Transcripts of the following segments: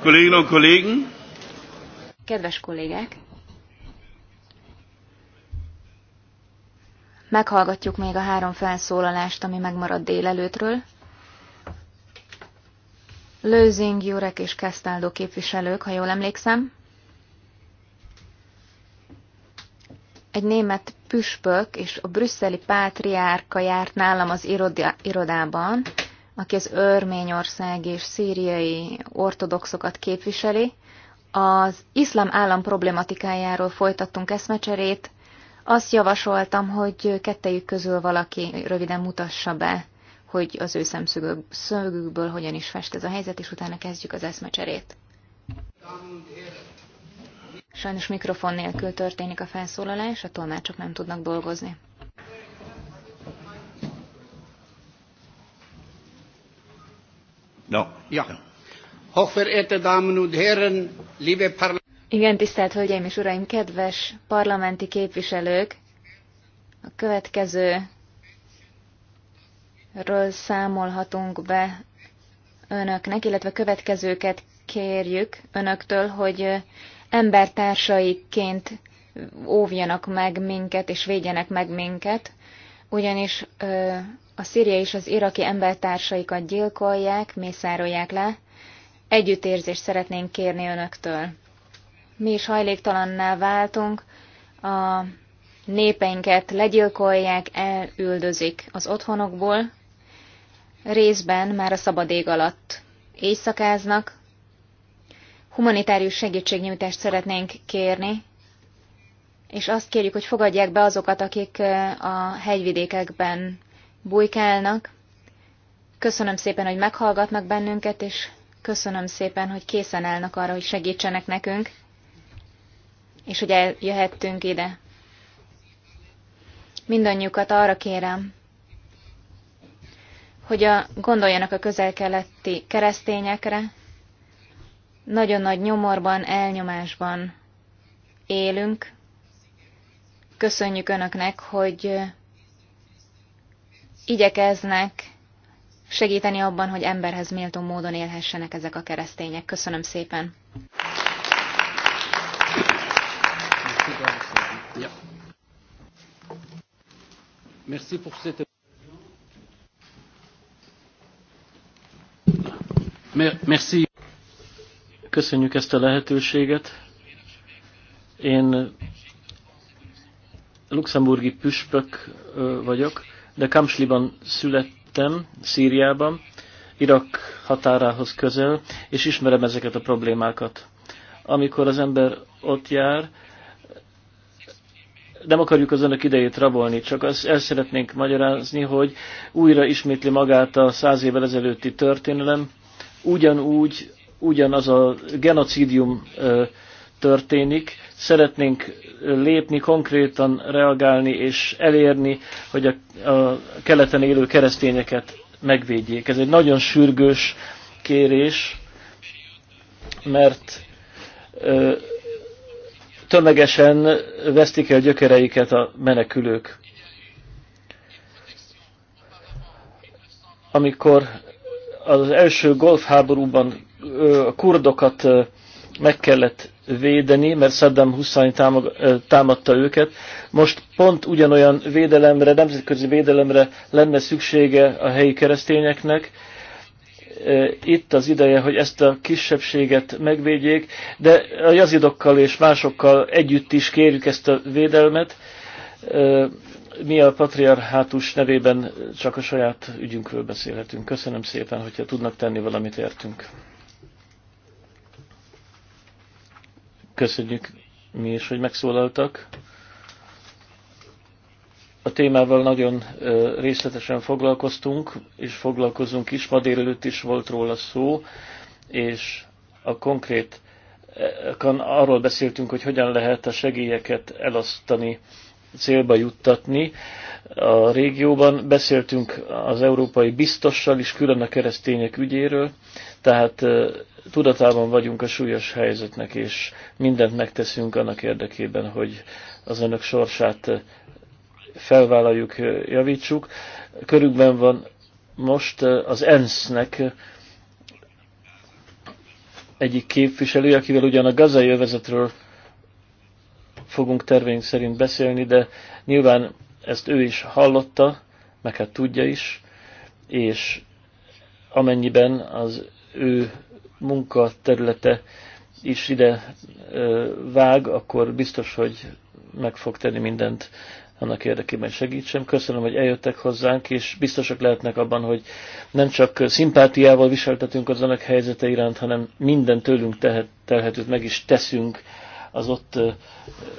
Kolleginnen und Kollegen! Kedves kollégák! Meghallgatjuk még a három felszólalást, ami megmaradt délelőtről. Lőzing, Jurek és Kesztáldó képviselők, ha jól emlékszem. Egy német püspök és a brüsszeli pátriárka járt nálam az irodában, aki az örményország és szíriai ortodoxokat képviseli. Az iszlám állam problematikájáról folytattunk eszmecserét. Azt javasoltam, hogy kettejük közül valaki röviden mutassa be, hogy az ő szemszögükből hogyan is fest ez a helyzet, és utána kezdjük az eszmecserét. Sajnos mikrofon nélkül történik a felszólalás, a tolmácsok nem tudnak dolgozni. No. Ja. Hochverehrte Damen und Herren, liebe Parlament. Igen, tisztelt Hölgyeim és Uraim, kedves parlamenti képviselők! A következő ről számolhatunk be önöknek, illetve következőket kérjük önöktől, hogy embertársaiként óvjanak meg minket és védjenek meg minket, ugyanis ö, a szíria és az iraki embertársaikat gyilkolják, mészárolják le. Együttérzést szeretnénk kérni önöktől. Mi is hajléktalanná váltunk, a népeinket legyilkolják, elüldözik az otthonokból, részben már a szabad ég alatt éjszakáznak. Humanitárius segítségnyújtást szeretnénk kérni, és azt kérjük, hogy fogadják be azokat, akik a hegyvidékekben bujkálnak. Köszönöm szépen, hogy meghallgatnak bennünket, és köszönöm szépen, hogy készen állnak arra, hogy segítsenek nekünk, és hogy eljöhettünk ide. Mindannyiukat arra kérem, hogy a, gondoljanak a közel-keleti keresztényekre, nagyon nagy nyomorban, elnyomásban élünk. Köszönjük Önöknek, hogy igyekeznek segíteni abban, hogy emberhez méltó módon élhessenek ezek a keresztények. Köszönöm szépen! Merci. Köszönjük ezt a lehetőséget. Én luxemburgi püspök vagyok de Kamsliban születtem, Szíriában, Irak határához közel, és ismerem ezeket a problémákat. Amikor az ember ott jár, nem akarjuk az önök idejét rabolni, csak azt el szeretnénk magyarázni, hogy újra ismétli magát a száz évvel ezelőtti történelem, ugyanúgy, ugyanaz a genocidium történik. Szeretnénk lépni, konkrétan reagálni és elérni, hogy a, a keleten élő keresztényeket megvédjék. Ez egy nagyon sürgős kérés, mert ö, tömegesen vesztik el gyökereiket a menekülők. Amikor az első golfháborúban a kurdokat meg kellett védeni, mert Saddam Hussein támadta őket. Most pont ugyanolyan védelemre, nemzetközi védelemre lenne szüksége a helyi keresztényeknek. Itt az ideje, hogy ezt a kisebbséget megvédjék, de a jazidokkal és másokkal együtt is kérjük ezt a védelmet. Mi a patriarhátus nevében csak a saját ügyünkről beszélhetünk. Köszönöm szépen, hogyha tudnak tenni valamit értünk. Köszönjük mi is, hogy megszólaltak. A témával nagyon részletesen foglalkoztunk, és foglalkozunk is. Ma délelőtt is volt róla szó, és a konkrét arról beszéltünk, hogy hogyan lehet a segélyeket elosztani, célba juttatni. A régióban beszéltünk az európai biztossal is, külön a keresztények ügyéről, tehát tudatában vagyunk a súlyos helyzetnek, és mindent megteszünk annak érdekében, hogy az önök sorsát felvállaljuk, javítsuk. Körükben van most az ENSZ-nek egyik képviselő, akivel ugyan a gazai övezetről fogunk tervény szerint beszélni, de nyilván ezt ő is hallotta, meg hát tudja is, és amennyiben az ő munkaterülete is ide vág, akkor biztos, hogy meg fog tenni mindent annak érdekében segítsem. Köszönöm, hogy eljöttek hozzánk, és biztosak lehetnek abban, hogy nem csak szimpátiával viseltetünk az önök helyzete iránt, hanem minden tőlünk tehet, telhetőt meg is teszünk az ott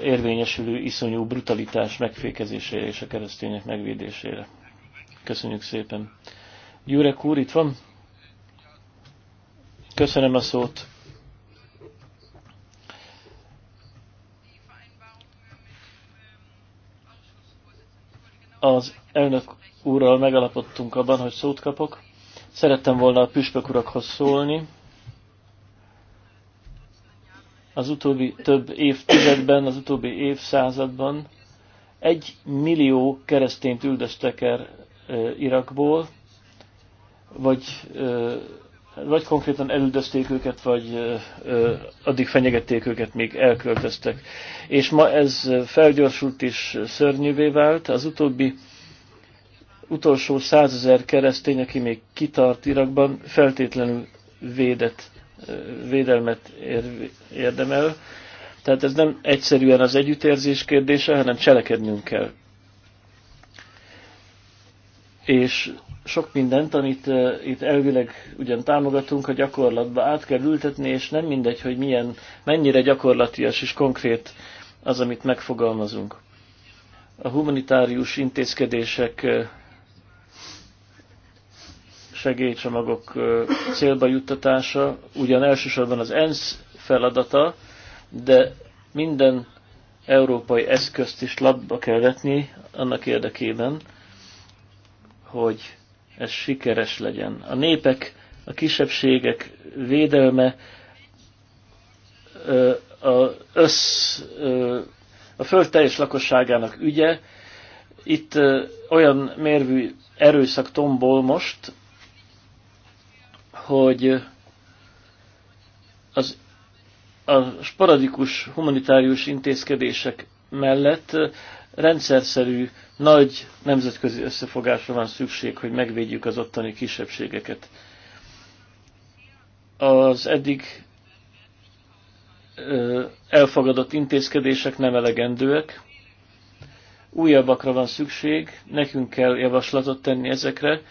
érvényesülő iszonyú brutalitás megfékezésére és a keresztények megvédésére. Köszönjük szépen. Jurek úr, itt van? Köszönöm a szót. Az elnök úrral megalapodtunk abban, hogy szót kapok. Szerettem volna a püspök urakhoz szólni. Az utóbbi több évtizedben, az utóbbi évszázadban egy millió keresztényt üldöztek el Irakból, vagy vagy konkrétan elüldözték őket, vagy ö, addig fenyegették őket, még elköltöztek. És ma ez felgyorsult és szörnyűvé vált. Az utóbbi utolsó százezer keresztény, aki még kitart Irakban, feltétlenül védett, védelmet ér, érdemel. Tehát ez nem egyszerűen az együttérzés kérdése, hanem cselekednünk kell és sok mindent, amit uh, itt elvileg ugyan támogatunk, a gyakorlatba át kell ültetni, és nem mindegy, hogy milyen, mennyire gyakorlatias és konkrét az, amit megfogalmazunk. A humanitárius intézkedések uh, segélycsomagok uh, célba juttatása ugyan elsősorban az ENSZ feladata, de minden európai eszközt is labba kell vetni annak érdekében, hogy ez sikeres legyen. A népek, a kisebbségek védelme, a, össz, a föld teljes lakosságának ügye, itt olyan mérvű erőszak tombol most, hogy az, a sporadikus humanitárius intézkedések mellett rendszerszerű, nagy nemzetközi összefogásra van szükség, hogy megvédjük az ottani kisebbségeket. Az eddig elfogadott intézkedések nem elegendőek, újabbakra van szükség, nekünk kell javaslatot tenni ezekre.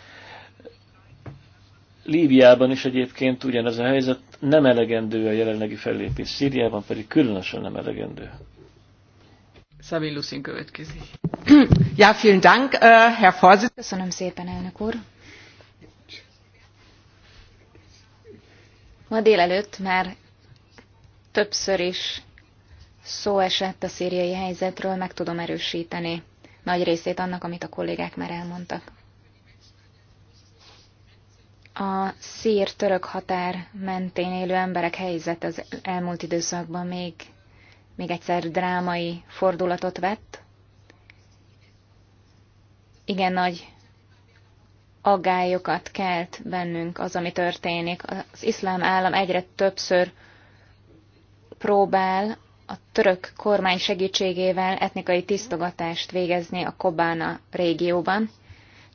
Líbiában is egyébként ugyanez a helyzet, nem elegendő a jelenlegi fellépés, Szíriában pedig különösen nem elegendő. Szabin Luszin következik. Ja, vielen Dank, äh, Herr Köszönöm szépen, elnök úr. Ma délelőtt már többször is szó esett a szíriai helyzetről, meg tudom erősíteni nagy részét annak, amit a kollégák már elmondtak. A szír-török határ mentén élő emberek helyzet az elmúlt időszakban még még egyszer drámai fordulatot vett. Igen nagy aggályokat kelt bennünk az, ami történik. Az iszlám állam egyre többször próbál a török kormány segítségével etnikai tisztogatást végezni a Kobána régióban.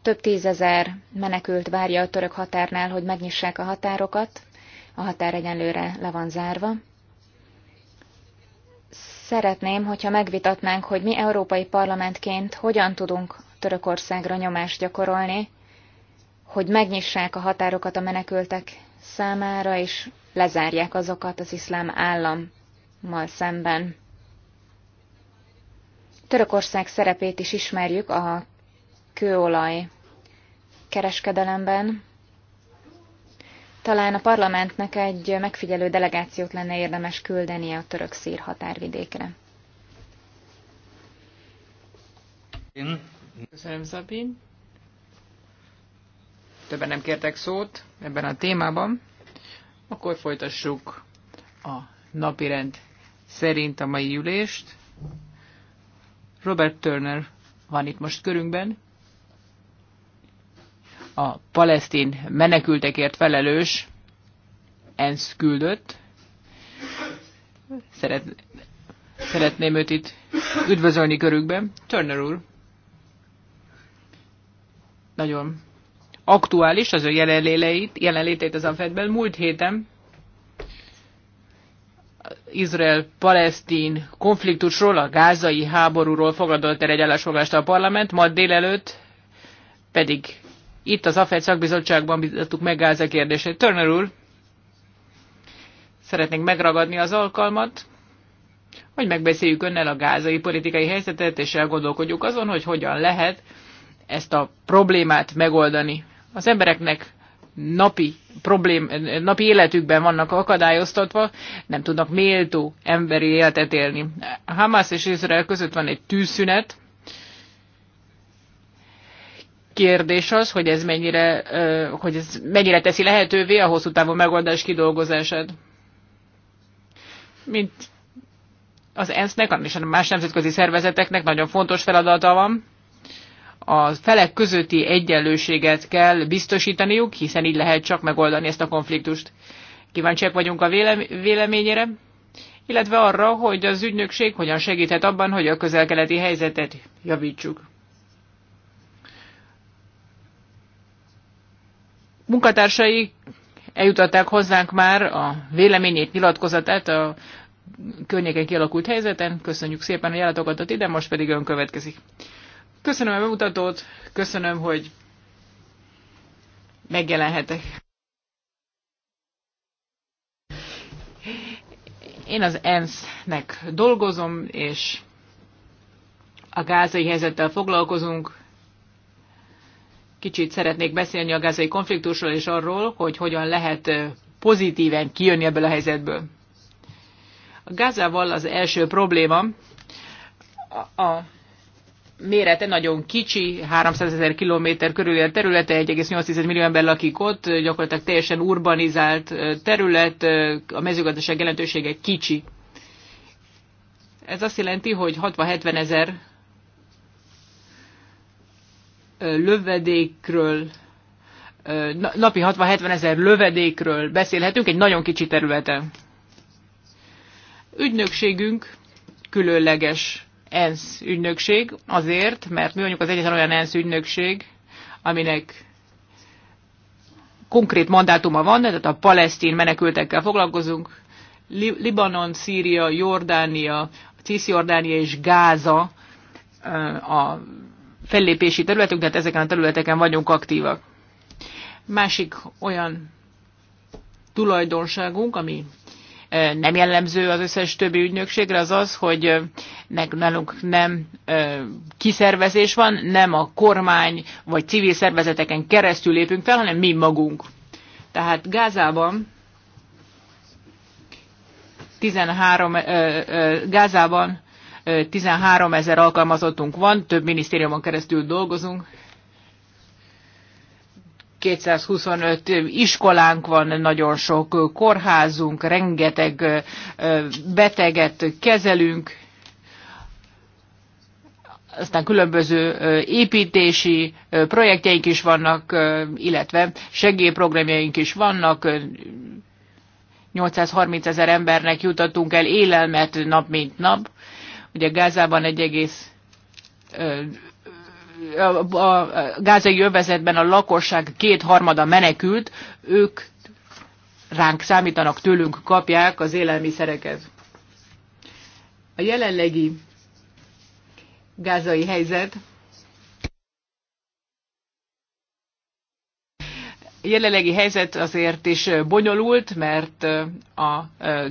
Több tízezer menekült várja a török határnál, hogy megnyissák a határokat. A határ egyenlőre le van zárva. Szeretném, hogyha megvitatnánk, hogy mi európai parlamentként hogyan tudunk Törökországra nyomást gyakorolni, hogy megnyissák a határokat a menekültek számára, és lezárják azokat az iszlám állammal szemben. Törökország szerepét is ismerjük a kőolaj kereskedelemben talán a parlamentnek egy megfigyelő delegációt lenne érdemes küldenie a török-szír határvidékre. Köszönöm, Zabin. Többen nem kértek szót ebben a témában. Akkor folytassuk a napirend szerint a mai ülést. Robert Turner van itt most körünkben a palesztin menekültekért felelős ENSZ küldött. Szeret, szeretném őt itt üdvözölni körükben. Turner úr, nagyon aktuális az ő jelenléteit, jelenlétét az AFED-ben. Múlt héten Izrael-Palesztin konfliktusról, a gázai háborúról fogadott el egy állásfoglalást a parlament, ma délelőtt pedig itt az AFED szakbizottságban bizottuk meg ez a kérdését. Turner úr, szeretnénk megragadni az alkalmat, hogy megbeszéljük önnel a gázai politikai helyzetet, és elgondolkodjuk azon, hogy hogyan lehet ezt a problémát megoldani. Az embereknek napi, problém, napi életükben vannak akadályoztatva, nem tudnak méltó emberi életet élni. Hamas és Izrael között van egy tűzszünet, kérdés az, hogy ez mennyire, hogy ez mennyire teszi lehetővé a hosszú távú megoldás kidolgozását. Mint az ENSZ-nek, és a más nemzetközi szervezeteknek nagyon fontos feladata van. A felek közötti egyenlőséget kell biztosítaniuk, hiszen így lehet csak megoldani ezt a konfliktust. Kíváncsiak vagyunk a véleményére, illetve arra, hogy az ügynökség hogyan segíthet abban, hogy a közelkeleti helyzetet javítsuk. munkatársai eljutották hozzánk már a véleményét, nyilatkozatát a környéken kialakult helyzeten. Köszönjük szépen, hogy ellátogatott ide, most pedig ön következik. Köszönöm a bemutatót, köszönöm, hogy megjelenhetek. Én az ENSZ-nek dolgozom, és a gázai helyzettel foglalkozunk, Kicsit szeretnék beszélni a gázai konfliktusról és arról, hogy hogyan lehet pozitíven kijönni ebből a helyzetből. A gázával az első probléma a mérete nagyon kicsi, 300 ezer kilométer körül a területe, 1,8 millió ember lakik ott, gyakorlatilag teljesen urbanizált terület, a mezőgazdaság jelentősége kicsi. Ez azt jelenti, hogy 60-70 ezer lövedékről, napi 60-70 ezer lövedékről beszélhetünk egy nagyon kicsi területen. Ügynökségünk különleges ENSZ ügynökség, azért, mert mi vagyunk az egyetlen olyan ENSZ ügynökség, aminek konkrét mandátuma van, tehát a palesztin menekültekkel foglalkozunk, Libanon, Szíria, Jordánia, Cisjordánia és Gáza a fellépési területünk, tehát ezeken a területeken vagyunk aktívak. Másik olyan tulajdonságunk, ami e, nem jellemző az összes többi ügynökségre, az az, hogy e, nálunk nem e, kiszervezés van, nem a kormány vagy civil szervezeteken keresztül lépünk fel, hanem mi magunk. Tehát Gázában 13, Gázában 13 ezer alkalmazottunk van, több minisztériumon keresztül dolgozunk. 225 iskolánk van, nagyon sok kórházunk, rengeteg beteget kezelünk, aztán különböző építési projektjeink is vannak, illetve segélyprogramjaink is vannak. 830 ezer embernek jutatunk el élelmet nap mint nap. Ugye Gázában egy egész a gázai övezetben a lakosság kétharmada menekült, ők ránk számítanak, tőlünk kapják az élelmiszereket. A jelenlegi gázai helyzet jelenlegi helyzet azért is bonyolult, mert a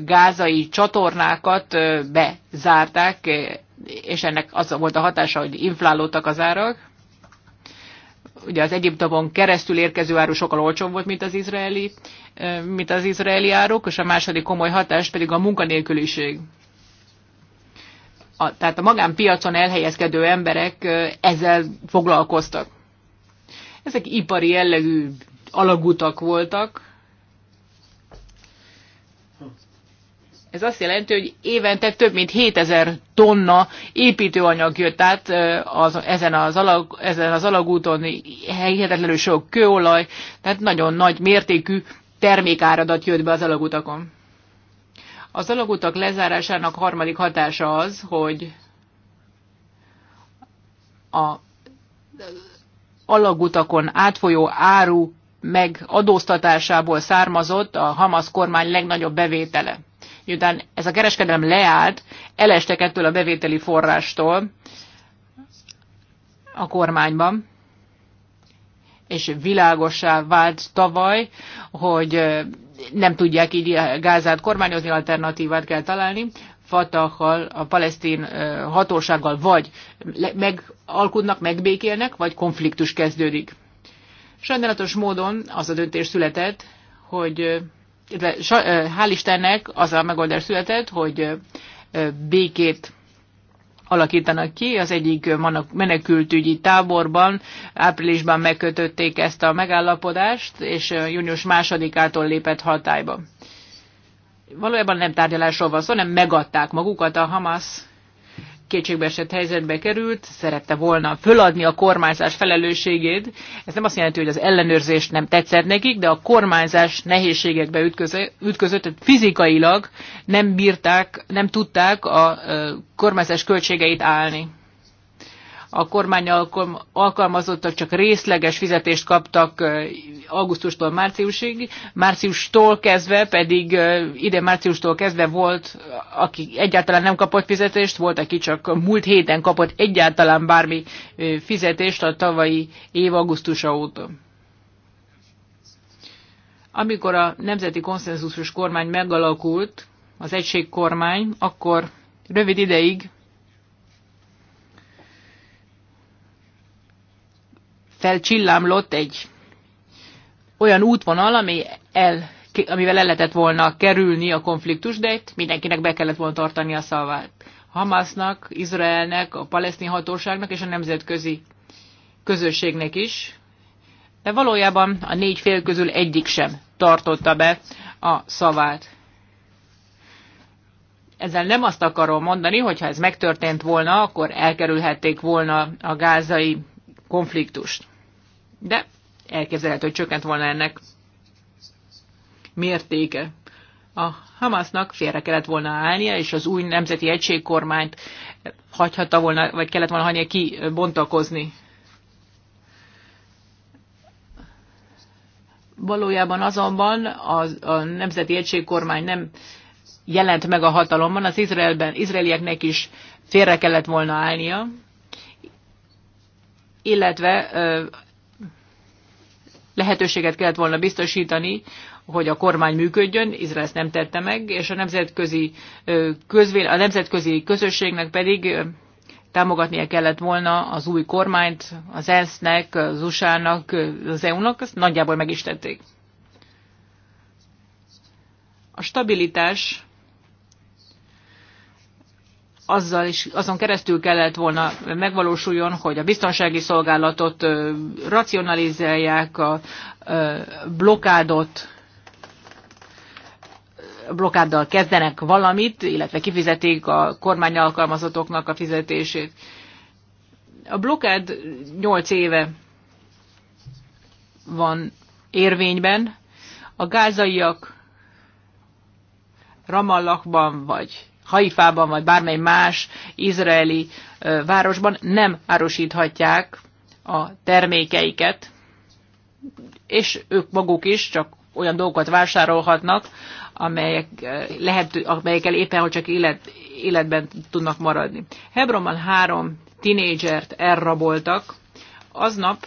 gázai csatornákat bezárták, és ennek az volt a hatása, hogy inflálódtak az árak. Ugye az Egyiptomon keresztül érkező áru sokkal olcsóbb volt, mint az izraeli, mint az izraeli áruk, és a második komoly hatás pedig a munkanélküliség. A, tehát a magánpiacon elhelyezkedő emberek ezzel foglalkoztak. Ezek ipari jellegű alagutak voltak. Ez azt jelenti, hogy évente több mint 7000 tonna építőanyag jött át az, ezen, az alag, ezen az alagúton, hihetetlenül sok kőolaj, tehát nagyon nagy mértékű termékáradat jött be az alagutakon. Az alagutak lezárásának harmadik hatása az, hogy a alagutakon átfolyó áru megadóztatásából származott a Hamas kormány legnagyobb bevétele. Miután ez a kereskedelem leállt, elestek ettől a bevételi forrástól a kormányban, és világosá vált tavaly, hogy nem tudják így Gázát kormányozni, alternatívát kell találni. Fatahal, a palesztin hatósággal vagy megalkudnak, megbékélnek, vagy konfliktus kezdődik. Sajnálatos módon az a döntés született, hogy hál' Istennek az a megoldás született, hogy békét alakítanak ki. Az egyik menekültügyi táborban áprilisban megkötötték ezt a megállapodást, és június másodikától lépett hatályba. Valójában nem tárgyalásról van szó, hanem megadták magukat a Hamas kétségbeesett helyzetbe került, szerette volna föladni a kormányzás felelősségét. Ez nem azt jelenti, hogy az ellenőrzés nem tetszett nekik, de a kormányzás nehézségekbe ütközött, tehát fizikailag nem bírták, nem tudták a kormányzás költségeit állni a kormány alkalmazottak csak részleges fizetést kaptak augusztustól márciusig, márciustól kezdve pedig ide márciustól kezdve volt, aki egyáltalán nem kapott fizetést, volt, aki csak múlt héten kapott egyáltalán bármi fizetést a tavalyi év augusztusa óta. Amikor a Nemzeti Konszenzusos Kormány megalakult, az egységkormány, akkor rövid ideig felcsillámlott egy olyan útvonal, ami el, amivel el lehetett volna kerülni a konfliktus, de itt mindenkinek be kellett volna tartani a szavát. Hamasnak, Izraelnek, a palesztin hatóságnak és a nemzetközi közösségnek is, de valójában a négy fél közül egyik sem tartotta be a szavát. Ezzel nem azt akarom mondani, hogy ha ez megtörtént volna, akkor elkerülhették volna a gázai konfliktust de elképzelhető, hogy csökkent volna ennek mértéke. A Hamasnak félre kellett volna állnia, és az új nemzeti egységkormányt hagyhatta volna, vagy kellett volna hagynia bontakozni Valójában azonban az, a nemzeti egységkormány nem jelent meg a hatalomban, az Izraelben, izraelieknek is félre kellett volna állnia, illetve lehetőséget kellett volna biztosítani, hogy a kormány működjön, Izrael ezt nem tette meg, és a nemzetközi, közvél, a nemzetközi közösségnek pedig támogatnia kellett volna az új kormányt, az ENSZ-nek, az USA-nak, az EU-nak, ezt nagyjából meg is tették. A stabilitás azzal is, azon keresztül kellett volna megvalósuljon, hogy a biztonsági szolgálatot racionalizálják, a blokádot blokáddal kezdenek valamit, illetve kifizetik a kormány alkalmazottoknak a fizetését. A blokád 8 éve van érvényben. A gázaiak Ramallakban vagy Haifában vagy bármely más izraeli városban nem árusíthatják a termékeiket, és ők maguk is csak olyan dolgokat vásárolhatnak, amelyek lehet, amelyekkel éppen, hogy csak élet, életben tudnak maradni. Hebronban három tinédzsert elraboltak. Aznap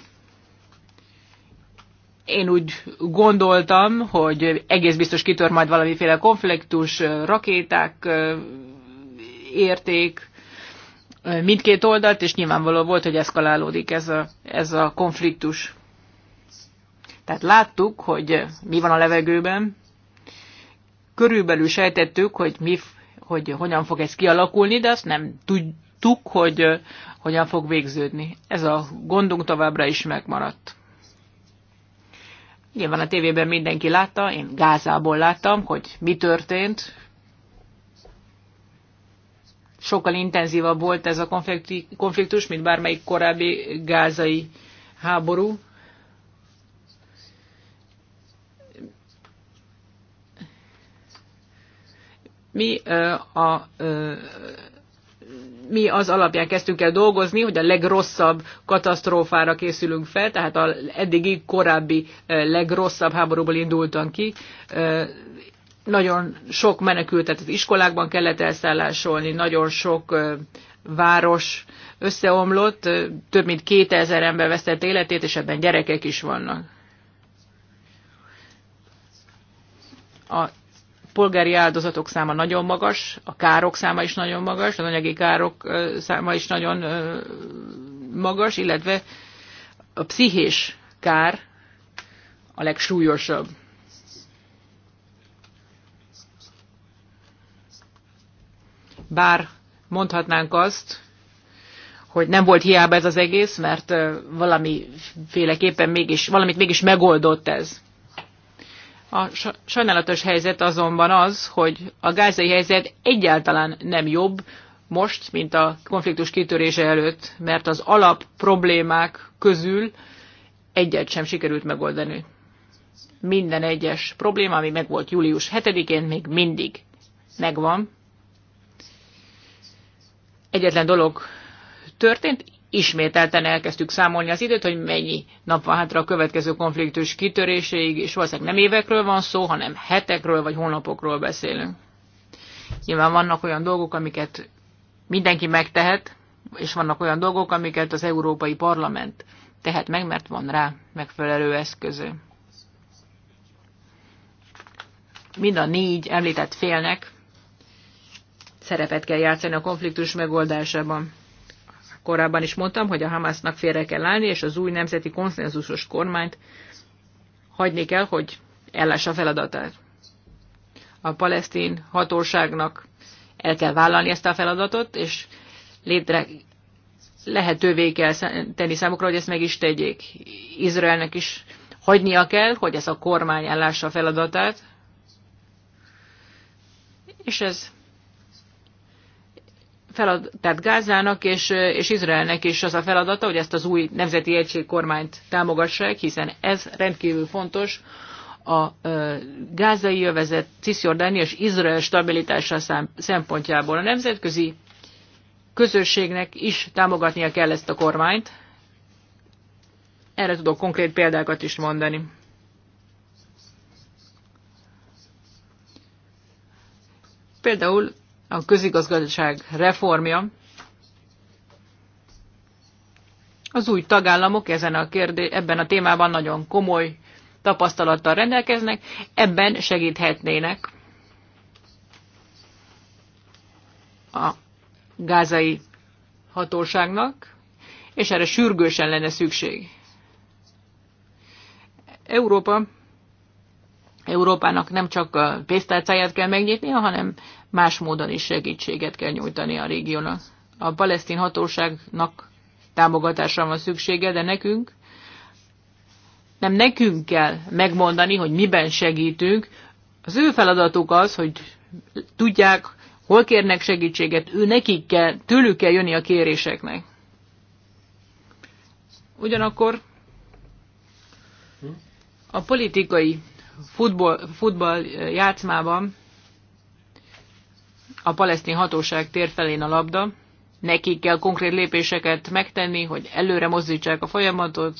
én úgy gondoltam, hogy egész biztos kitör majd valamiféle konfliktus, rakéták érték mindkét oldalt, és nyilvánvaló volt, hogy eszkalálódik ez a, ez a konfliktus. Tehát láttuk, hogy mi van a levegőben, körülbelül sejtettük, hogy, mi, hogy hogyan fog ez kialakulni, de azt nem tudtuk, hogy hogyan fog végződni. Ez a gondunk továbbra is megmaradt. Nyilván a tévében mindenki látta, én Gázából láttam, hogy mi történt. Sokkal intenzívabb volt ez a konfliktus, mint bármelyik korábbi gázai háború. Mi a mi az alapján kezdtünk el dolgozni, hogy a legrosszabb katasztrófára készülünk fel, tehát a eddigi korábbi legrosszabb háborúból indultan ki. Nagyon sok menekültet az iskolákban kellett elszállásolni, nagyon sok város összeomlott, több mint 2000 ember vesztett életét, és ebben gyerekek is vannak. A polgári áldozatok száma nagyon magas, a károk száma is nagyon magas, az anyagi károk száma is nagyon magas, illetve a pszichés kár a legsúlyosabb. Bár mondhatnánk azt, hogy nem volt hiába ez az egész, mert valamiféleképpen mégis, valamit mégis megoldott ez. A sajnálatos helyzet azonban az, hogy a gázai helyzet egyáltalán nem jobb most, mint a konfliktus kitörése előtt, mert az alap problémák közül egyet sem sikerült megoldani. Minden egyes probléma, ami megvolt július 7-én, még mindig megvan. Egyetlen dolog történt, ismételten elkezdtük számolni az időt, hogy mennyi nap van hátra a következő konfliktus kitöréséig, és valószínűleg nem évekről van szó, hanem hetekről vagy hónapokról beszélünk. Nyilván vannak olyan dolgok, amiket mindenki megtehet, és vannak olyan dolgok, amiket az Európai Parlament tehet meg, mert van rá megfelelő eszköző. Mind a négy említett félnek szerepet kell játszani a konfliktus megoldásában korábban is mondtam, hogy a Hamásznak félre kell állni, és az új nemzeti konszenzusos kormányt hagyni kell, hogy ellássa feladatát. A palesztin hatóságnak el kell vállalni ezt a feladatot, és létre lehetővé kell tenni számukra, hogy ezt meg is tegyék. Izraelnek is hagynia kell, hogy ez a kormány ellássa a feladatát, és ez Feladat, tehát Gázának és, és Izraelnek is az a feladata, hogy ezt az új nemzeti egységkormányt támogassák, hiszen ez rendkívül fontos a gázai jövezet, Cisjordánia és Izrael stabilitása szempontjából. A nemzetközi közösségnek is támogatnia kell ezt a kormányt. Erre tudok konkrét példákat is mondani. Például a közigazgatóság reformja, az új tagállamok ezen a kérdé, ebben a témában nagyon komoly tapasztalattal rendelkeznek, ebben segíthetnének a gázai hatóságnak, és erre sürgősen lenne szükség. Európa Európának nem csak a pénztárcáját kell megnyitnia, hanem más módon is segítséget kell nyújtani a régiónak. A palesztin hatóságnak támogatásra van szüksége, de nekünk nem nekünk kell megmondani, hogy miben segítünk. Az ő feladatuk az, hogy tudják, hol kérnek segítséget, ő nekik kell, tőlük kell jönni a kéréseknek. Ugyanakkor a politikai futball, futball játszmában a palesztin hatóság tér felén a labda, nekik kell konkrét lépéseket megtenni, hogy előre mozdítsák a folyamatot,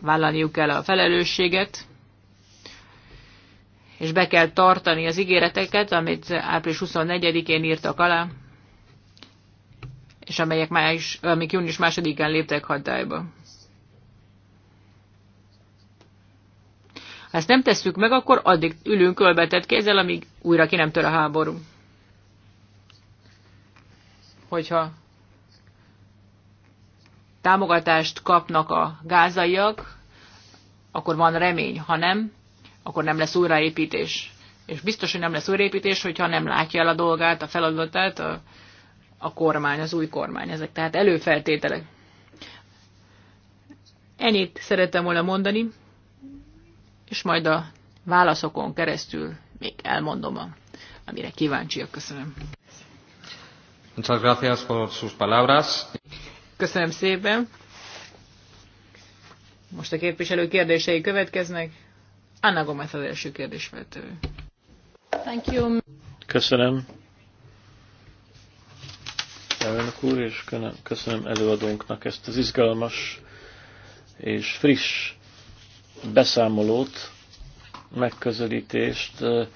vállalniuk kell a felelősséget, és be kell tartani az ígéreteket, amit április 24-én írtak alá, és amelyek május, amik június 2-án léptek hatályba. Ha ezt nem tesszük meg, akkor addig ülünk ölbetett kézzel, amíg újra ki nem tör a háború. Hogyha támogatást kapnak a gázaiak, akkor van remény, ha nem, akkor nem lesz újraépítés. És biztos, hogy nem lesz újraépítés, hogyha nem látja el a dolgát, a feladatát a, a kormány, az új kormány. Ezek tehát előfeltételek. Ennyit szerettem volna mondani és majd a válaszokon keresztül még elmondom, amire kíváncsiak. Köszönöm. Muchas gracias por sus palabras. Köszönöm szépen. Most a képviselő kérdései következnek. Anna Gomez az első kérdésfeltő. Thank you. Köszönöm. Elnök úr, és köszönöm előadónknak ezt az izgalmas és friss beszámolót, megközelítést eh,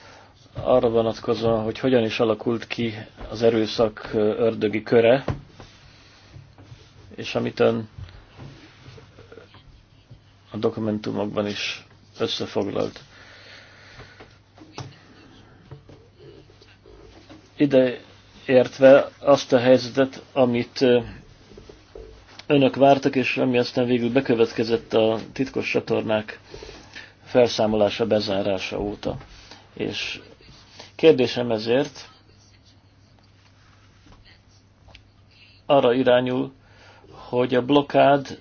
arra vonatkozóan, hogy hogyan is alakult ki az erőszak eh, ördögi köre, és amit ön a dokumentumokban is összefoglalt. Ide értve azt a helyzetet, amit eh, önök vártak, és ami aztán végül bekövetkezett a titkos csatornák felszámolása, bezárása óta. És kérdésem ezért arra irányul, hogy a blokád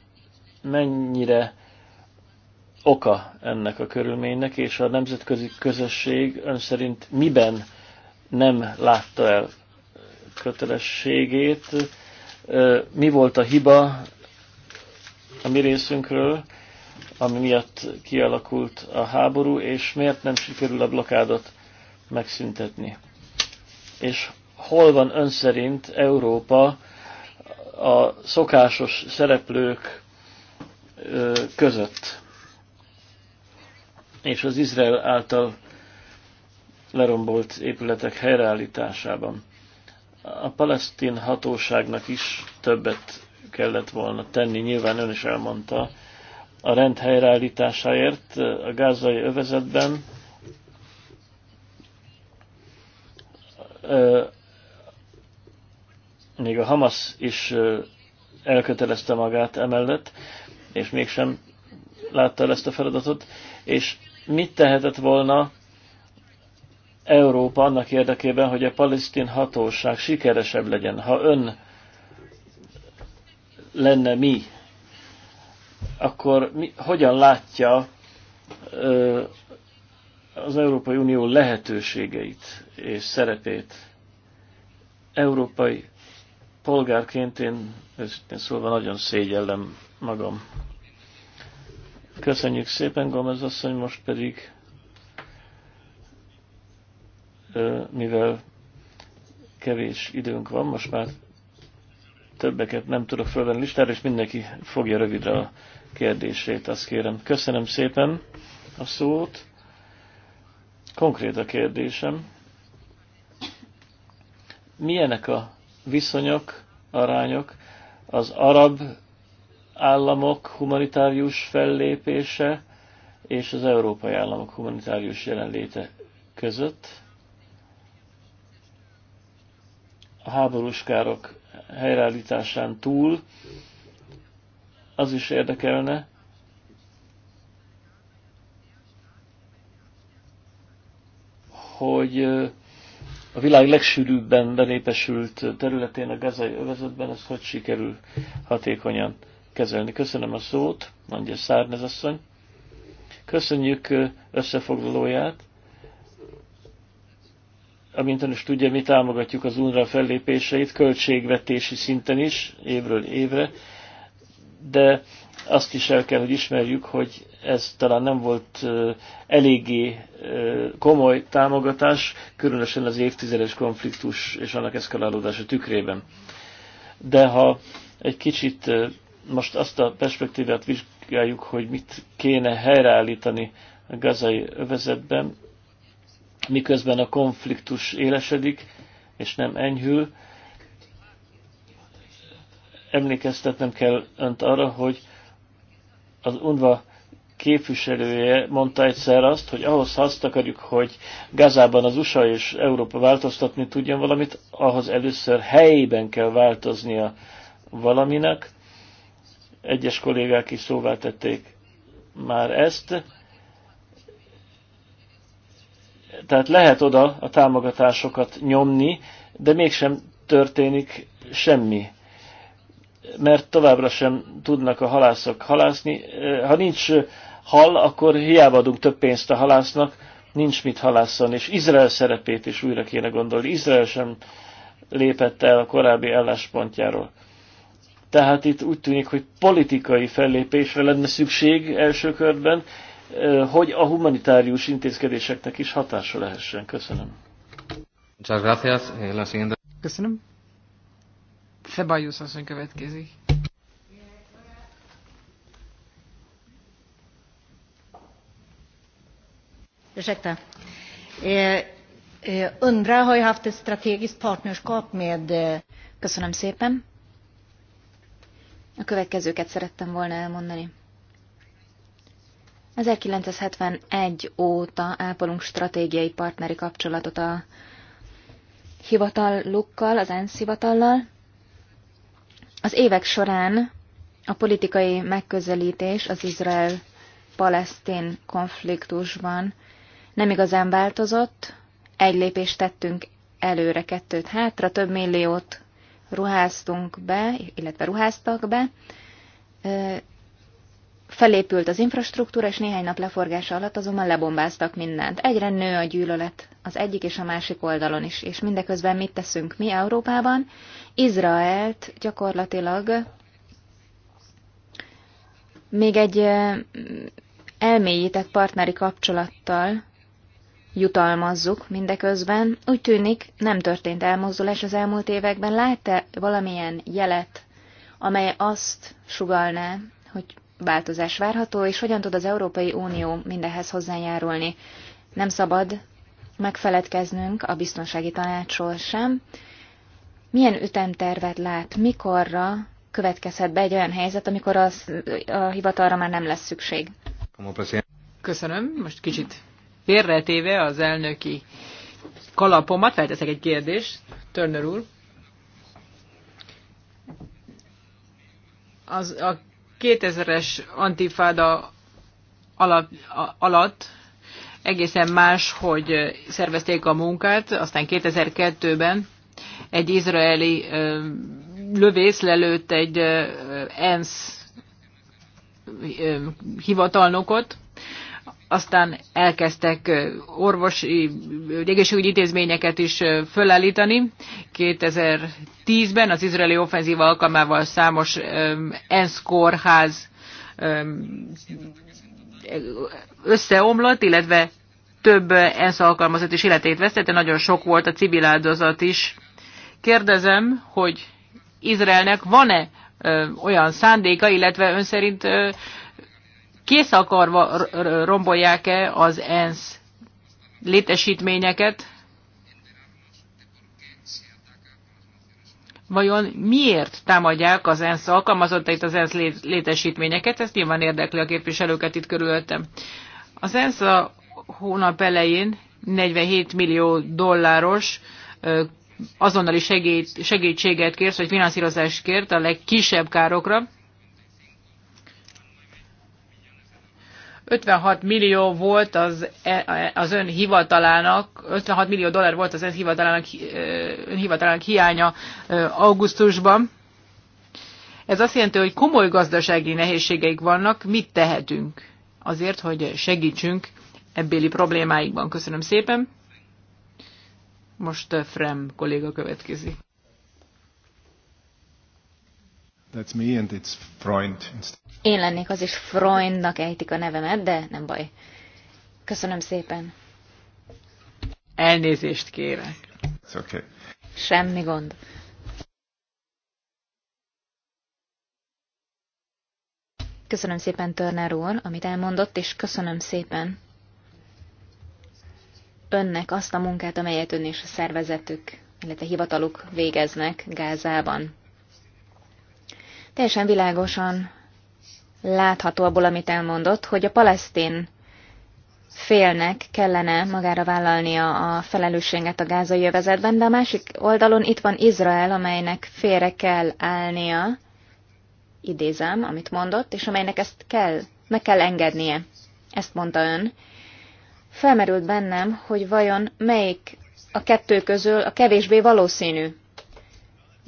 mennyire oka ennek a körülménynek, és a nemzetközi közösség ön szerint miben nem látta el kötelességét, mi volt a hiba a mi részünkről, ami miatt kialakult a háború, és miért nem sikerül a blokádot megszüntetni. És hol van ön szerint Európa a szokásos szereplők között és az Izrael által lerombolt épületek helyreállításában a palesztin hatóságnak is többet kellett volna tenni, nyilván ön is elmondta, a rend helyreállításáért a gázai övezetben. Még a Hamas is elkötelezte magát emellett, és mégsem látta el ezt a feladatot, és mit tehetett volna Európa annak érdekében, hogy a palesztin hatóság sikeresebb legyen. Ha ön lenne mi, akkor mi, hogyan látja ö, az Európai Unió lehetőségeit és szerepét? Európai polgárként én őszintén szólva nagyon szégyellem magam. Köszönjük szépen, Gomez asszony, most pedig mivel kevés időnk van, most már többeket nem tudok fölvenni listára, és mindenki fogja rövidre a kérdését, azt kérem. Köszönöm szépen a szót. Konkrét a kérdésem. Milyenek a viszonyok, arányok az arab államok humanitárius fellépése és az európai államok humanitárius jelenléte között? a háborús károk helyreállításán túl az is érdekelne, hogy a világ legsűrűbben benépesült területén, a gazai övezetben ezt hogy sikerül hatékonyan kezelni. Köszönöm a szót, mondja Szárnez asszony. Köszönjük összefoglalóját amint ön is tudja, mi támogatjuk az UNRWA fellépéseit költségvetési szinten is, évről évre, de azt is el kell, hogy ismerjük, hogy ez talán nem volt eléggé komoly támogatás, különösen az évtizedes konfliktus és annak eszkalálódása tükrében. De ha egy kicsit most azt a perspektívát vizsgáljuk, hogy mit kéne helyreállítani a gazai övezetben, miközben a konfliktus élesedik, és nem enyhül. Emlékeztetnem kell önt arra, hogy az UNVA képviselője mondta egyszer azt, hogy ahhoz, ha azt akarjuk, hogy Gazában az USA és Európa változtatni tudjon valamit, ahhoz először helyben kell változnia valaminek. Egyes kollégák is szóvá tették már ezt. Tehát lehet oda a támogatásokat nyomni, de mégsem történik semmi. Mert továbbra sem tudnak a halászok halászni. Ha nincs hal, akkor hiába adunk több pénzt a halásznak, nincs mit halászon, és Izrael szerepét is újra kéne gondolni. Izrael sem lépett el a korábbi álláspontjáról. Tehát itt úgy tűnik, hogy politikai fellépésre lenne szükség első körben, hogy a humanitárius intézkedéseknek is hatása lehessen. Köszönöm. Eh, Köszönöm. Szebályusz asszony következik. Ursäkta. Eh, eh, undra har ju haft ett strategiskt partnerskap med... Köszönöm szépen. A következőket szerettem volna elmondani. 1971 óta ápolunk stratégiai partneri kapcsolatot a hivatalukkal, az ENSZ hivatallal. Az évek során a politikai megközelítés az Izrael-Palesztin konfliktusban nem igazán változott, egy lépést tettünk előre, kettőt hátra, több milliót ruháztunk be, illetve ruháztak be, Felépült az infrastruktúra, és néhány nap leforgása alatt azonban lebombáztak mindent. Egyre nő a gyűlölet az egyik és a másik oldalon is, és mindeközben mit teszünk mi Európában? Izraelt gyakorlatilag még egy elmélyített partneri kapcsolattal jutalmazzuk mindeközben. Úgy tűnik, nem történt elmozdulás az elmúlt években. Látta valamilyen jelet, amely azt sugalná, hogy változás várható, és hogyan tud az Európai Unió mindehhez hozzájárulni. Nem szabad megfeledkeznünk a biztonsági tanácsról sem. Milyen ütemtervet lát, mikorra következhet be egy olyan helyzet, amikor az, a hivatalra már nem lesz szükség? Köszönöm. Most kicsit félretéve az elnöki kalapomat, felteszek egy kérdést. Turner úr. Az, a 2000-es antifáda alap, alatt egészen más, hogy szervezték a munkát, aztán 2002-ben egy izraeli lövész lelőtt egy ENSZ hivatalnokot, aztán elkezdtek orvosi, egészségügyi intézményeket is fölállítani. 2010-ben az izraeli offenzíva alkalmával számos ENSZ kórház összeomlott, illetve több ENSZ alkalmazott is életét vesztette, nagyon sok volt a civil áldozat is. Kérdezem, hogy Izraelnek van-e olyan szándéka, illetve ön szerint ö, kész akarva rombolják-e az ENSZ létesítményeket, vajon miért támadják az ENSZ alkalmazottait, az ENSZ létesítményeket, ezt nyilván érdekli a képviselőket itt körülöttem. Az ENSZ a hónap elején 47 millió dolláros azonnali segít, segítséget kért, vagy finanszírozást kért a legkisebb károkra. 56 millió volt az, e, az ön hivatalának, 56 millió dollár volt az ön hivatalának, ön hivatalának hiánya augusztusban. Ez azt jelenti, hogy komoly gazdasági nehézségeik vannak. Mit tehetünk azért, hogy segítsünk ebbéli problémáikban? Köszönöm szépen. Most Frem kolléga következik. That's me and it's Freund. Én lennék az is Freundnak ejtik a nevemet, de nem baj. Köszönöm szépen. Elnézést kérek. It's okay. Semmi gond. Köszönöm szépen Turner úr, amit elmondott, és köszönöm szépen önnek azt a munkát, amelyet ön és a szervezetük, illetve hivataluk végeznek Gázában. Teljesen világosan látható abból, amit elmondott, hogy a palesztin félnek kellene magára vállalnia a felelősséget a gázai övezetben, de a másik oldalon itt van Izrael, amelynek félre kell állnia, idézem, amit mondott, és amelynek ezt kell, meg kell engednie. Ezt mondta ön. Felmerült bennem, hogy vajon melyik a kettő közül a kevésbé valószínű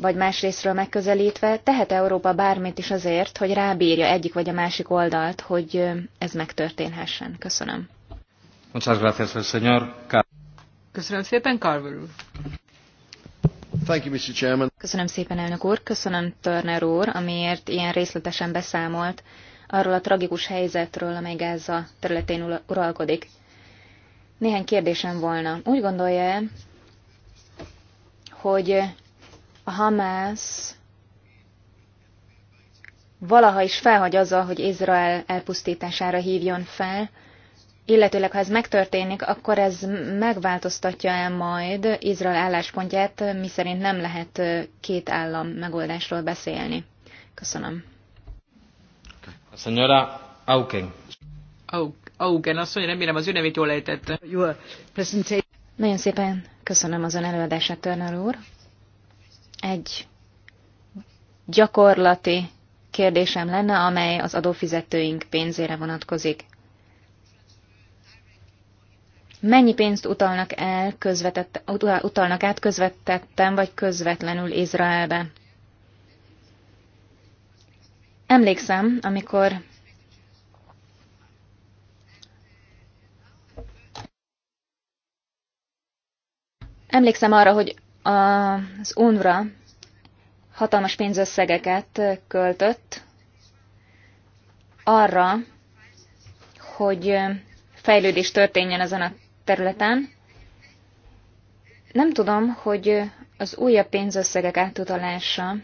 vagy másrésztről megközelítve, tehet Európa bármit is azért, hogy rábírja egyik vagy a másik oldalt, hogy ez megtörténhessen. Köszönöm. Köszönöm szépen, Carver úr. Thank you, Mr. Chairman. Köszönöm szépen, elnök úr. Köszönöm Turner úr, amiért ilyen részletesen beszámolt arról a tragikus helyzetről, amely Gáza területén uralkodik. Néhány kérdésem volna. Úgy gondolja -e, hogy a Hamász valaha is felhagy azzal, hogy Izrael elpusztítására hívjon fel, illetőleg ha ez megtörténik, akkor ez megváltoztatja el majd Izrael álláspontját, miszerint nem lehet két állam megoldásról beszélni. Köszönöm. A senyora Auken. Auken, azt mondja, remélem az ő jól lejtette. Nagyon szépen köszönöm az ön előadását, Turner úr. Egy gyakorlati kérdésem lenne, amely az adófizetőink pénzére vonatkozik. Mennyi pénzt utalnak, el, közvetett, utalnak át közvetetten vagy közvetlenül Izraelbe? Emlékszem, amikor Emlékszem arra, hogy az UNRWA hatalmas pénzösszegeket költött arra, hogy fejlődés történjen ezen a területen. Nem tudom, hogy az újabb pénzösszegek átutalása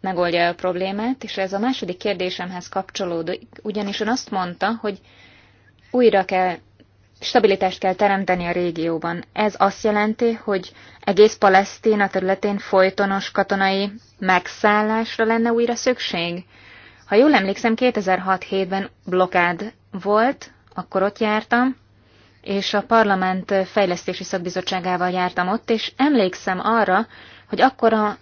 megoldja a problémát, és ez a második kérdésemhez kapcsolódik, ugyanis ön azt mondta, hogy újra kell stabilitást kell teremteni a régióban. Ez azt jelenti, hogy egész Palesztina területén folytonos katonai megszállásra lenne újra szükség? Ha jól emlékszem, 2006-7-ben blokád volt, akkor ott jártam, és a Parlament Fejlesztési Szakbizottságával jártam ott, és emlékszem arra, hogy akkor a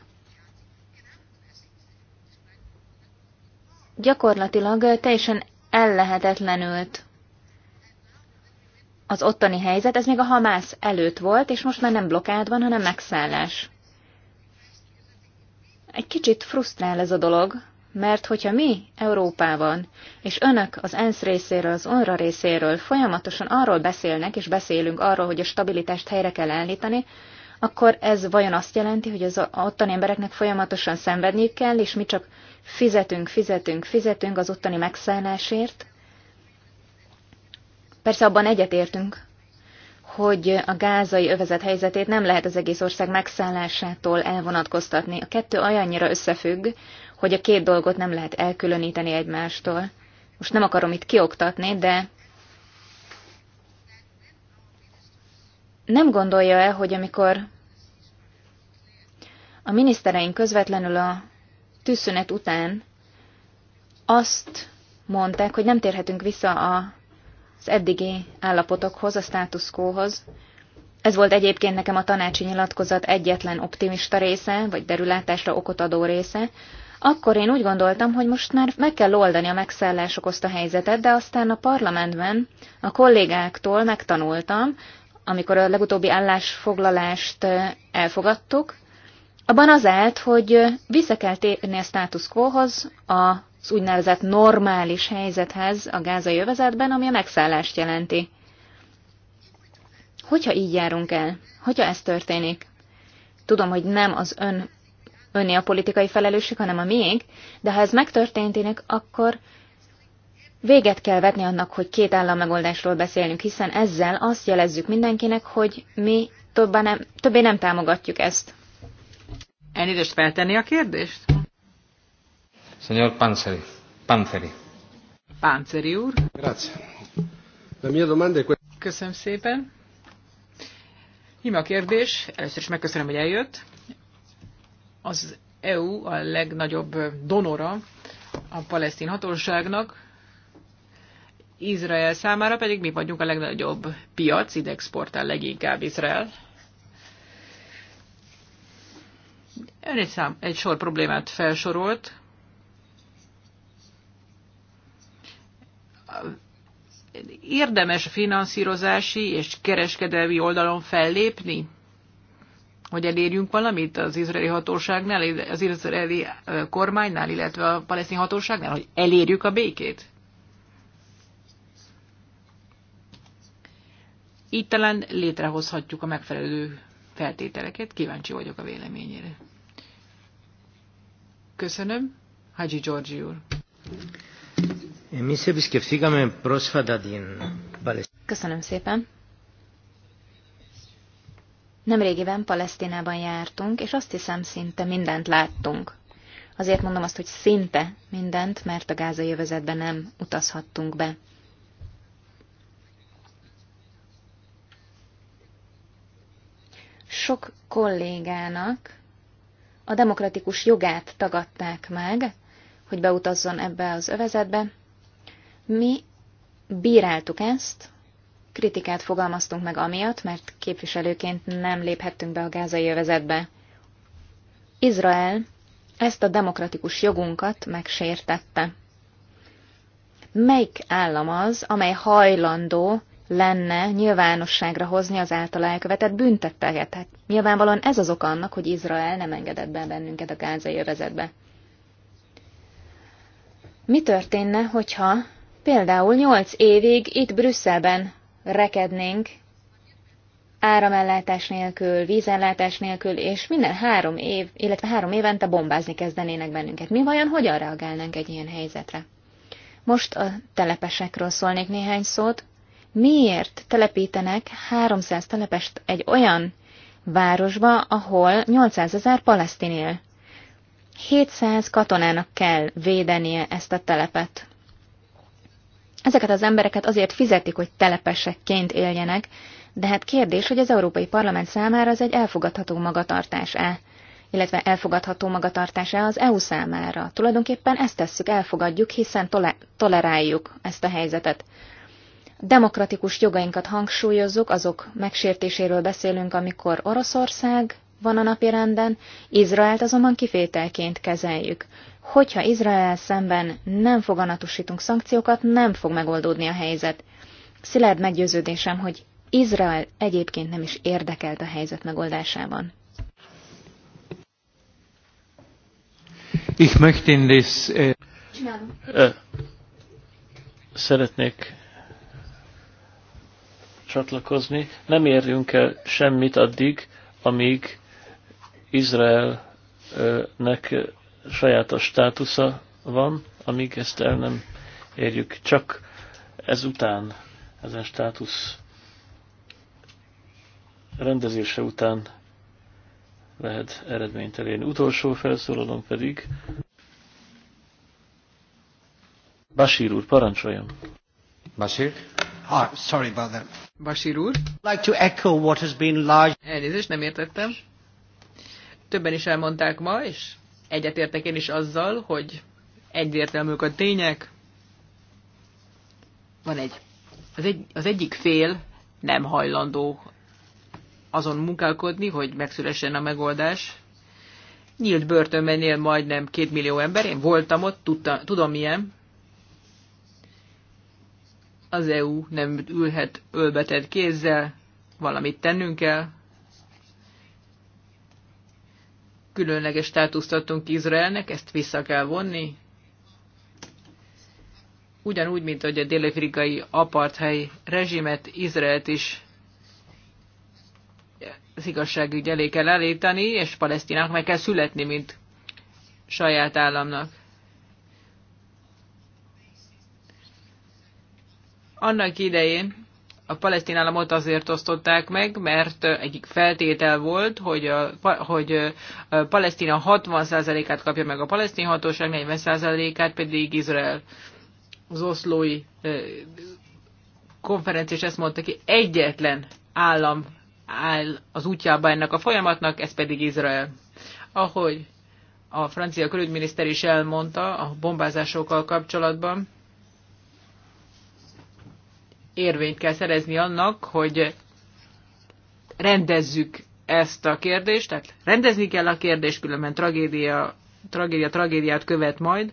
gyakorlatilag teljesen ellehetetlenült az ottani helyzet, ez még a Hamász előtt volt, és most már nem blokád van, hanem megszállás. Egy kicsit frusztrál ez a dolog, mert hogyha mi Európában, és önök az ENSZ részéről, az ONRA részéről folyamatosan arról beszélnek, és beszélünk arról, hogy a stabilitást helyre kell állítani, akkor ez vajon azt jelenti, hogy az ottani embereknek folyamatosan szenvedniük kell, és mi csak fizetünk, fizetünk, fizetünk az ottani megszállásért? Persze abban egyetértünk, hogy a gázai övezet helyzetét nem lehet az egész ország megszállásától elvonatkoztatni. A kettő olyannyira összefügg, hogy a két dolgot nem lehet elkülöníteni egymástól. Most nem akarom itt kioktatni, de nem gondolja el, hogy amikor a minisztereink közvetlenül a tűzszünet után azt mondták, hogy nem térhetünk vissza a az eddigi állapotokhoz, a státuszkóhoz. Ez volt egyébként nekem a tanácsi nyilatkozat egyetlen optimista része, vagy derülátásra okot adó része. Akkor én úgy gondoltam, hogy most már meg kell oldani a megszállás okozta helyzetet, de aztán a parlamentben a kollégáktól megtanultam, amikor a legutóbbi állásfoglalást eh, elfogadtuk, abban az állt, hogy vissza kell térni a státuszkóhoz, a az úgynevezett normális helyzethez a gázai övezetben, ami a megszállást jelenti. Hogyha így járunk el, hogyha ez történik, tudom, hogy nem az ön, önné a politikai felelősség, hanem a miénk, de ha ez megtörténik, akkor Véget kell vetni annak, hogy két állam megoldásról beszélünk, hiszen ezzel azt jelezzük mindenkinek, hogy mi többé nem, többé nem támogatjuk ezt. Elnézést feltenni a kérdést? Señor Panzeri. Panzeri. Panzeri úr. Grazie. La mia domanda è Köszönöm szépen. Ima kérdés, először is megköszönöm, hogy eljött. Az EU a legnagyobb donora a palesztin hatóságnak, Izrael számára pedig mi vagyunk a legnagyobb piac, ide exportál leginkább Izrael. Ön egy, szám, egy sor problémát felsorolt, érdemes finanszírozási és kereskedelmi oldalon fellépni, hogy elérjünk valamit az izraeli hatóságnál, az izraeli eh, kormánynál, illetve a palesztin hatóságnál, hogy elérjük a békét? Így talán létrehozhatjuk a megfelelő feltételeket. Kíváncsi vagyok a véleményére. Köszönöm. Hagyi Georgi úr. Köszönöm szépen. Nemrégiben Palesztinában jártunk, és azt hiszem szinte mindent láttunk. Azért mondom azt, hogy szinte mindent, mert a gázai övezetben nem utazhattunk be. Sok kollégának a demokratikus jogát tagadták meg, hogy beutazzon ebbe az övezetbe, mi bíráltuk ezt, kritikát fogalmaztunk meg amiatt, mert képviselőként nem léphettünk be a gázai övezetbe. Izrael ezt a demokratikus jogunkat megsértette. Melyik állam az, amely hajlandó lenne nyilvánosságra hozni az általa elkövetett büntetteket? Hát nyilvánvalóan ez az oka annak, hogy Izrael nem engedett be bennünket a gázai övezetbe. Mi történne, hogyha Például nyolc évig itt Brüsszelben rekednénk, áramellátás nélkül, vízellátás nélkül, és minden három év, illetve három évente bombázni kezdenének bennünket. Mi vajon hogyan reagálnánk egy ilyen helyzetre? Most a telepesekről szólnék néhány szót. Miért telepítenek 300 telepest egy olyan városba, ahol 800 ezer palesztin él? 700 katonának kell védenie ezt a telepet. Ezeket az embereket azért fizetik, hogy telepesekként éljenek, de hát kérdés, hogy az Európai Parlament számára ez egy elfogadható magatartás-e, illetve elfogadható magatartás-e az EU számára. Tulajdonképpen ezt tesszük, elfogadjuk, hiszen tole- toleráljuk ezt a helyzetet. Demokratikus jogainkat hangsúlyozzuk, azok megsértéséről beszélünk, amikor Oroszország van a napirenden, Izraelt azonban kifételként kezeljük hogyha Izrael szemben nem foganatosítunk szankciókat, nem fog megoldódni a helyzet. Szilárd meggyőződésem, hogy Izrael egyébként nem is érdekelt a helyzet megoldásában. Ich möchte in this, eh, eh, szeretnék csatlakozni. Nem érjünk el semmit addig, amíg Izraelnek sajátos státusza van, amíg ezt el nem érjük. Csak ezután, ezen státusz rendezése után lehet eredményt elérni. Utolsó felszólalom pedig Basír úr, parancsoljon. Basír? Ah, sorry about that. Basír úr? Like to echo what has been large... Elnézést, nem értettem. Többen is elmondták ma, és Egyetértek én is azzal, hogy egyértelműek a tények. Van egy. Az, egy, az egyik fél nem hajlandó azon munkálkodni, hogy megszülessen a megoldás. Nyílt börtönben él majdnem két millió ember, én voltam ott, tudta, tudom milyen. Az EU nem ülhet ölbeted kézzel, valamit tennünk kell, különleges státuszt adtunk Izraelnek, ezt vissza kell vonni. Ugyanúgy, mint hogy a dél-afrikai aparthely rezsimet, Izraelt is az igazságügy elé kell állítani, és Palesztinának meg kell születni, mint saját államnak. Annak idején a palesztin államot azért osztották meg, mert egyik feltétel volt, hogy, a, hogy a Palesztina 60%-át kapja meg a palesztin hatóság, 40%-át pedig Izrael. Az oszlói konferencia ezt mondta ki, egyetlen állam áll az útjába ennek a folyamatnak, ez pedig Izrael. Ahogy a francia külügyminiszter is elmondta a bombázásokkal kapcsolatban, érvényt kell szerezni annak, hogy rendezzük ezt a kérdést, tehát rendezni kell a kérdést, különben tragédia, tragédia tragédiát követ majd.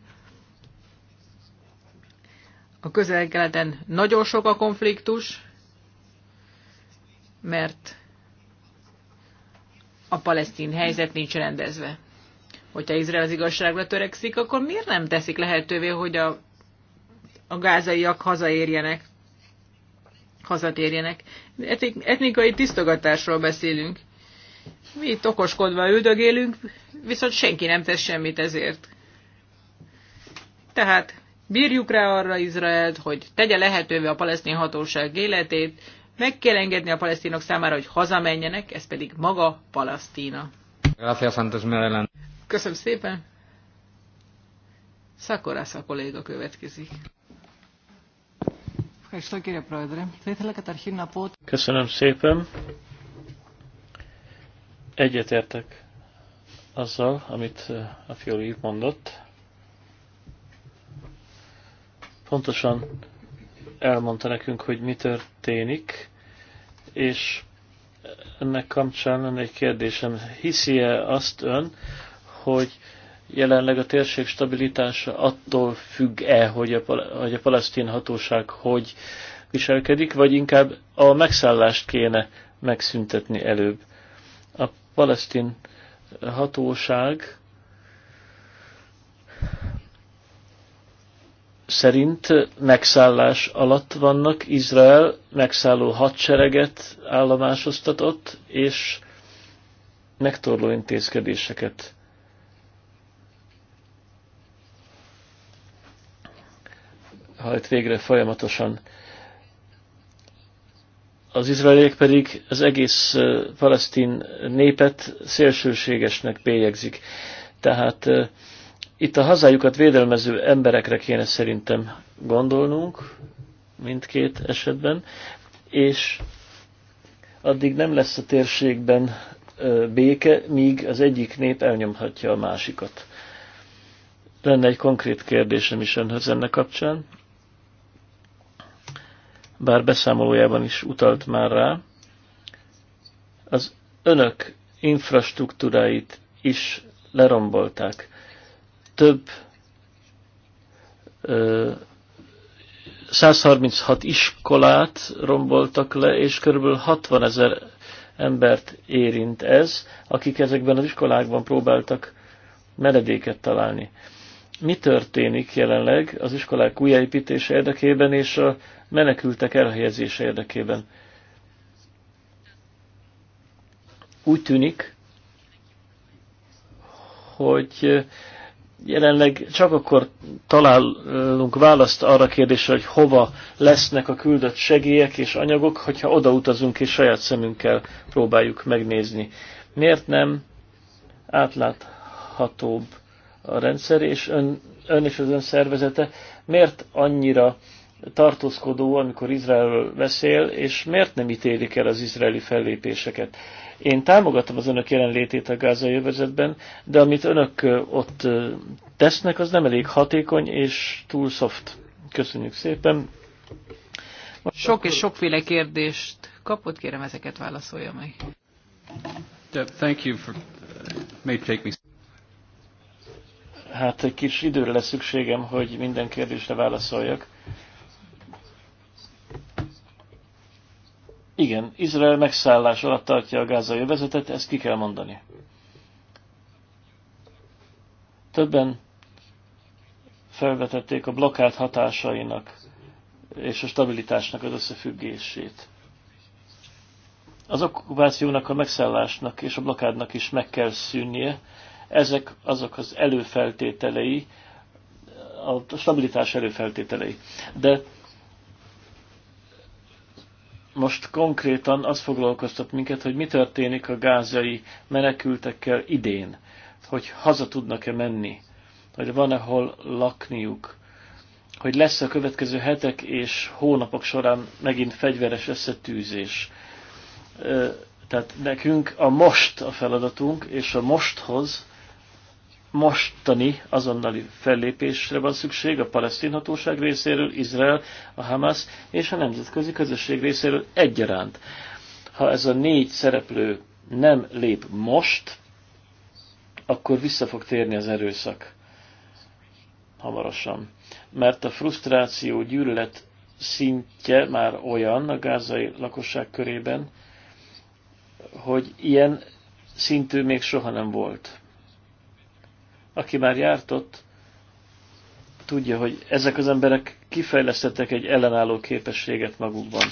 A közel-keleten nagyon sok a konfliktus, mert a palesztin helyzet nincs rendezve. Hogyha Izrael az igazságra törekszik, akkor miért nem teszik lehetővé, hogy a, a gázaiak hazaérjenek? hazatérjenek. Etnikai tisztogatásról beszélünk. Mi itt okoskodva üldögélünk, viszont senki nem tesz semmit ezért. Tehát bírjuk rá arra Izraelt, hogy tegye lehetővé a palesztin hatóság életét, meg kell engedni a palesztinok számára, hogy hazamenjenek, ez pedig maga Palesztina. Köszönöm szépen! Szakorász a kolléga következik. Ευχαριστώ κύριε Πρόεδρε. Θα ήθελα καταρχήν να πω ότι... Köszönöm szépen. Egyetértek azzal, amit eh, a Fiori mondott. Pontosan elmondta nekünk, hogy mi történik, és ennek kapcsán lenne egy kérdésem. Hiszi-e azt ön, hogy jelenleg a térség stabilitása attól függ-e, hogy a, hogy a palesztin hatóság hogy viselkedik, vagy inkább a megszállást kéne megszüntetni előbb. A palesztin hatóság szerint megszállás alatt vannak, Izrael megszálló hadsereget állomásoztatott, és megtorló intézkedéseket hajt végre folyamatosan. Az izraeliek pedig az egész palesztin népet szélsőségesnek bélyegzik. Tehát itt a hazájukat védelmező emberekre kéne szerintem gondolnunk mindkét esetben, és addig nem lesz a térségben béke, míg az egyik nép elnyomhatja a másikat. Lenne egy konkrét kérdésem is önhöz ennek kapcsán bár beszámolójában is utalt már rá, az önök infrastruktúráit is lerombolták. Több ö, 136 iskolát romboltak le, és kb. 60 ezer embert érint ez, akik ezekben az iskolákban próbáltak meredéket találni mi történik jelenleg az iskolák újjáépítése érdekében és a menekültek elhelyezése érdekében. Úgy tűnik, hogy jelenleg csak akkor találunk választ arra kérdésre, hogy hova lesznek a küldött segélyek és anyagok, hogyha odautazunk és saját szemünkkel próbáljuk megnézni. Miért nem átláthatóbb a rendszer, és ön, ön és az ön szervezete miért annyira tartózkodó, amikor Izraelről beszél, és miért nem ítélik el az izraeli fellépéseket? Én támogatom az önök jelenlétét a gázai övezetben, de amit önök ott tesznek, az nem elég hatékony és túl soft. Köszönjük szépen. Most Sok akkor... és sokféle kérdést kapott, kérem ezeket válaszolja meg. Thank you for... Uh, may take me Hát egy kis időre lesz szükségem, hogy minden kérdésre válaszoljak. Igen, Izrael megszállás alatt tartja a gázai övezetet, ezt ki kell mondani. Többen felvetették a blokkád hatásainak és a stabilitásnak az összefüggését. Az okkupációnak, a megszállásnak és a blokádnak is meg kell szűnnie, ezek azok az előfeltételei, a stabilitás előfeltételei. De most konkrétan az foglalkoztat minket, hogy mi történik a gázai menekültekkel idén, hogy haza tudnak-e menni, hogy van-e hol lakniuk, hogy lesz a következő hetek és hónapok során megint fegyveres összetűzés. Tehát nekünk a most a feladatunk, és a mosthoz mostani azonnali fellépésre van szükség a palesztin hatóság részéről, Izrael, a Hamas és a nemzetközi közösség részéről egyaránt. Ha ez a négy szereplő nem lép most, akkor vissza fog térni az erőszak hamarosan. Mert a frusztráció, gyűlölet szintje már olyan a gázai lakosság körében, hogy ilyen szintű még soha nem volt aki már járt ott, tudja, hogy ezek az emberek kifejlesztettek egy ellenálló képességet magukban.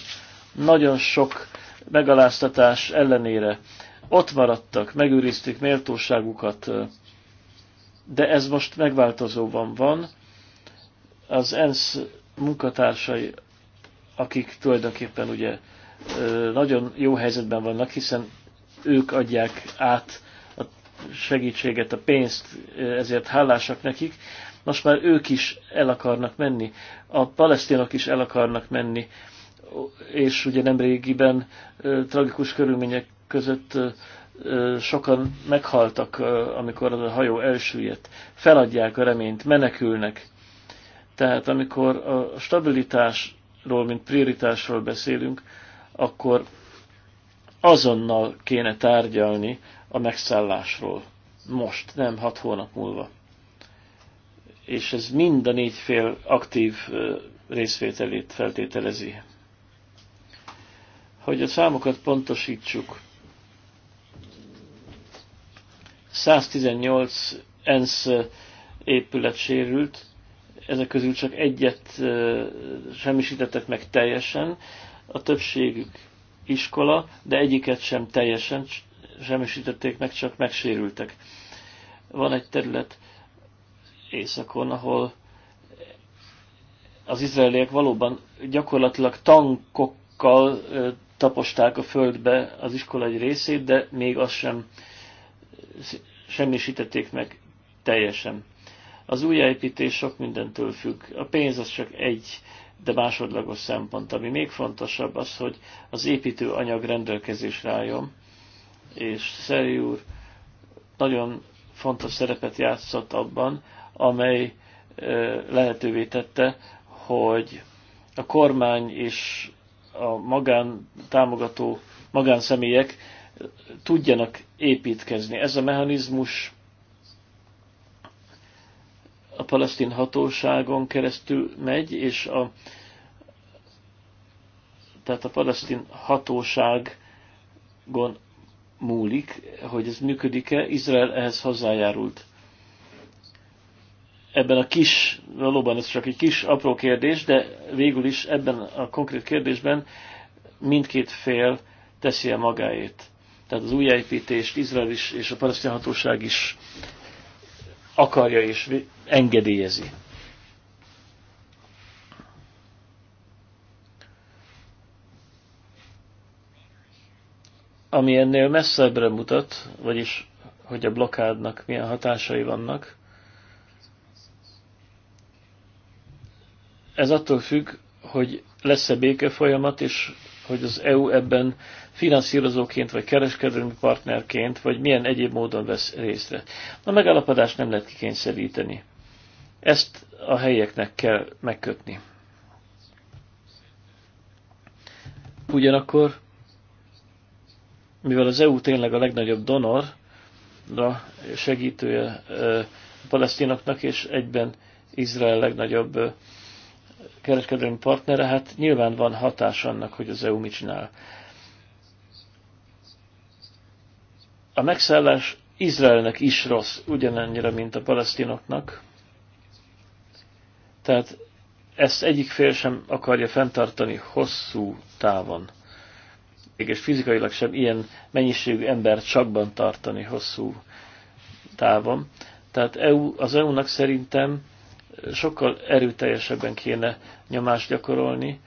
Nagyon sok megaláztatás ellenére ott maradtak, megőrizték méltóságukat, de ez most megváltozóban van. Az ENSZ munkatársai, akik tulajdonképpen ugye nagyon jó helyzetben vannak, hiszen ők adják át segítséget, a pénzt, ezért hálásak nekik. Most már ők is el akarnak menni, a palesztinok is el akarnak menni, és ugye nemrégiben tragikus körülmények között sokan meghaltak, amikor az a hajó elsüllyedt. Feladják a reményt, menekülnek. Tehát amikor a stabilitásról, mint prioritásról beszélünk, akkor azonnal kéne tárgyalni a megszállásról. Most, nem hat hónap múlva. És ez mind a négy fél aktív részvételét feltételezi. Hogy a számokat pontosítsuk, 118 ENSZ épület sérült, ezek közül csak egyet semmisítettek meg teljesen, a többségük iskola, de egyiket sem teljesen, semmisítették meg, csak megsérültek. Van egy terület északon, ahol az izraeliek valóban gyakorlatilag tankokkal taposták a földbe az iskola egy részét, de még azt sem semmisítették meg teljesen. Az újjáépítés sok mindentől függ. A pénz az csak egy, de másodlagos szempont. Ami még fontosabb az, hogy az építő anyag rendelkezésre álljon, és Szeri úr nagyon fontos szerepet játszott abban, amely lehetővé tette, hogy a kormány és a magán támogató magánszemélyek tudjanak építkezni. Ez a mechanizmus a palesztin hatóságon keresztül megy, és a, tehát a palesztin hatóságon múlik, hogy ez működik-e. Izrael ehhez hozzájárult. Ebben a kis, valóban ez csak egy kis, apró kérdés, de végül is ebben a konkrét kérdésben mindkét fél teszi a magáét. Tehát az újjáépítést Izrael is és a palesztin hatóság is akarja és engedélyezi. ami ennél messzebbre mutat, vagyis hogy a blokádnak milyen hatásai vannak, ez attól függ, hogy lesz-e béke folyamat, és hogy az EU ebben finanszírozóként, vagy kereskedelmi partnerként, vagy milyen egyéb módon vesz részre. A megállapodást nem lehet kikényszeríteni. Ezt a helyeknek kell megkötni. Ugyanakkor mivel az EU tényleg a legnagyobb a segítője a palesztinoknak, és egyben Izrael legnagyobb kereskedelmi partnere, hát nyilván van hatás annak, hogy az EU mit csinál. A megszállás Izraelnek is rossz, ugyanannyira, mint a palesztinoknak. Tehát ezt egyik fél sem akarja fenntartani hosszú távon és fizikailag sem ilyen mennyiségű embert csakban tartani hosszú távon. Tehát EU, az EU-nak szerintem sokkal erőteljesebben kéne nyomást gyakorolni.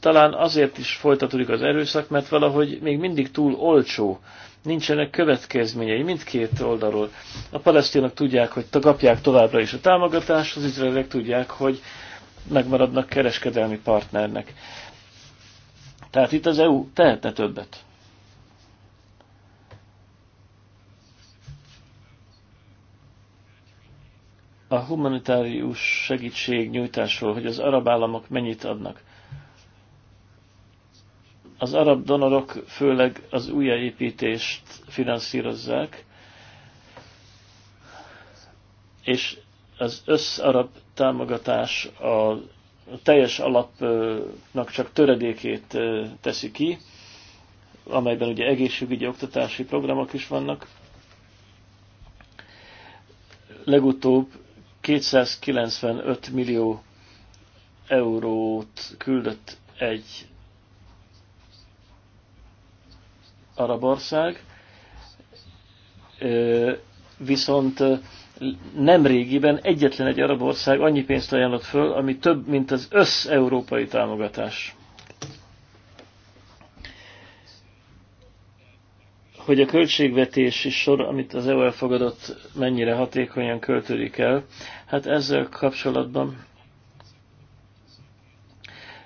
Talán azért is folytatódik az erőszak, mert valahogy még mindig túl olcsó, nincsenek következményei mindkét oldalról. A palesztinok tudják, hogy kapják továbbra is a támogatást, az izraelek tudják, hogy megmaradnak kereskedelmi partnernek. Tehát itt az EU tehetne többet. A humanitárius segítség nyújtásról, hogy az arab államok mennyit adnak. Az arab donorok főleg az újjáépítést finanszírozzák, és az összarab támogatás az teljes alapnak csak töredékét teszi ki, amelyben ugye egészségügyi, oktatási programok is vannak. Legutóbb 295 millió eurót küldött egy arab ország, viszont nem régiben egyetlen egy arab ország annyi pénzt ajánlott föl, ami több, mint az össz-európai támogatás. Hogy a költségvetési sor, amit az EU elfogadott, mennyire hatékonyan költődik el, hát ezzel kapcsolatban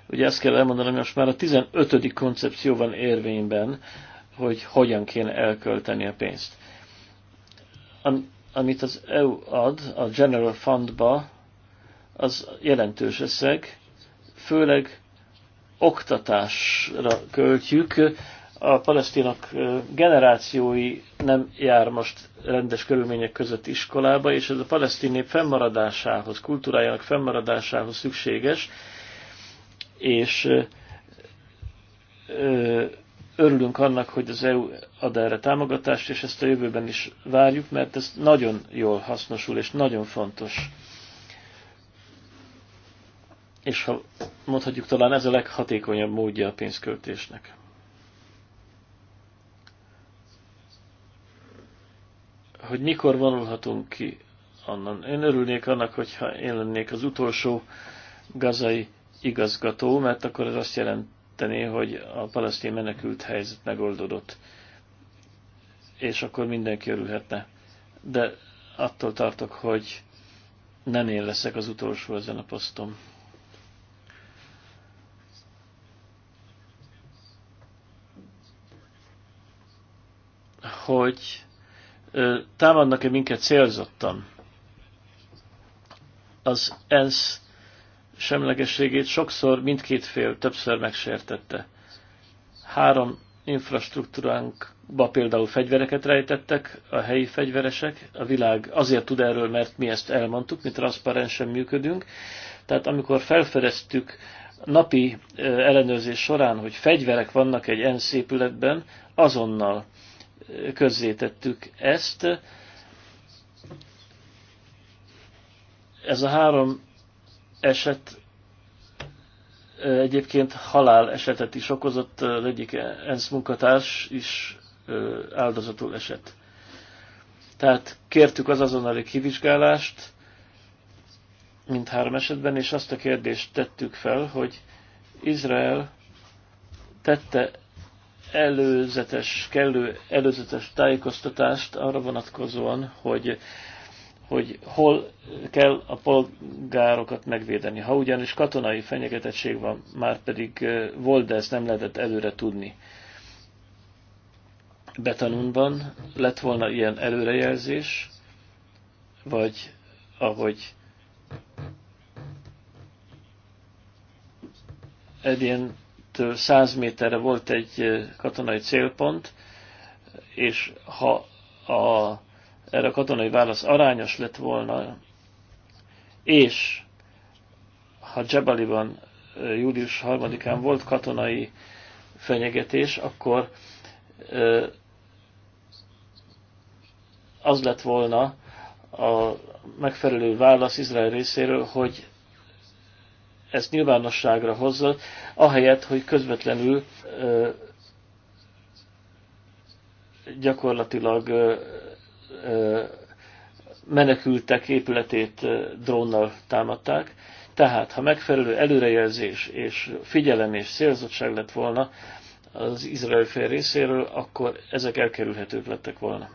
ugye ezt kell elmondanom, hogy most már a 15. koncepció van érvényben, hogy hogyan kéne elkölteni a pénzt amit az EU ad a General Fundba, az jelentős összeg, főleg oktatásra költjük. A palesztinok generációi nem jár most rendes körülmények között iskolába, és ez a palesztin nép fennmaradásához, kultúrájának fennmaradásához szükséges, és ö, ö, örülünk annak, hogy az EU ad erre támogatást, és ezt a jövőben is várjuk, mert ez nagyon jól hasznosul, és nagyon fontos. És ha mondhatjuk, talán ez a leghatékonyabb módja a pénzköltésnek. Hogy mikor vonulhatunk ki annan. Én örülnék annak, hogyha én lennék az utolsó gazai igazgató, mert akkor ez azt jelent, segíteni, hogy a palasztin menekült helyzet megoldódott, és akkor mindenki örülhetne. De attól tartok, hogy nem én leszek az utolsó ezen a posztom. Hogy támadnak-e minket célzottan? Az ENSZ semlegességét sokszor mindkét fél többször megsértette. Három infrastruktúránkba például fegyvereket rejtettek a helyi fegyveresek, a világ azért tud erről, mert mi ezt elmondtuk, mi transzparensen működünk. Tehát amikor felfedeztük napi ellenőrzés során, hogy fegyverek vannak egy ENSZ épületben, azonnal közzétettük ezt. Ez a három eset egyébként halál esetet is okozott, az egyik ENSZ munkatárs is áldozatul esett. Tehát kértük az azonnali kivizsgálást mint három esetben, és azt a kérdést tettük fel, hogy Izrael tette előzetes, kellő előzetes tájékoztatást arra vonatkozóan, hogy hogy hol kell a polgárokat megvédeni. Ha ugyanis katonai fenyegetettség van, már pedig volt, de ezt nem lehetett előre tudni. Betanunban lett volna ilyen előrejelzés, vagy ahogy Edientől 100 méterre volt egy katonai célpont, és ha a erre a katonai válasz arányos lett volna, és ha Jebaliban július 3-án volt katonai fenyegetés, akkor az lett volna a megfelelő válasz Izrael részéről, hogy ezt nyilvánosságra hozza, ahelyett, hogy közvetlenül gyakorlatilag menekültek épületét drónnal támadták. Tehát, ha megfelelő előrejelzés és figyelem és célzottság lett volna az izraeli fél részéről, akkor ezek elkerülhetők lettek volna.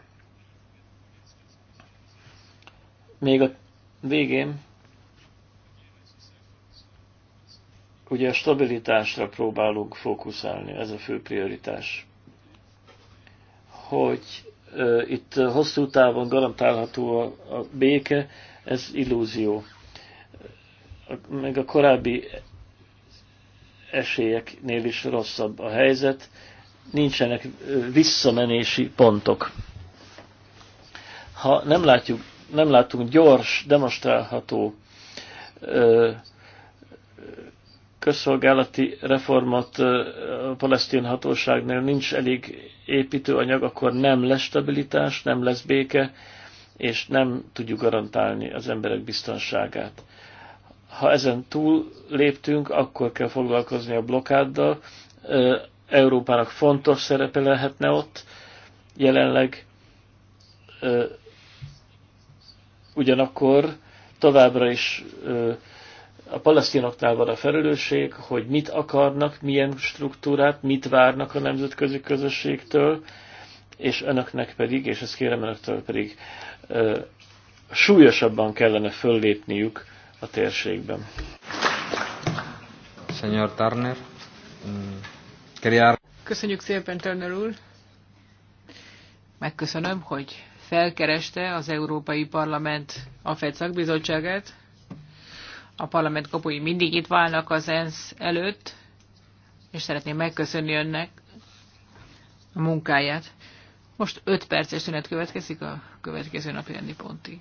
Még a végén ugye a stabilitásra próbálunk fókuszálni, ez a fő prioritás. Hogy itt hosszú távon garantálható a, a béke, ez illúzió. A, meg a korábbi esélyeknél is rosszabb a helyzet, nincsenek visszamenési pontok. Ha nem, látjuk, nem látunk gyors, demonstrálható ö, közszolgálati reformat a palesztin hatóságnál nincs elég építőanyag, akkor nem lesz stabilitás, nem lesz béke, és nem tudjuk garantálni az emberek biztonságát. Ha ezen túl léptünk, akkor kell foglalkozni a blokáddal. Európának fontos szerepe lehetne ott. Jelenleg ugyanakkor továbbra is a palesztinoknál van a felelősség, hogy mit akarnak, milyen struktúrát, mit várnak a nemzetközi közösségtől, és önöknek pedig, és ezt kérem önöktől pedig, súlyosabban kellene föllépniük a térségben. Senyor Turner. Mm, Köszönjük szépen, Turner úr. Megköszönöm, hogy felkereste az Európai Parlament a FED szakbizottságát a parlament kapui mindig itt válnak az ENSZ előtt, és szeretném megköszönni önnek a munkáját. Most 5 perces szünet következik a következő napi rendi pontig.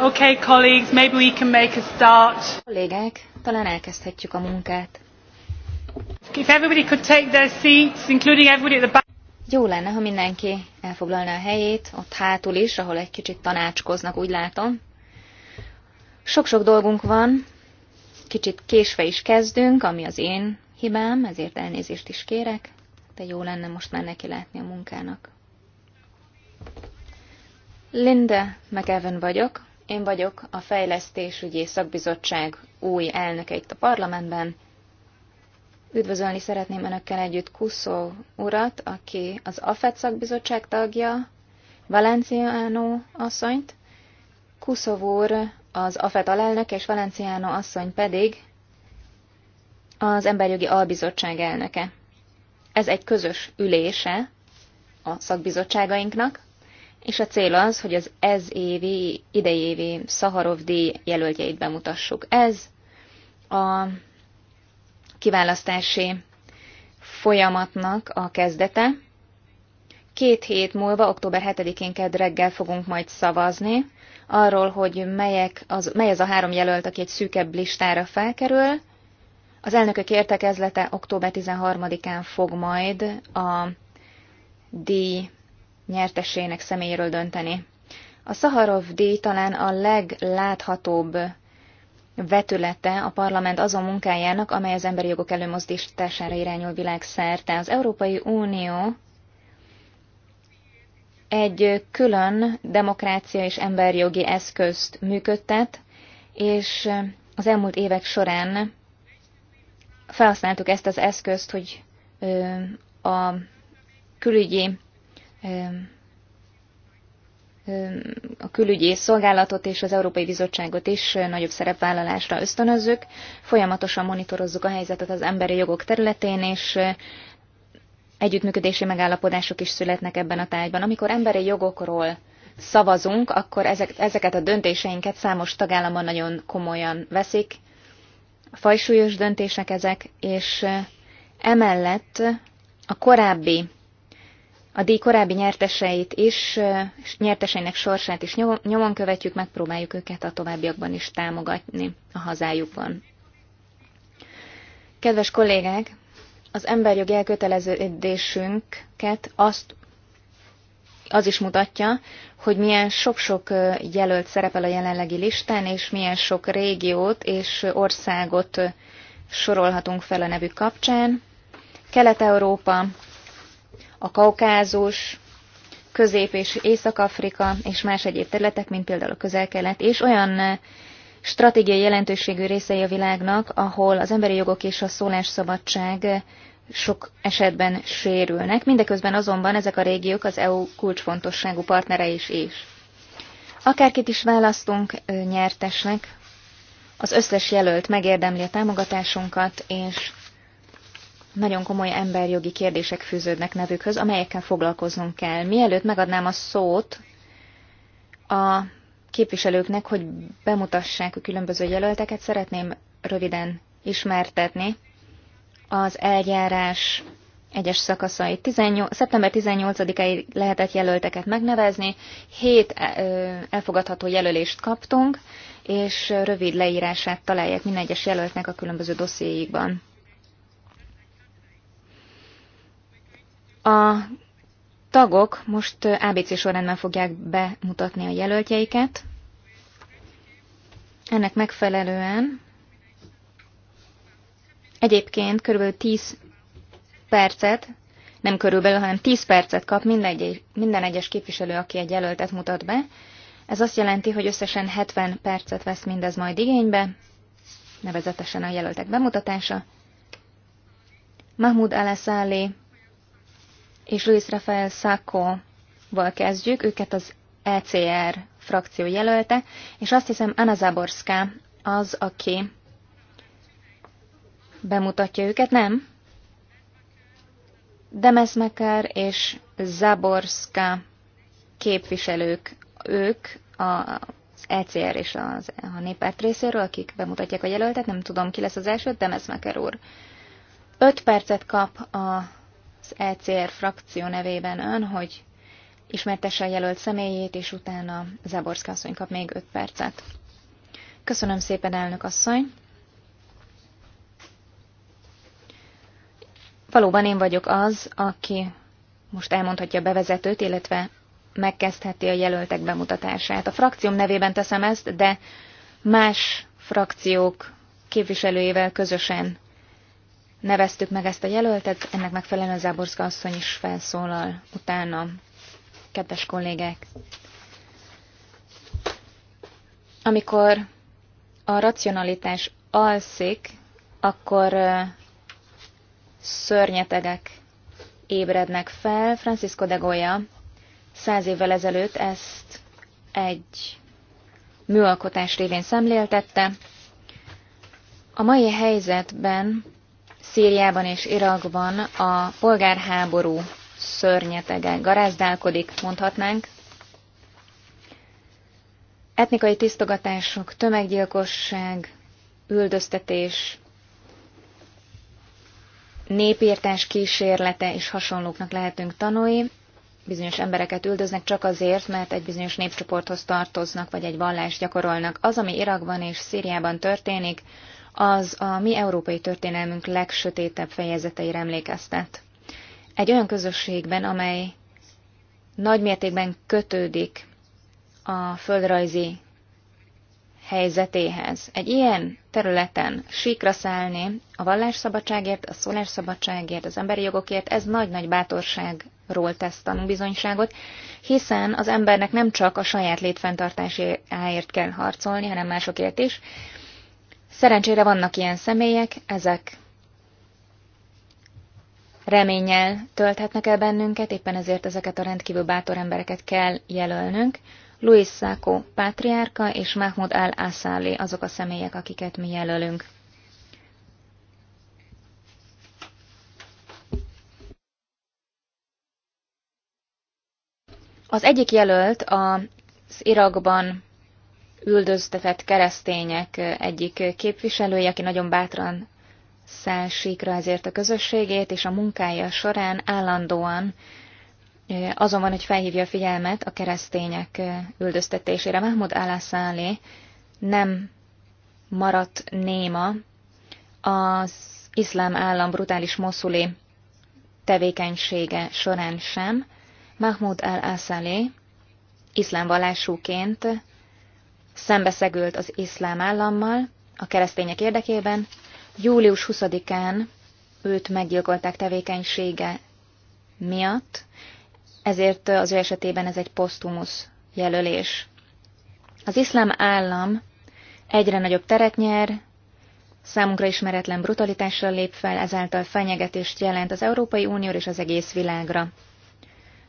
Okay, colleagues, maybe we can make a start. Kollégák, talán elkezdhetjük a munkát. If everybody could take their seats, including everybody at the back. Jó lenne, ha mindenki elfoglalná a helyét, ott hátul is, ahol egy kicsit tanácskoznak, úgy látom. Sok-sok dolgunk van, kicsit késve is kezdünk, ami az én hibám, ezért elnézést is kérek, de jó lenne most már neki látni a munkának. Linda McEwen vagyok, én vagyok a Fejlesztésügyi Szakbizottság új elnöke itt a parlamentben. Üdvözölni szeretném Önökkel együtt Kuszó urat, aki az AFET szakbizottság tagja, Valenciano asszonyt, Kuszó úr az AFET alelnök, és Valenciano asszony pedig az Emberjogi Albizottság elnöke. Ez egy közös ülése a szakbizottságainknak, és a cél az, hogy az ez évi, idejévi Szaharov díj jelöltjeit bemutassuk. Ez a kiválasztási folyamatnak a kezdete. Két hét múlva, október 7-én kedd reggel fogunk majd szavazni arról, hogy melyek az, mely az a három jelölt, aki egy szűkebb listára felkerül. Az elnökök értekezlete október 13-án fog majd a díj nyertesének személyéről dönteni. A Szaharov díj talán a legláthatóbb vetülete a parlament azon munkájának, amely az emberi jogok előmozdítására irányul világszerte. Az Európai Unió egy külön demokrácia és emberjogi eszközt működtet, és az elmúlt évek során felhasználtuk ezt az eszközt, hogy a külügyi a külügyi szolgálatot és az Európai Bizottságot is nagyobb szerepvállalásra ösztönözzük. Folyamatosan monitorozzuk a helyzetet az emberi jogok területén, és e, együttműködési megállapodások is születnek ebben a tájban. Amikor emberi jogokról szavazunk, akkor ezek, ezeket a döntéseinket számos tagállamban nagyon komolyan veszik. Fajsúlyos döntések ezek, és e, emellett a korábbi a díj korábbi nyerteseit is, nyerteseinek sorsát is nyomon követjük, megpróbáljuk őket a továbbiakban is támogatni a hazájukban. Kedves kollégák, az emberjogi elköteleződésünket azt az is mutatja, hogy milyen sok-sok jelölt szerepel a jelenlegi listán, és milyen sok régiót és országot sorolhatunk fel a nevük kapcsán. Kelet-Európa, a Kaukázus, Közép- és Észak-Afrika és más egyéb területek, mint például a közel-kelet, és olyan eh, stratégiai jelentőségű részei a világnak, ahol az emberi jogok és a szólásszabadság eh, sok esetben sérülnek, mindeközben azonban ezek a régiók az EU kulcsfontosságú partnere is is. Akárkit is választunk eh, nyertesnek, az összes jelölt megérdemli a támogatásunkat, és nagyon komoly emberjogi kérdések fűződnek nevükhöz, amelyekkel foglalkoznunk kell. Mielőtt megadnám a szót a képviselőknek, hogy bemutassák a különböző jelölteket, szeretném röviden ismertetni az eljárás egyes szakaszai. 18, szeptember 18 ig lehetett jelölteket megnevezni, 7 elfogadható jelölést kaptunk, és rövid leírását találják minden egyes jelöltnek a különböző dossziéikban. A tagok most ABC sorrendben fogják bemutatni a jelöltjeiket. Ennek megfelelően egyébként körülbelül 10 percet, nem körülbelül, hanem 10 percet kap mindegy, minden egyes képviselő, aki egy jelöltet mutat be. Ez azt jelenti, hogy összesen 70 percet vesz mindez majd igénybe, nevezetesen a jelöltek bemutatása. Mahmoud al és Luis Rafael Sacco-val kezdjük, őket az ECR frakció jelölte, és azt hiszem Anna Zaborská az, aki bemutatja őket, nem? Demesmeker és Zaborska képviselők, ők az ECR és az, a néppárt részéről, akik bemutatják a jelöltet, nem tudom ki lesz az első, Demesmeker úr. Öt percet kap a az ECR frakció nevében ön, hogy ismertesse a jelölt személyét, és utána Záborszka asszony kap még 5 percet. Köszönöm szépen, elnök asszony! Valóban én vagyok az, aki most elmondhatja a bevezetőt, illetve megkezdheti a jelöltek bemutatását. A frakcióm nevében teszem ezt, de más frakciók képviselőjével közösen neveztük meg ezt a jelöltet, ennek megfelelően Záborszka asszony is felszólal utána. Kedves kollégek! Amikor a racionalitás alszik, akkor szörnyetegek ébrednek fel. Francisco de Goya száz évvel ezelőtt ezt egy műalkotás révén szemléltette. A mai helyzetben Szíriában és Irakban a polgárháború szörnyetegen garázdálkodik, mondhatnánk. Etnikai tisztogatások, tömeggyilkosság, üldöztetés, népírtás kísérlete és hasonlóknak lehetünk tanulni. Bizonyos embereket üldöznek csak azért, mert egy bizonyos népcsoporthoz tartoznak, vagy egy vallást gyakorolnak. Az, ami Irakban és Szíriában történik, az a mi európai történelmünk legsötétebb fejezeteire emlékeztet. Egy olyan közösségben, amely nagymértékben kötődik a földrajzi helyzetéhez. Egy ilyen területen síkra szállni a vallásszabadságért, a szólásszabadságért, az emberi jogokért, ez nagy-nagy bátorságról tesz tanúbizonyságot, hiszen az embernek nem csak a saját létfenntartásáért kell harcolni, hanem másokért is, Szerencsére vannak ilyen személyek, ezek reménnyel tölthetnek el bennünket, éppen ezért ezeket a rendkívül bátor embereket kell jelölnünk. Luis Szákó pátriárka és Mahmoud al asali azok a személyek, akiket mi jelölünk. Az egyik jelölt az Irakban üldöztetett keresztények egyik képviselője, aki nagyon bátran száll síkra ezért a közösségét, és a munkája során állandóan azon van, hogy felhívja a figyelmet a keresztények üldöztetésére. Mahmoud al nem maradt néma az iszlám állam brutális moszuli tevékenysége során sem. Mahmoud al Assali iszlám vallásúként szembeszegült az iszlám állammal a keresztények érdekében. Július 20-án őt meggyilkolták tevékenysége miatt, ezért az ő esetében ez egy posztumusz jelölés. Az iszlám állam egyre nagyobb teret nyer, számunkra ismeretlen brutalitással lép fel, ezáltal fenyegetést jelent az Európai Unió és az egész világra.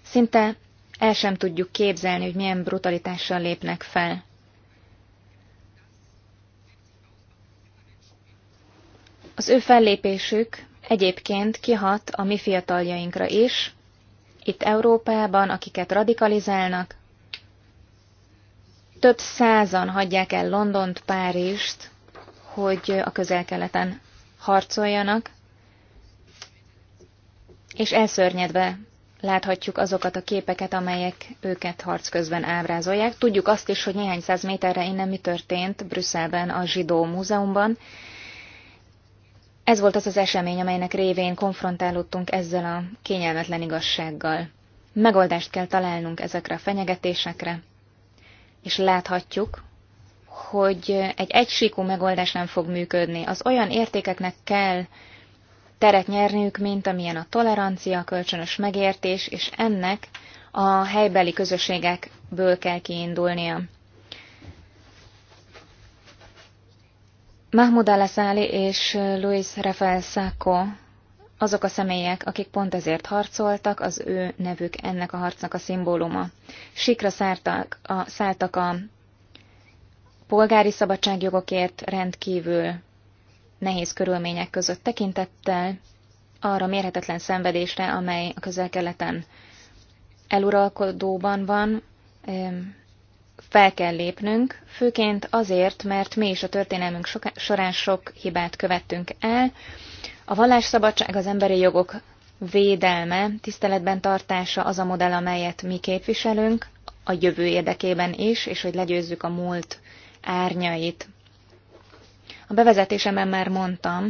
Szinte el sem tudjuk képzelni, hogy milyen brutalitással lépnek fel. Az ő fellépésük egyébként kihat a mi fiataljainkra is, itt Európában, akiket radikalizálnak. Több százan hagyják el Londont, Párizst, hogy a közel-keleten harcoljanak, és elszörnyedve láthatjuk azokat a képeket, amelyek őket harc közben ábrázolják. Tudjuk azt is, hogy néhány száz méterre innen mi történt Brüsszelben a Zsidó Múzeumban, ez volt az az esemény, amelynek révén konfrontálódtunk ezzel a kényelmetlen igazsággal. Megoldást kell találnunk ezekre a fenyegetésekre, és láthatjuk, hogy egy egysíkú megoldás nem fog működni. Az olyan értékeknek kell teret nyerniük, mint amilyen a tolerancia, a kölcsönös megértés, és ennek a helybeli közösségekből kell kiindulnia. Mahmoud Alassali és Luis Rafael Sacco azok a személyek, akik pont ezért harcoltak, az ő nevük ennek a harcnak a szimbóluma. Sikra szálltak a, szálltak a polgári szabadságjogokért rendkívül nehéz körülmények között tekintettel arra mérhetetlen szenvedésre, amely a közel-keleten eluralkodóban van, fel kell lépnünk, főként azért, mert mi is a történelmünk során sok hibát követtünk el. A vallásszabadság, az emberi jogok védelme, tiszteletben tartása az a modell, amelyet mi képviselünk, a jövő érdekében is, és hogy legyőzzük a múlt árnyait. A bevezetésemben már mondtam,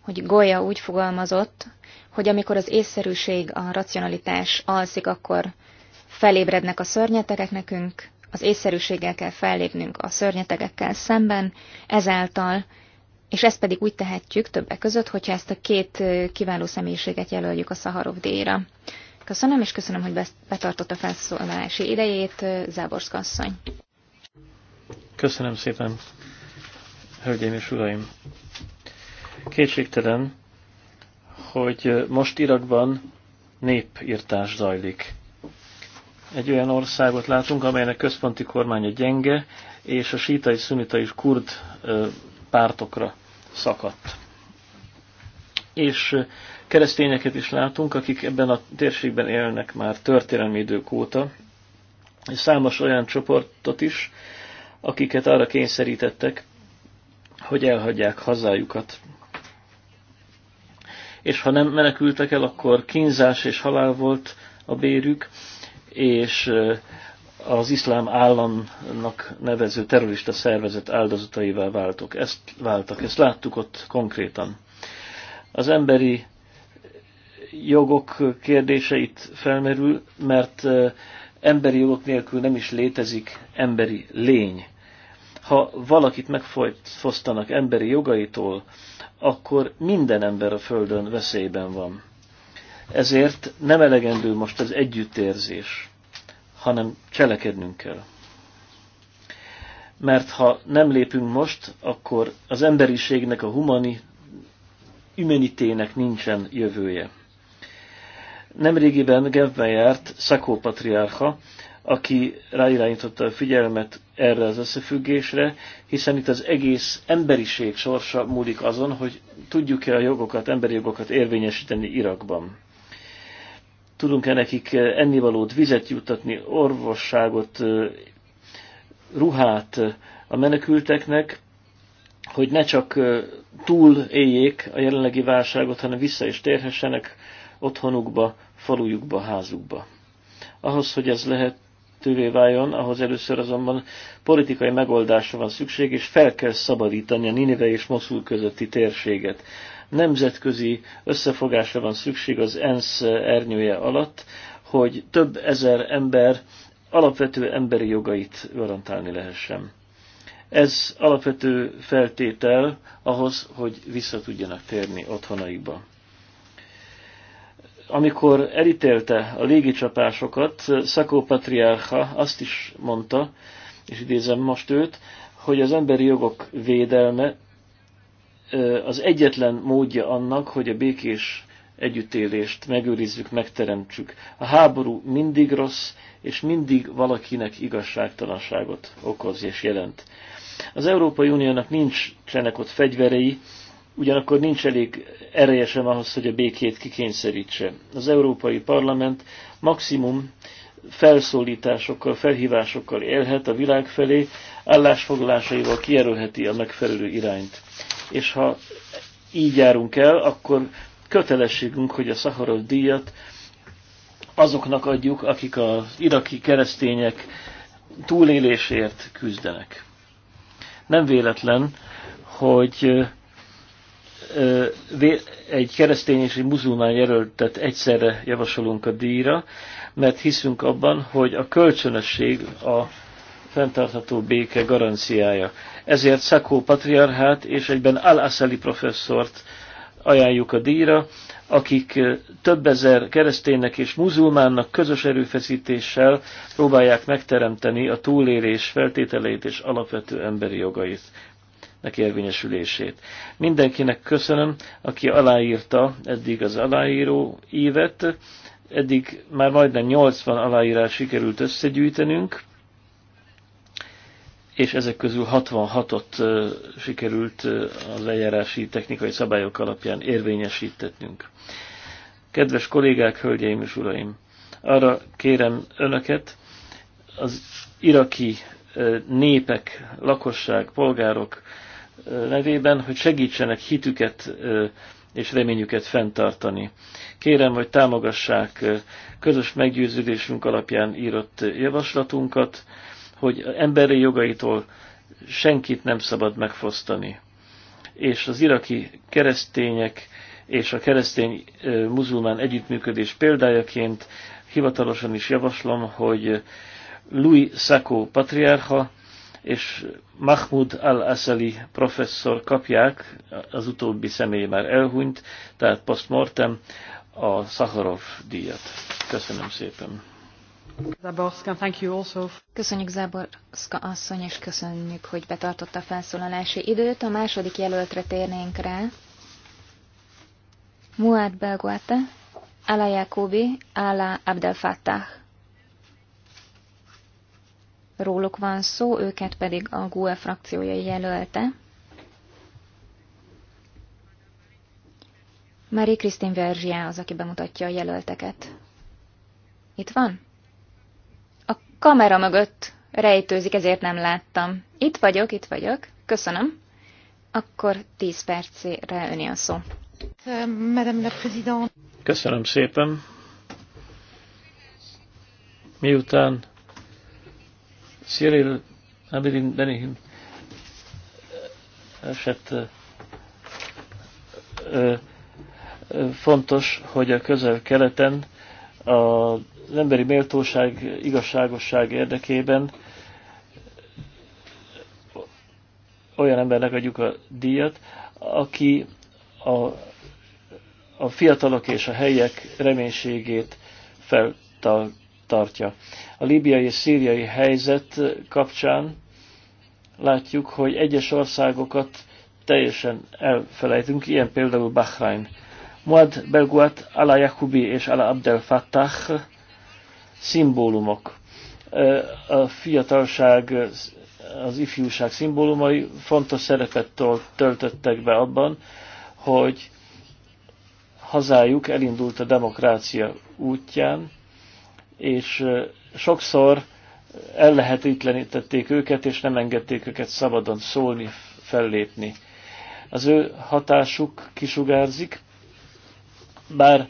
hogy Goya úgy fogalmazott, hogy amikor az észszerűség, a racionalitás alszik, akkor felébrednek a szörnyetegek nekünk, az észszerűséggel kell fellépnünk a szörnyetegekkel szemben, ezáltal, és ezt pedig úgy tehetjük többek között, hogyha ezt a két kiváló személyiséget jelöljük a Szaharov díjra. Köszönöm, és köszönöm, hogy betartott a felszólalási idejét, Záborszka asszony. Köszönöm szépen, hölgyeim és uraim. Kétségtelen, hogy most Irakban népírtás zajlik egy olyan országot látunk, amelynek központi kormánya gyenge, és a síta és szunita és kurd pártokra szakadt. És keresztényeket is látunk, akik ebben a térségben élnek már történelmi idők óta, és számos olyan csoportot is, akiket arra kényszerítettek, hogy elhagyják hazájukat. És ha nem menekültek el, akkor kínzás és halál volt a bérük, és az iszlám államnak nevező terrorista szervezet áldozataival váltok. Ezt váltak, ezt láttuk ott konkrétan. Az emberi jogok kérdése itt felmerül, mert emberi jogok nélkül nem is létezik emberi lény. Ha valakit megfosztanak emberi jogaitól, akkor minden ember a Földön veszélyben van. Ezért nem elegendő most az együttérzés, hanem cselekednünk kell. Mert ha nem lépünk most, akkor az emberiségnek, a humani, ümenitének nincsen jövője. Nemrégiben Genfben járt Szakó patriárha, aki ráirányította a figyelmet erre az összefüggésre, hiszen itt az egész emberiség sorsa múlik azon, hogy tudjuk-e a jogokat, emberi jogokat érvényesíteni Irakban. Tudunk-e nekik eh, ennivalót, vizet juttatni, orvosságot, eh, ruhát eh, a menekülteknek, hogy ne csak túl éljék a jelenlegi válságot, hanem vissza is térhessenek otthonukba, falujukba, házukba. Ahhoz, hogy ez lehet, elérhetővé váljon, ahhoz először azonban politikai megoldásra van szükség, és fel kell szabadítani a Ninive és Moszul közötti térséget. Nemzetközi összefogásra van szükség az ENSZ ernyője alatt, hogy több ezer ember alapvető emberi jogait garantálni lehessen. Ez alapvető feltétel ahhoz, hogy vissza tudjanak térni otthonaikba amikor elítélte a légicsapásokat, Szakó Patriárha azt is mondta, és idézem most őt, hogy az emberi jogok védelme az egyetlen módja annak, hogy a békés együttélést megőrizzük, megteremtsük. A háború mindig rossz, és mindig valakinek igazságtalanságot okoz és jelent. Az Európai Uniónak nincs ott fegyverei, ugyanakkor nincs elég ereje sem ahhoz, hogy a békét kikényszerítse. Az Európai Parlament maximum felszólításokkal, felhívásokkal élhet a világ felé, állásfoglalásaival kijelölheti a megfelelő irányt. És ha így járunk el, akkor kötelességünk, hogy a Szaharov díjat azoknak adjuk, akik az iraki keresztények túlélésért küzdenek. Nem véletlen, hogy egy keresztény és egy muzulmán jelöltet egyszerre javasolunk a díjra, mert hiszünk abban, hogy a kölcsönösség a fenntartható béke garanciája. Ezért Szakó patriarhát és egyben Al-Asali professzort ajánljuk a díjra, akik több ezer kereszténynek és muzulmánnak közös erőfeszítéssel próbálják megteremteni a túlélés feltételeit és alapvető emberi jogait ennek érvényesülését. Mindenkinek köszönöm, aki aláírta eddig az aláíró évet. Eddig már majdnem 80 aláírás sikerült összegyűjtenünk, és ezek közül 66-ot sikerült az eljárási technikai szabályok alapján érvényesítetnünk. Kedves kollégák, hölgyeim és uraim! Arra kérem önöket, az iraki népek, lakosság, polgárok, nevében, hogy segítsenek hitüket és reményüket fenntartani. Kérem, hogy támogassák közös meggyőződésünk alapján írott javaslatunkat, hogy emberi jogaitól senkit nem szabad megfosztani. És az iraki keresztények és a keresztény muzulmán együttműködés példájaként hivatalosan is javaslom, hogy Louis Sacco patriárha és Mahmoud al-Asali professzor kapják, az utóbbi személy már elhunyt, tehát postmortem a Szaharov díjat. Köszönöm szépen. Zaborska, thank you also. Köszönjük Zaborska asszony, és köszönjük, hogy betartotta a felszólalási időt. A második jelöltre térnénk rá. Muad Belguate, Ala Jacobi, Ala Abdel Fattah róluk van szó, őket pedig a GUE frakciója jelölte. Marie Christine Verzsia az, aki bemutatja a jelölteket. Itt van? A kamera mögött rejtőzik, ezért nem láttam. Itt vagyok, itt vagyok. Köszönöm. Akkor tíz percre öné a szó. Madame la Présidente. Köszönöm szépen. Miután Cyril Abilin Benihim eh, esett eh, eh, fontos, hogy a közel-keleten az emberi méltóság, igazságosság érdekében olyan embernek adjuk a díjat, aki a, a fiatalok és a helyek reménységét feltal, tartja. A líbiai és szíriai helyzet kapcsán látjuk, hogy egyes országokat teljesen elfelejtünk, ilyen például Bahrain. Muad Belguat, Ala Yahubi és Ala Abdel Fattah szimbólumok. A fiatalság, az ifjúság szimbólumai fontos szerepet töltöttek be abban, hogy hazájuk elindult a demokrácia útján, és sokszor ellehetetlenítették őket, és nem engedték őket szabadon szólni, fellépni. Az ő hatásuk kisugárzik, bár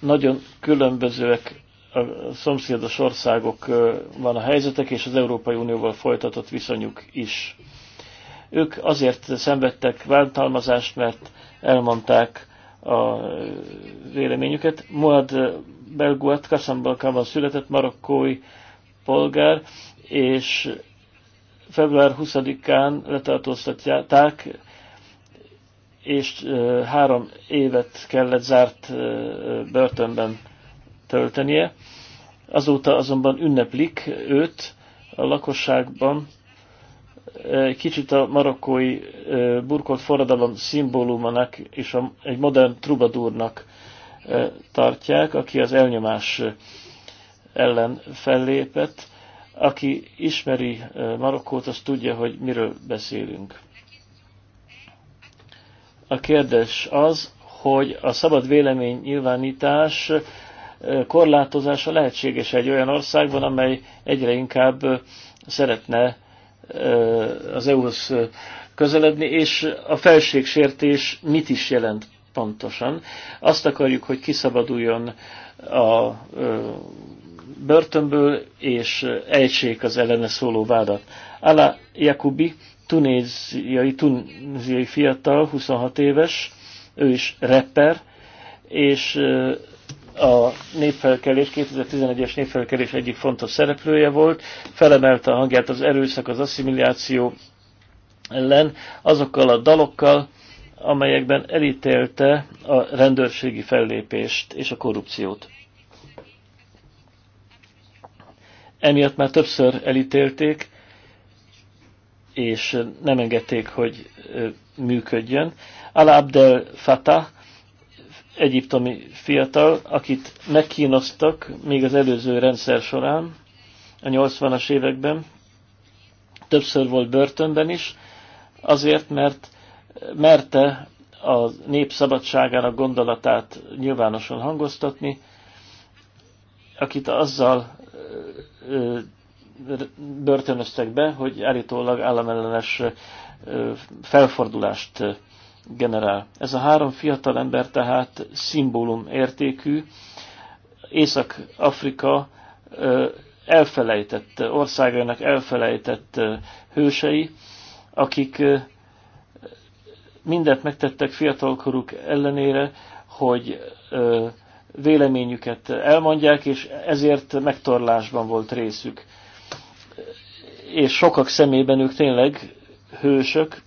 nagyon különbözőek a szomszédos van a helyzetek, és az Európai Unióval folytatott viszonyuk is. Ők azért szenvedtek váltalmazást, mert elmondták a véleményüket. Muad Belguat hát Kasszambalkában született marokkói polgár, és február 20-án letartóztatják, és három évet kellett zárt börtönben töltenie. Azóta azonban ünneplik őt a lakosságban, kicsit a marokkói burkolt forradalom szimbólumának és egy modern trubadúrnak tartják, aki az elnyomás ellen fellépett. Aki ismeri Marokkót, az tudja, hogy miről beszélünk. A kérdés az, hogy a szabad vélemény nyilvánítás korlátozása lehetséges egy olyan országban, amely egyre inkább szeretne az EU-hoz közeledni, és a felségsértés mit is jelent pontosan. Azt akarjuk, hogy kiszabaduljon a börtönből, és ejtsék az ellene szóló vádat. Ala Jakubi, tunéziai, tunéziai fiatal, 26 éves, ő is rapper, és a népfelkelés, 2011-es népfelkelés egyik fontos szereplője volt, felemelte a hangját az erőszak, az asszimiláció ellen, azokkal a dalokkal, amelyekben elítélte a rendőrségi fellépést és a korrupciót. Emiatt már többször elítélték, és nem engedték, hogy működjön. Al Abdel Fatah, egyiptomi fiatal, akit megkínoztak még az előző rendszer során, a 80-as években, többször volt börtönben is, azért, mert merte a nép szabadságának gondolatát nyilvánosan hangoztatni, akit azzal börtönöztek be, hogy állítólag államellenes felfordulást generál. Ez a három fiatal ember tehát szimbólum értékű. Észak-Afrika elfelejtett, országainak elfelejtett hősei, akik mindent megtettek fiatalkoruk ellenére, hogy ö, véleményüket elmondják, és ezért megtorlásban volt részük. És sokak szemében ők tényleg hősök.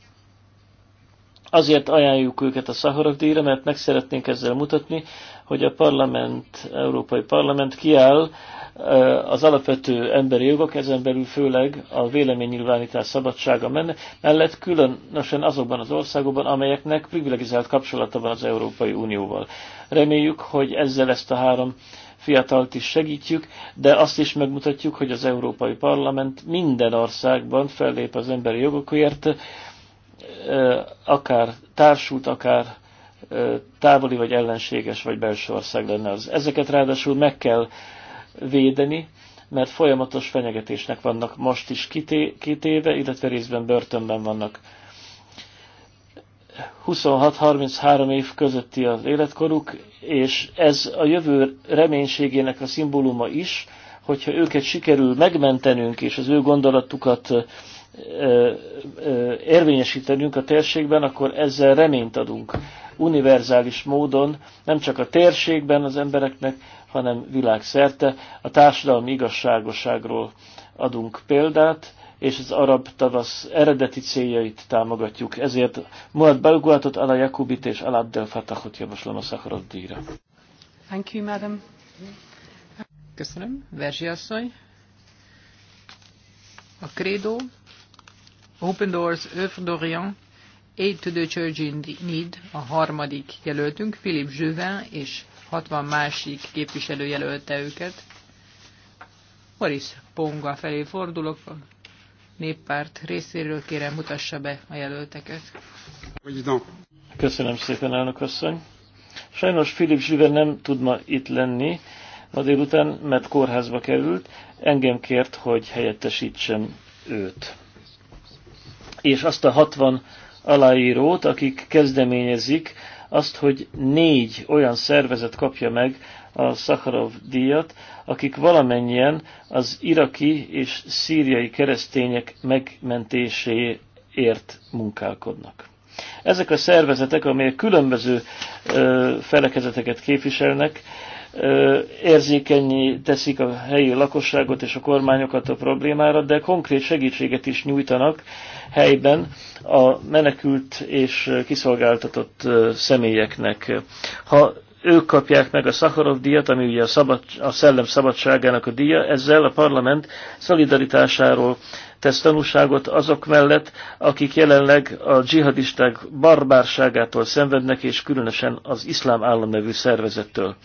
Azért ajánljuk őket a Szaharok díjra, mert meg szeretnénk ezzel mutatni, hogy a parlament, Európai Parlament kiáll az alapvető emberi jogok, ezen belül főleg a véleménynyilvánítás szabadsága menne, mellett különösen azokban az országokban, amelyeknek privilegizált kapcsolata van az Európai Unióval. Reméljük, hogy ezzel ezt a három fiatalt is segítjük, de azt is megmutatjuk, hogy az Európai Parlament minden országban fellép az emberi jogokért, akár társult, akár távoli vagy ellenséges vagy belső ország lenne az. Ezeket ráadásul meg kell védeni, mert folyamatos fenyegetésnek vannak most is kitéve, illetve részben börtönben vannak. 26-33 év közötti az életkoruk, és ez a jövő reménységének a szimbóluma is, hogyha őket sikerül megmentenünk, és az ő gondolatukat érvényesítenünk a térségben, akkor ezzel reményt adunk. Univerzális módon nem csak a térségben az embereknek, hanem világszerte a társadalmi igazságosságról adunk példát, és az arab tavasz eredeti céljait támogatjuk. Ezért Muad Belguatot, Ala Jakubit és Ala Abdel Fatahot javaslom a Szakarod díjra. Thank you, madam. Köszönöm. Verzsi asszony. A krédó Open Doors, Œuvre d'Orient, Aid to the Church in Need, a harmadik jelöltünk, Philip Juvin és 60 másik képviselő jelölte őket. Boris Ponga felé fordulok, a néppárt részéről kérem mutassa be a jelölteket. Köszönöm szépen, elnök asszony. Sajnos Philip Juvin nem tud ma itt lenni, ma délután, mert kórházba került, engem kért, hogy helyettesítsem őt és azt a 60 aláírót, akik kezdeményezik azt, hogy négy olyan szervezet kapja meg a Szaharov díjat, akik valamennyien az iraki és szíriai keresztények megmentéséért munkálkodnak. Ezek a szervezetek, amelyek különböző felekezeteket képviselnek, érzékenyi teszik a helyi lakosságot és a kormányokat a problémára, de konkrét segítséget is nyújtanak helyben a menekült és kiszolgáltatott személyeknek. Ha ők kapják meg a Szakarov díjat, ami ugye a, szabad, a szellem szabadságának a díja, ezzel a parlament szolidaritásáról tesz tanúságot azok mellett, akik jelenleg a dzsihadisták barbárságától szenvednek, és különösen az iszlám állam nevű szervezettől.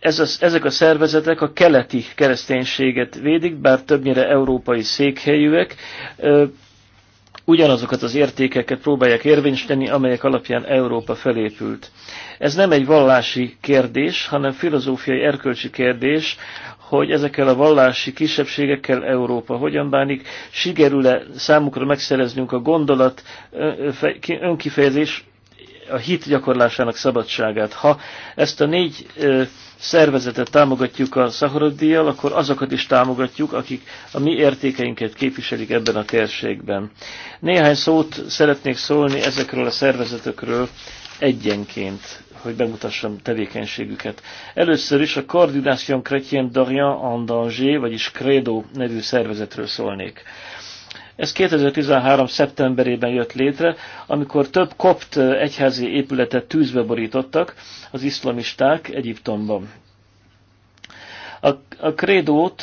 Ez az, ezek a szervezetek a keleti kereszténységet védik, bár többnyire európai székhelyűek, ugyanazokat az értékeket próbálják érvényesíteni, amelyek alapján Európa felépült. Ez nem egy vallási kérdés, hanem filozófiai erkölcsi kérdés, hogy ezekkel a vallási kisebbségekkel Európa hogyan bánik, sikerül-e számukra megszereznünk a gondolat, önkifejezés, a hit gyakorlásának szabadságát. Ha ezt a négy szervezetet támogatjuk a Szaharoddíjjal, akkor azokat is támogatjuk, akik a mi értékeinket képviselik ebben a térségben. Néhány szót szeretnék szólni ezekről a szervezetekről egyenként hogy bemutassam tevékenységüket. Először is a Coordination Chrétien d'Orient en Danger, vagyis Credo nevű szervezetről szólnék. Ez 2013. szeptemberében jött létre, amikor több kopt eh, egyházi épületet tűzbe borítottak az iszlamisták Egyiptomban. A, a t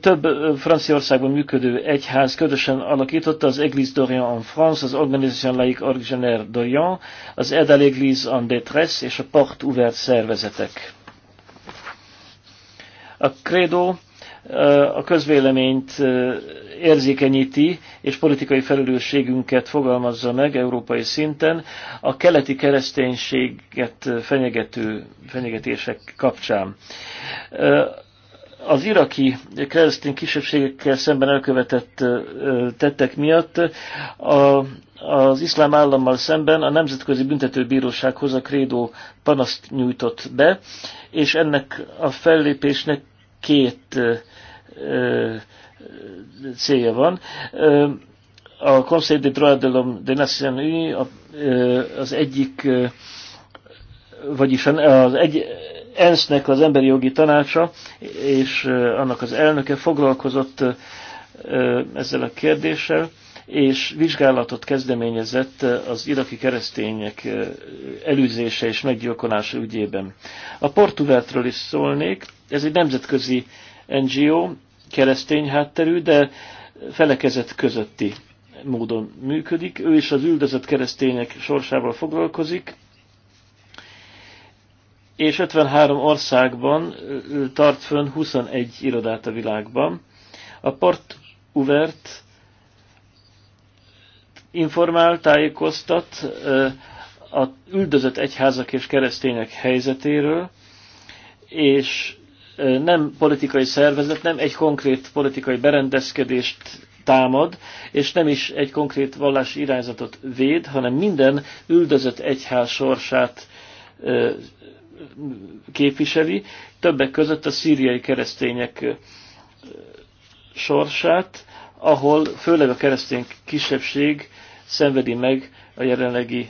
több Franciaországban működő egyház közösen alakította az Église d'Orient en France, az Organisation Laïque Originaire d'Orient, az Aide à l'Église en détresse és a Port ouvert szervezetek. A credo a közvéleményt érzékenyíti, és politikai felelősségünket fogalmazza meg európai szinten a keleti kereszténységet fenyegető fenyegetések kapcsán az iraki keresztény kisebbségekkel szemben elkövetett tettek miatt a, az iszlám állammal szemben a Nemzetközi Büntetőbírósághoz a krédó panaszt nyújtott be, és ennek a fellépésnek két ö, célja van. A Conseil de Droit de l'homme de Nations az egyik, vagyis az egy, ENSZ-nek az emberi jogi tanácsa és annak az elnöke foglalkozott ezzel a kérdéssel, és vizsgálatot kezdeményezett az iraki keresztények elűzése és meggyilkolása ügyében. A Portuvertről is szólnék, ez egy nemzetközi NGO, keresztény hátterű, de felekezet közötti módon működik. Ő is az üldözött keresztények sorsával foglalkozik, és 53 országban tart fönn 21 irodát a világban. A Port Uvert informál, tájékoztat a üldözött egyházak és keresztények helyzetéről, és nem politikai szervezet, nem egy konkrét politikai berendezkedést támad, és nem is egy konkrét vallási irányzatot véd, hanem minden üldözött egyház sorsát képviseli, többek között a szíriai keresztények sorsát, ahol főleg a keresztény kisebbség szenvedi meg a jelenlegi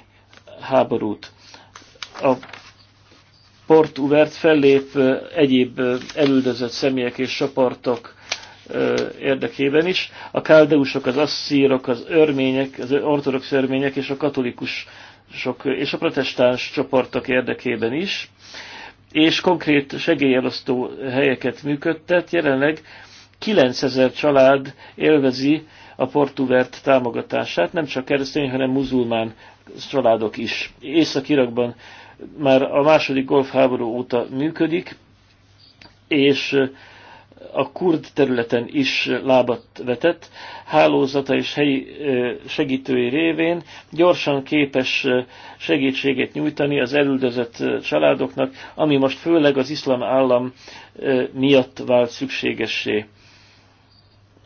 háborút. A Port Uvert fellép egyéb elüldözött személyek és csoportok érdekében is. A káldeusok, az asszírok, az örmények, az ortodox örmények és a katolikus sok, és a protestáns csoportok érdekében is, és konkrét segélyelosztó helyeket működtet. Jelenleg 9000 család élvezi a portuvert támogatását, nem csak keresztény, hanem muzulmán családok is. Észak-Irakban már a második golfháború óta működik, és a kurd területen is lábat vetett, hálózata és helyi segítői révén gyorsan képes segítséget nyújtani az elüldözött családoknak, ami most főleg az iszlám állam miatt vált szükségessé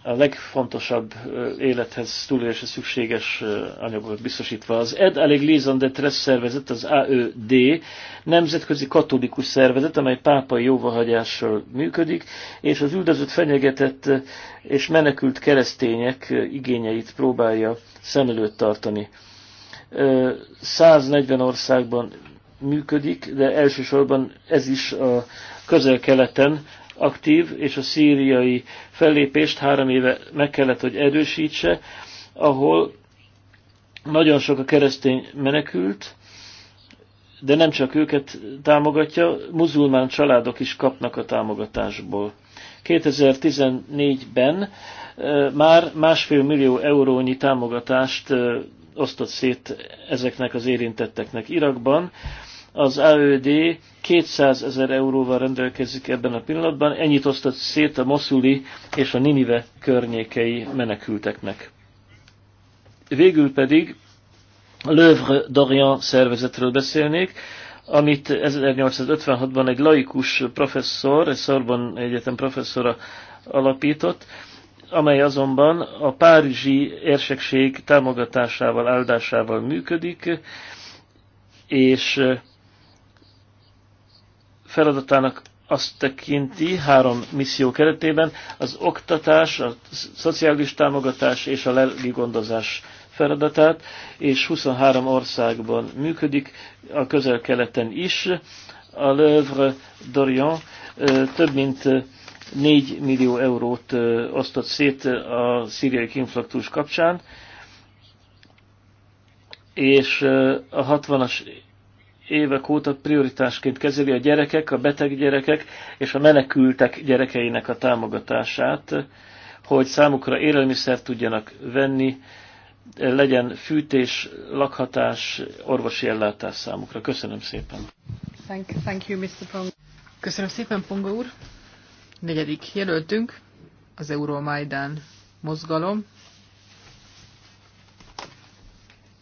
a legfontosabb élethez túlélésre szükséges anyagokat biztosítva. Az ED Alég Lézan de Tress szervezet, az AÖD, nemzetközi katolikus szervezet, amely pápai jóvahagyással működik, és az üldözött, fenyegetett és menekült keresztények igényeit próbálja szem előtt tartani. 140 országban működik, de elsősorban ez is a közel-keleten aktív, és a szíriai fellépést három éve meg kellett, hogy erősítse, ahol nagyon sok a keresztény menekült, de nem csak őket támogatja, muzulmán családok is kapnak a támogatásból. 2014-ben már másfél millió eurónyi támogatást osztott szét ezeknek az érintetteknek Irakban. Az AÖD 200 ezer euróval rendelkezik ebben a pillanatban, ennyit osztott szét a Moszuli és a Ninive környékei menekülteknek. Végül pedig a Lövre Dorian szervezetről beszélnék, amit 1856-ban egy laikus professzor, egy Szorban Egyetem professzora alapított, amely azonban a párizsi érsekség támogatásával, áldásával működik, és feladatának azt tekinti három misszió keretében az oktatás, a szociális támogatás és a lelki gondozás feladatát, és 23 országban működik, a közel-keleten is. A Lövre Dorian több mint 4 millió eurót osztott szét a szíriai kinflaktus kapcsán, és a 60-as évek óta prioritásként kezeli a gyerekek, a beteg gyerekek és a menekültek gyerekeinek a támogatását, hogy számukra élelmiszert tudjanak venni, legyen fűtés, lakhatás, orvosi ellátás számukra. Köszönöm szépen. Thank, thank you, Mr. Pong. Köszönöm szépen, Ponga úr. Negyedik jelöltünk, az Euromaidan mozgalom.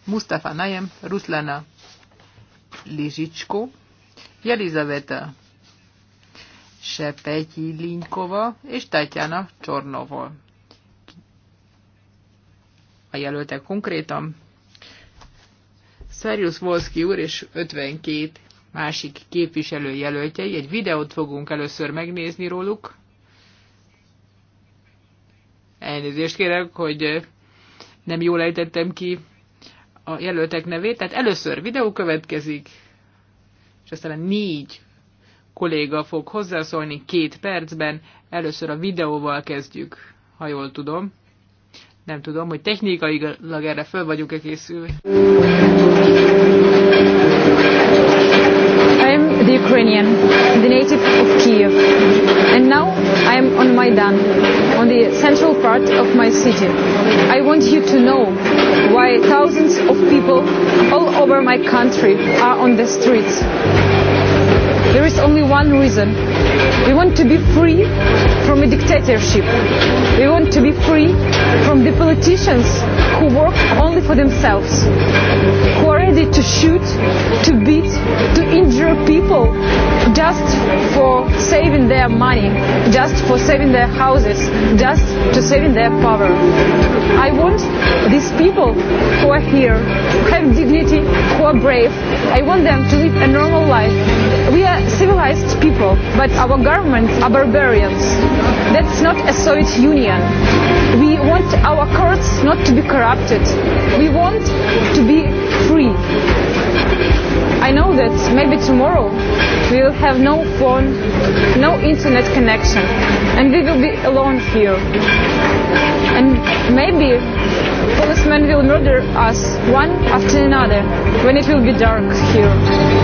Mustafa Nayem, Ruslana. Lizsicskó, Jelizaveta Sepegyi Linkova és Tatjana Csornovol. A jelöltek konkrétan Szerjusz Volszki úr és 52 másik képviselő jelöltjei. Egy videót fogunk először megnézni róluk. Elnézést kérek, hogy nem jól ejtettem ki a jelöltek nevét. Tehát először videó következik, és aztán négy kolléga fog hozzászólni két percben. Először a videóval kezdjük, ha jól tudom. Nem tudom, hogy technikailag erre föl vagyunk-e készülve. Ukrainian, the native of Kiev. And now I am on Maidan, on the central part of my city. I want you to know why thousands of people all over my country are on the streets There is only one reason. We want to be free from a dictatorship. We want to be free from the politicians who work only for themselves, who are ready to shoot, to beat, to injure people just for saving their money, just for saving their houses, just to saving their power. I want these people who are here, who have dignity, who are brave, I want them to live a normal life. We are civilized people, but our governments are barbarians. That's not a Soviet Union. We want our courts not to be corrupted. We want to be free. I know that maybe tomorrow we will have no phone, no internet connection, and we will be alone here. And maybe policemen will murder us one after another when it will be dark here.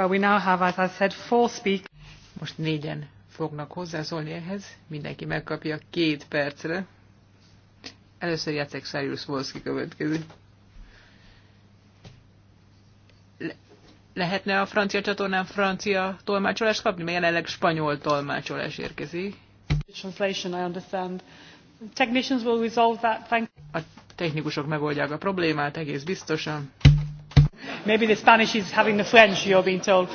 Well, we now have, as I said, four Most négyen fognak hozzászólni ehhez, mindenki megkapja két percre. Először Jacek Szerjusz Volszki következik. Le- lehetne a francia csatornán francia tolmácsolást kapni, mert jelenleg spanyol tolmácsolás érkezik. Translation, I understand. Technicians will resolve that. Thank a technikusok megoldják a problémát egész biztosan. Maybe the Spanish is having the French, you're being told.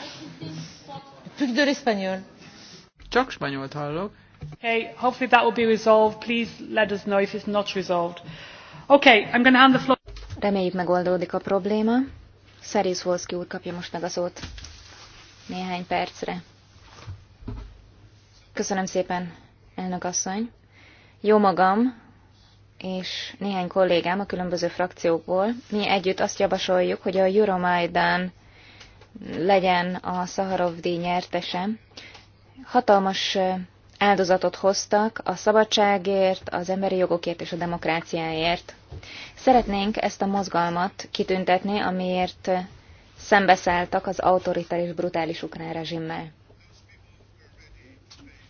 Plus de l'espagnol. Csak spanyolt hallok. Okay, hopefully that will be resolved. Please let us know if it's not resolved. Okay, I'm going to hand the floor. Reméljük megoldódik a probléma. Szerész Wolski úr kapja most meg a szót. Néhány percre. Köszönöm szépen, elnök asszony. Jó magam, és néhány kollégám a különböző frakciókból, mi együtt azt javasoljuk, hogy a Euromaidan legyen a Szaharovdi nyertese. Hatalmas áldozatot hoztak a szabadságért, az emberi jogokért és a demokráciáért. Szeretnénk ezt a mozgalmat kitüntetni, amiért szembeszálltak az autoritáris brutális ukrán rezsimmel.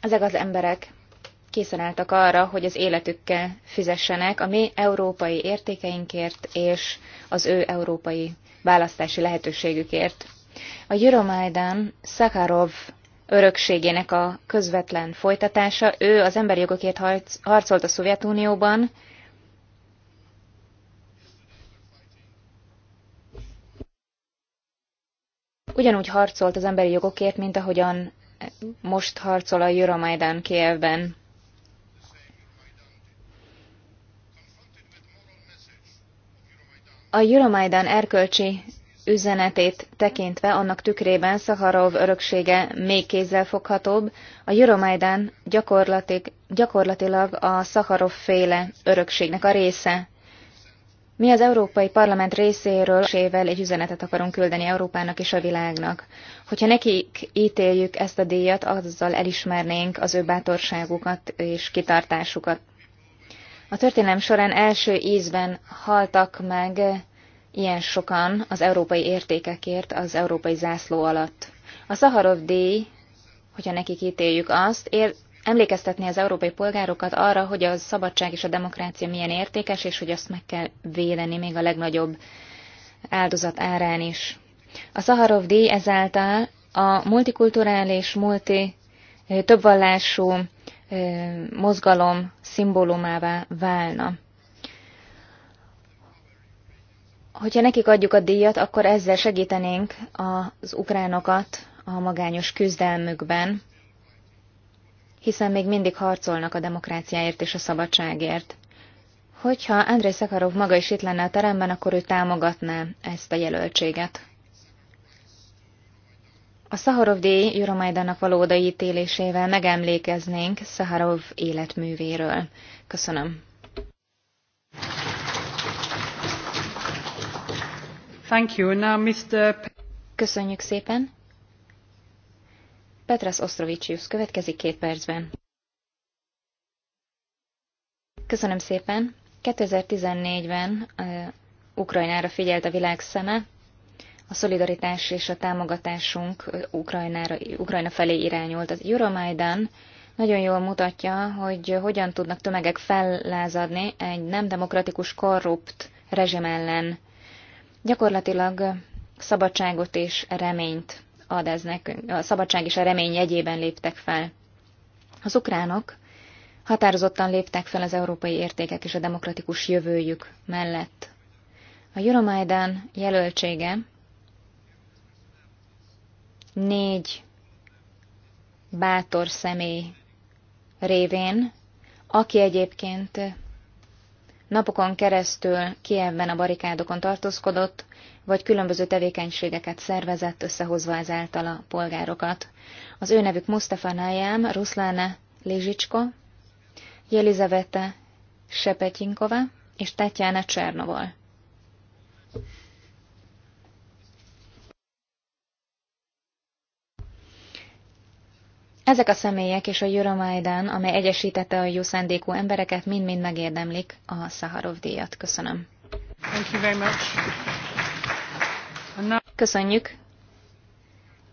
Ezek az emberek készen álltak arra, hogy az életükkel fizessenek a mi európai értékeinkért és az ő európai választási lehetőségükért. A Euromaidan Szakarov örökségének a közvetlen folytatása, ő az emberi jogokért harcolt a Szovjetunióban, ugyanúgy harcolt az emberi jogokért, mint ahogyan most harcol a Euromaidan Kievben. A Euromaidan erkölcsi üzenetét tekintve annak tükrében Szaharov öröksége még kézzelfoghatóbb, a Euromaidan gyakorlatig, gyakorlatilag a Szaharov féle örökségnek a része. Mi az Európai Parlament részéről sével egy üzenetet akarunk küldeni Európának és a világnak. Hogyha nekik ítéljük ezt a díjat, azzal elismernénk az ő bátorságukat és kitartásukat. A történelem során első ízben haltak meg ilyen sokan az európai értékekért az európai zászló alatt. A Szaharov díj, hogyha nekik ítéljük azt, ér, emlékeztetni az európai polgárokat arra, hogy a szabadság és a demokrácia milyen értékes, és hogy azt meg kell védeni még a legnagyobb áldozat árán is. A Szaharov díj ezáltal a multikulturális, multi többvallású mozgalom szimbólumává válna. Hogyha nekik adjuk a díjat, akkor ezzel segítenénk az ukránokat a magányos küzdelmükben, hiszen még mindig harcolnak a demokráciáért és a szabadságért. Hogyha Andrei Szakarov maga is itt lenne a teremben, akkor ő támogatná ezt a jelöltséget. A Szaharov díj Juromajdának való odaítélésével megemlékeznénk Szaharov életművéről. Köszönöm. Thank you. Now, Mr. Köszönjük szépen. Petras Ostrovicius következik két percben. Köszönöm szépen. 2014-ben uh, Ukrajnára figyelt a világ szeme, a szolidaritás és a támogatásunk Ukrajnára, Ukrajna felé irányult. Az Euromaidan nagyon jól mutatja, hogy hogyan tudnak tömegek fellázadni egy nem demokratikus, korrupt rezsim ellen. Gyakorlatilag szabadságot és reményt ad ez nekünk. A szabadság és a remény jegyében léptek fel. Az ukránok határozottan léptek fel az európai értékek és a demokratikus jövőjük mellett. A Euromaidan jelöltsége négy bátor személy révén, aki egyébként napokon keresztül Kievben a barikádokon tartózkodott, vagy különböző tevékenységeket szervezett, összehozva ezáltal a polgárokat. Az ő nevük Mustafa Nájám, Ruszláne Lézsicsko, Jelizaveta Sepetyinkova és Tatjana Csernovol. Ezek a személyek és a Euromaidan, amely egyesítette a jó szándékú embereket, mind-mind megérdemlik a Szaharov díjat. Köszönöm. Thank you very much. Now... Köszönjük.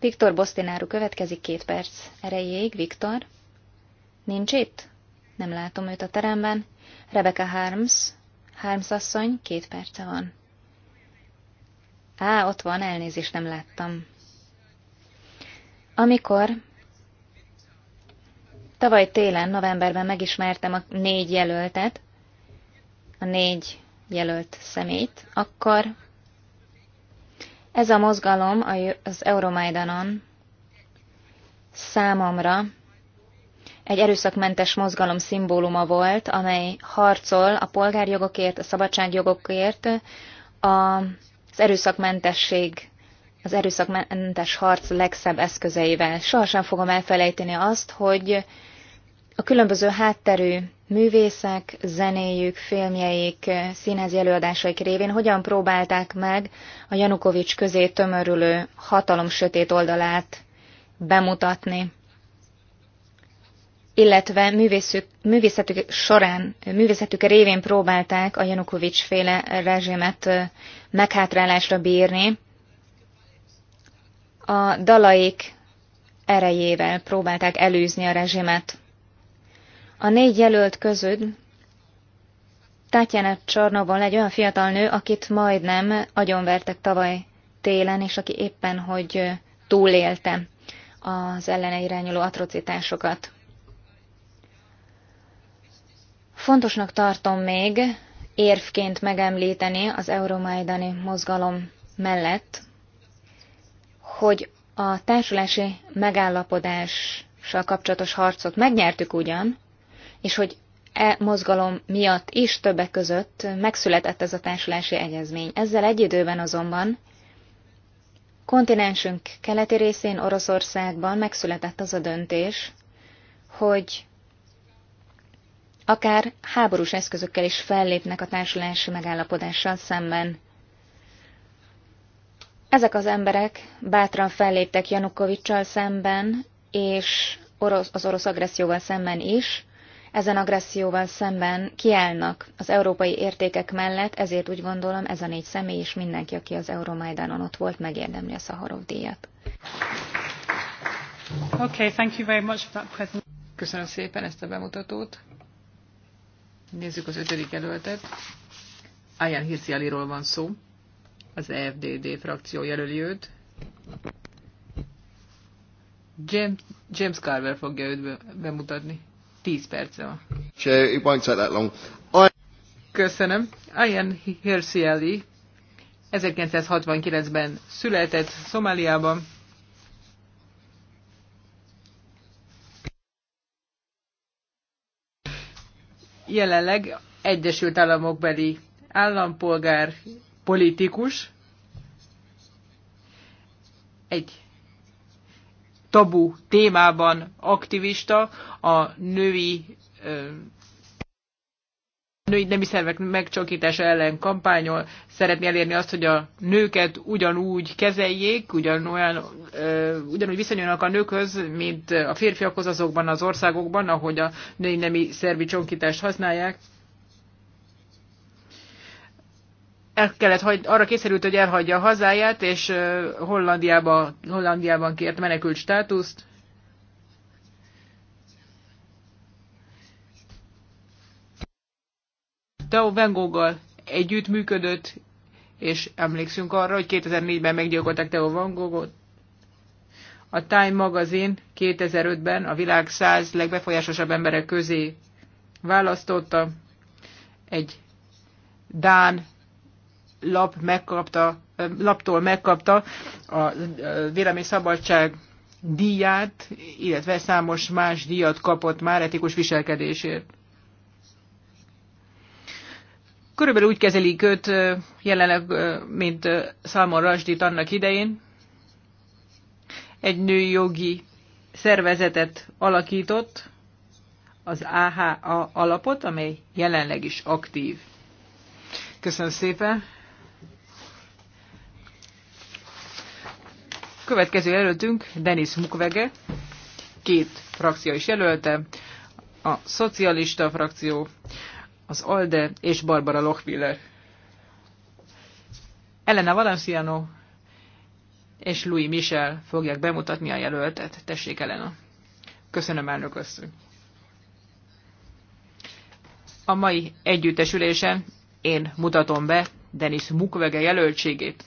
Viktor Bosztináru következik két perc erejéig. Viktor? Nincs itt? Nem látom őt a teremben. Rebecca Harms. Harms asszony, két perce van. Á, ott van, elnézést nem láttam. Amikor Tavaly télen, novemberben megismertem a négy jelöltet, a négy jelölt szemét, akkor ez a mozgalom az Euromaidanon számomra egy erőszakmentes mozgalom szimbóluma volt, amely harcol a polgárjogokért, a szabadságjogokért, a, az erőszakmentesség, az erőszakmentes harc legszebb eszközeivel. Sohasem fogom elfelejteni azt, hogy a különböző hátterű művészek, zenéjük, filmjeik, színházi előadásaik révén hogyan próbálták meg a Janukovics közé tömörülő hatalom sötét oldalát bemutatni, illetve művészük, művészetük során, művészetük révén próbálták a Janukovics féle rezsimet meghátrálásra bírni, a dalaik erejével próbálták elűzni a rezsimet. A négy jelölt közül Tatjana Csarnobon egy olyan fiatal nő, akit majdnem agyonvertek tavaly télen, és aki éppen, hogy túlélte az ellene irányuló atrocitásokat. Fontosnak tartom még érvként megemlíteni az Euromajdani mozgalom mellett, hogy a társulási megállapodással kapcsolatos harcot megnyertük ugyan, és hogy e mozgalom miatt is többek között megszületett ez a társulási egyezmény. Ezzel egy időben azonban kontinensünk keleti részén, Oroszországban megszületett az a döntés, hogy akár háborús eszközökkel is fellépnek a társulási megállapodással szemben. Ezek az emberek bátran felléptek Janukovicsal szemben, és orosz, az orosz agresszióval szemben is, ezen agresszióval szemben kiállnak az európai értékek mellett, ezért úgy gondolom ez a négy személy és mindenki, aki az Euromajdánon ott volt, megérdemli a Szaharov díjat. Okay, thank you very much for that Köszönöm szépen ezt a bemutatót. Nézzük az ötödik előttet. Ayan Hirsi Aliról van szó. Az EFDD frakció jelöli őt. James, James Carver fogja őt bemutatni. 10 perc van. Chair, it won't take that long. I... Köszönöm. Ian Hirsiali 1969-ben született Szomáliában. Jelenleg Egyesült Államokbeli állampolgár, politikus, egy tabu témában aktivista, a női női nemi szervek megcsakítása ellen kampányol, szeretné elérni azt, hogy a nőket ugyanúgy kezeljék, ugyanolyan, ö, ugyanúgy viszonyulnak a nőkhöz, mint a férfiakhoz azokban az országokban, ahogy a női nemi szervi csonkítást használják. el kellett, hagy, arra készerült, hogy elhagyja a hazáját, és Hollandiába, Hollandiában kért menekült státuszt. Theo Vengoggal együtt működött, és emlékszünk arra, hogy 2004-ben meggyilkolták Theo Van A Time magazin 2005-ben a világ 100 legbefolyásosabb emberek közé választotta. Egy Dán lap megkapta, laptól megkapta a véleményszabadság díját, illetve számos más díjat kapott már etikus viselkedésért. Körülbelül úgy kezelik őt jelenleg, mint Salman rushdie annak idején. Egy nőjogi szervezetet alakított, az AHA alapot, amely jelenleg is aktív. Köszönöm szépen! következő előttünk Denis Mukwege, két frakció is jelölte, a szocialista frakció, az ALDE és Barbara Lochwiller. Elena Valenciano és Louis Michel fogják bemutatni a jelöltet. Tessék, Elena. Köszönöm, elnök asszony. A mai együttesülésen én mutatom be Denis Mukwege jelöltségét.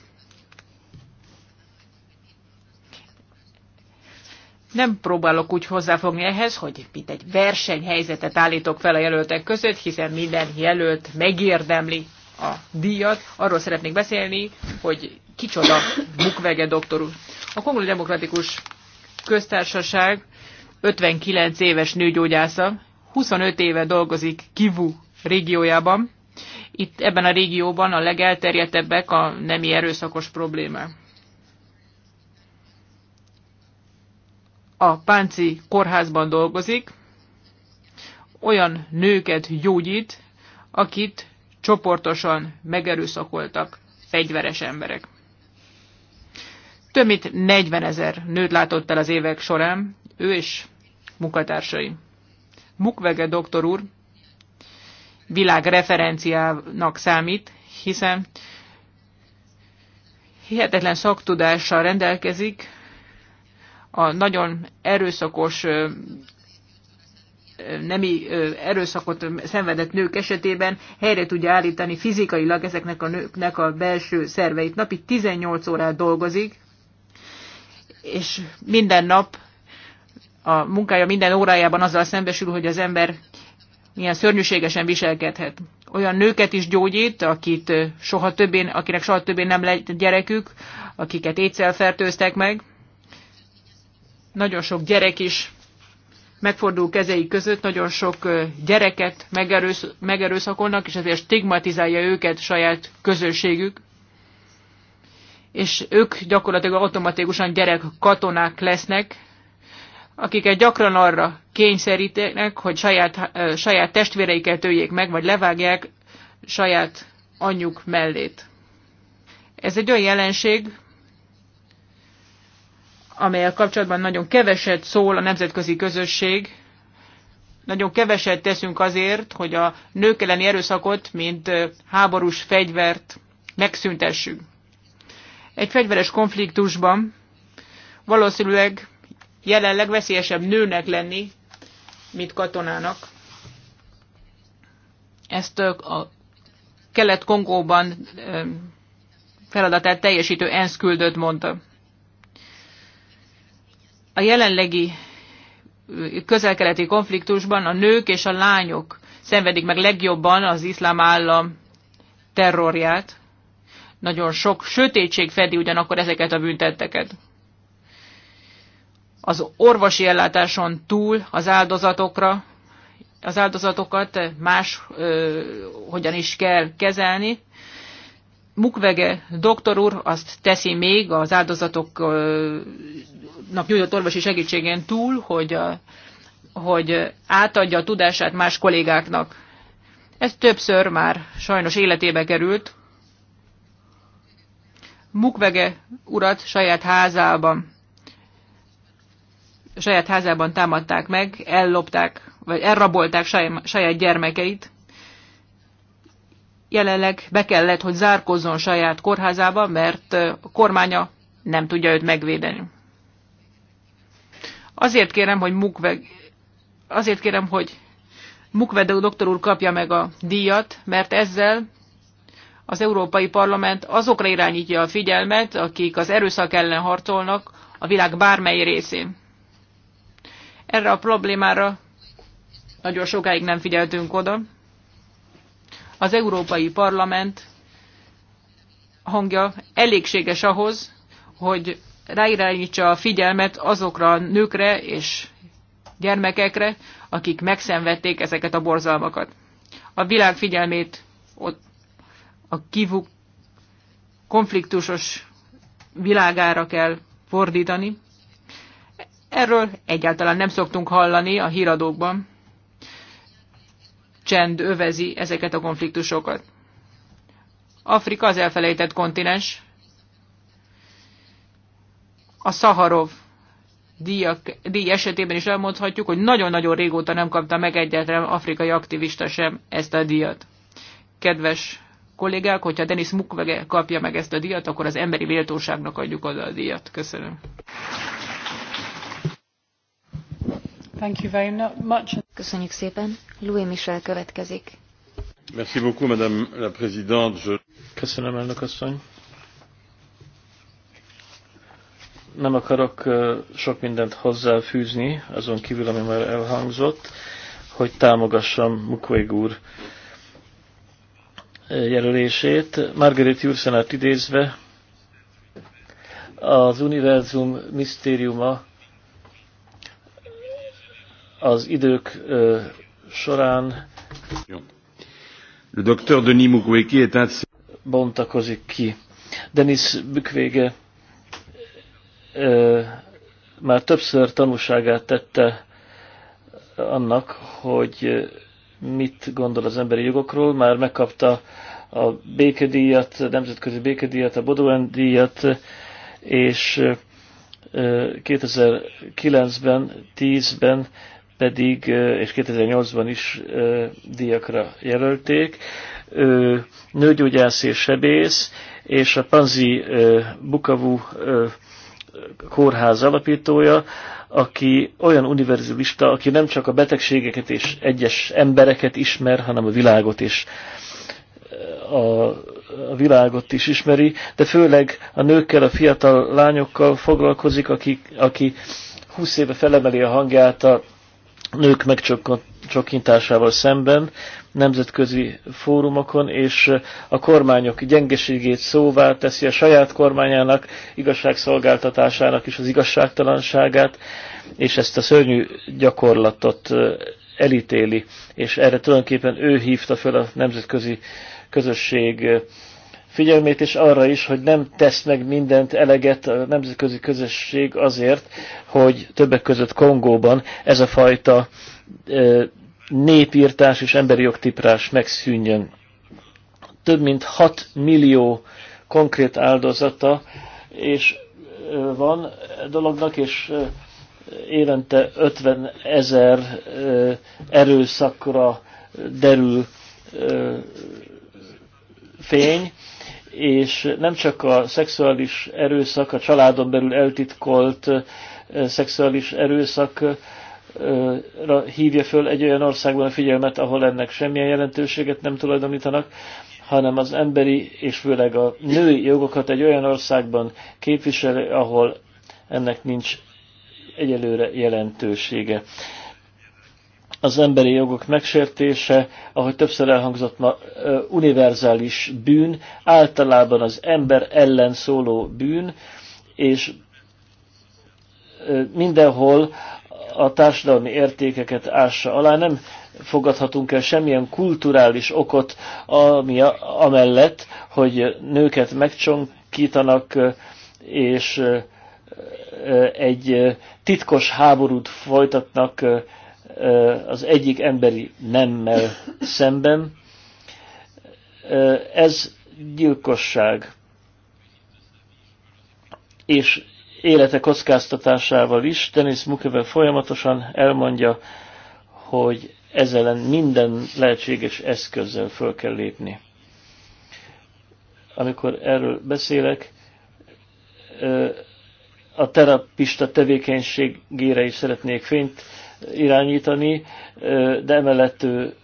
nem próbálok úgy hozzáfogni ehhez, hogy itt egy versenyhelyzetet állítok fel a jelöltek között, hiszen minden jelölt megérdemli a díjat. Arról szeretnék beszélni, hogy kicsoda bukvege doktorú. A Kongoli Demokratikus Köztársaság 59 éves nőgyógyásza, 25 éve dolgozik Kivu régiójában. Itt ebben a régióban a legelterjedtebbek a nemi erőszakos problémák. a Pánci kórházban dolgozik, olyan nőket gyógyít, akit csoportosan megerőszakoltak fegyveres emberek. Több mint 40 ezer nőt látott el az évek során, ő és munkatársai. Mukwege doktor úr világreferenciának számít, hiszen hihetetlen szaktudással rendelkezik, a nagyon erőszakos nemi erőszakot szenvedett nők esetében helyre tudja állítani fizikailag ezeknek a nőknek a belső szerveit. Napi 18 órát dolgozik, és minden nap a munkája minden órájában azzal szembesül, hogy az ember milyen szörnyűségesen viselkedhet. Olyan nőket is gyógyít, akit soha többé, akinek soha többé nem lett gyerekük, akiket étszel fertőztek meg, nagyon sok gyerek is megfordul kezei között, nagyon sok gyereket megerőszakolnak, és ezért stigmatizálja őket saját közösségük. És ők gyakorlatilag automatikusan gyerek katonák lesznek, akiket gyakran arra kényszerítenek, hogy saját, saját testvéreiket öljék meg, vagy levágják saját anyjuk mellét. Ez egy olyan jelenség, amelyel kapcsolatban nagyon keveset szól a nemzetközi közösség, nagyon keveset teszünk azért, hogy a nők elleni erőszakot, mint háborús fegyvert megszüntessük. Egy fegyveres konfliktusban valószínűleg jelenleg veszélyesebb nőnek lenni, mint katonának. Ezt a Kelet-Kongóban feladatát teljesítő ENSZ küldött mondta. A jelenlegi közelkeleti konfliktusban a nők és a lányok szenvedik meg legjobban az iszlám állam terrorját. Nagyon sok sötétség fedi ugyanakkor ezeket a büntetteket. Az orvosi ellátáson túl az áldozatokra, az áldozatokat más ö, hogyan is kell kezelni. Mukwege doktor úr azt teszi még az áldozatoknak nyújtott orvosi segítségen túl, hogy, hogy átadja a tudását más kollégáknak. Ez többször már sajnos életébe került. Mukwege urat saját házában saját házában támadták meg, ellopták, vagy elrabolták saját gyermekeit jelenleg be kellett, hogy zárkozzon saját kórházába, mert a kormánya nem tudja őt megvédeni. Azért kérem, hogy Mukve, azért kérem, hogy Mukwege doktor úr kapja meg a díjat, mert ezzel az Európai Parlament azokra irányítja a figyelmet, akik az erőszak ellen harcolnak a világ bármely részén. Erre a problémára nagyon sokáig nem figyeltünk oda az Európai Parlament hangja elégséges ahhoz, hogy ráirányítsa a figyelmet azokra a nőkre és gyermekekre, akik megszenvedték ezeket a borzalmakat. A világ figyelmét ott a kivuk konfliktusos világára kell fordítani. Erről egyáltalán nem szoktunk hallani a híradókban csend övezi ezeket a konfliktusokat. Afrika az elfelejtett kontinens. A Szaharov díjak, díj esetében is elmondhatjuk, hogy nagyon-nagyon régóta nem kapta meg egyetlen afrikai aktivista sem ezt a díjat. Kedves kollégák, hogyha Denis Mukwege kapja meg ezt a díjat, akkor az emberi méltóságnak adjuk oda a díjat. Köszönöm. Thank you very much. Köszönjük szépen. Louis Michel következik. Merci beaucoup, Madame la Présidente. Je... Köszönöm, elnök asszony. Nem akarok sok mindent hozzáfűzni, azon kívül, ami már elhangzott, hogy támogassam Mukwege úr jelölését. Margaret Jursenát idézve, az univerzum misztériuma az idők ö, során Le docteur Denis Mukwege est un... bontakozik ki. Denis Bükvége ö, már többször tanúságát tette annak, hogy mit gondol az emberi jogokról, már megkapta a békedíjat, a nemzetközi békedíjat, a Bodoen díjat, és 2009-ben, 10-ben pedig, és 2008-ban is díjakra jelölték, nőgyógyász és sebész, és a Panzi Bukavu kórház alapítója, aki olyan univerzalista, aki nem csak a betegségeket és egyes embereket ismer, hanem a világot is a, a világot is ismeri, de főleg a nőkkel, a fiatal lányokkal foglalkozik, aki, aki 20 éve felemeli a hangját a nők megcsokkintásával szemben nemzetközi fórumokon, és a kormányok gyengeségét szóvá teszi a saját kormányának, igazságszolgáltatásának is az igazságtalanságát, és ezt a szörnyű gyakorlatot elítéli, és erre tulajdonképpen ő hívta fel a nemzetközi közösség figyelmét, és arra is, hogy nem tesz meg mindent eleget a nemzetközi közösség azért, hogy többek között Kongóban ez a fajta népírtás és emberi jogtiprás megszűnjön. Több mint 6 millió konkrét áldozata és van dolognak, és évente 50 ezer erőszakra derül fény, és nem csak a szexuális erőszak, a családon belül eltitkolt szexuális erőszakra hívja föl egy olyan országban a figyelmet, ahol ennek semmilyen jelentőséget nem tulajdonítanak, hanem az emberi és főleg a női jogokat egy olyan országban képviseli, ahol ennek nincs egyelőre jelentősége az emberi jogok megsértése, ahogy többször elhangzott ma, univerzális bűn, általában az ember ellen szóló bűn, és mindenhol a társadalmi értékeket ássa alá. Nem fogadhatunk el semmilyen kulturális okot, ami a, amellett, hogy nőket megcsonkítanak, és egy titkos háborút folytatnak az egyik emberi nemmel szemben. Ez gyilkosság és élete kockáztatásával is. Denis Mukwege folyamatosan elmondja, hogy ezzel minden lehetséges eszközzel föl kell lépni. Amikor erről beszélek, a terapista tevékenységére is szeretnék fényt irányítani, de emellett ő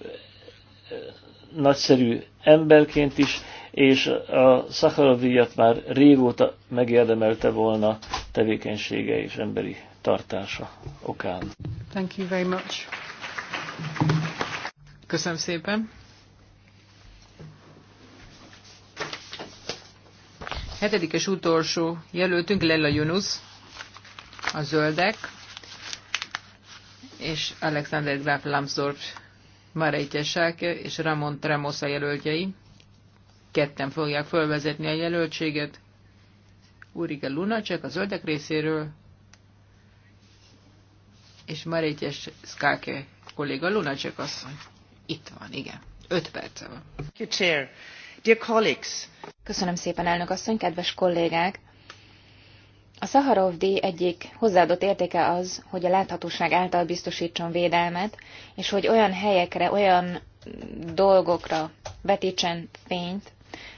nagyszerű emberként is, és a Szakharov díjat már régóta megérdemelte volna tevékenysége és emberi tartása okán. Thank you very much. Köszönöm szépen. Hetedik és utolsó jelöltünk Lella Yunus, a zöldek és Alexander Graf Lambsdorff sáke és Ramon Tremosa jelöltjei. Ketten fogják fölvezetni a jelöltséget. Urike Lunacek a zöldek részéről, és Marejtes Skáke kolléga Lunacek asszony. Itt van, igen. Öt perce van. Köszönöm szépen, elnök asszony, kedves kollégák! A Szaharov díj egyik hozzáadott értéke az, hogy a láthatóság által biztosítson védelmet, és hogy olyan helyekre, olyan dolgokra vetítsen fényt,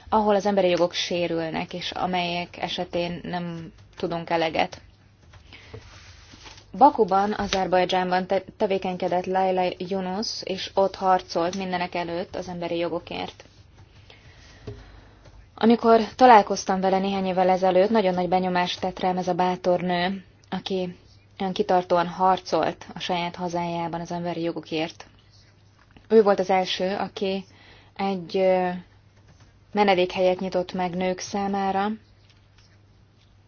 ahol az emberi jogok sérülnek, és amelyek esetén nem tudunk eleget. Bakuban, Azerbajdzsánban te- tevékenykedett Laila Yunus, és ott harcolt mindenek előtt az emberi jogokért. Amikor találkoztam vele néhány évvel ezelőtt, nagyon nagy benyomást tett rám ez a bátor nő, aki olyan kitartóan harcolt a saját hazájában az emberi jogokért. Ő volt az első, aki egy menedékhelyet nyitott meg nők számára,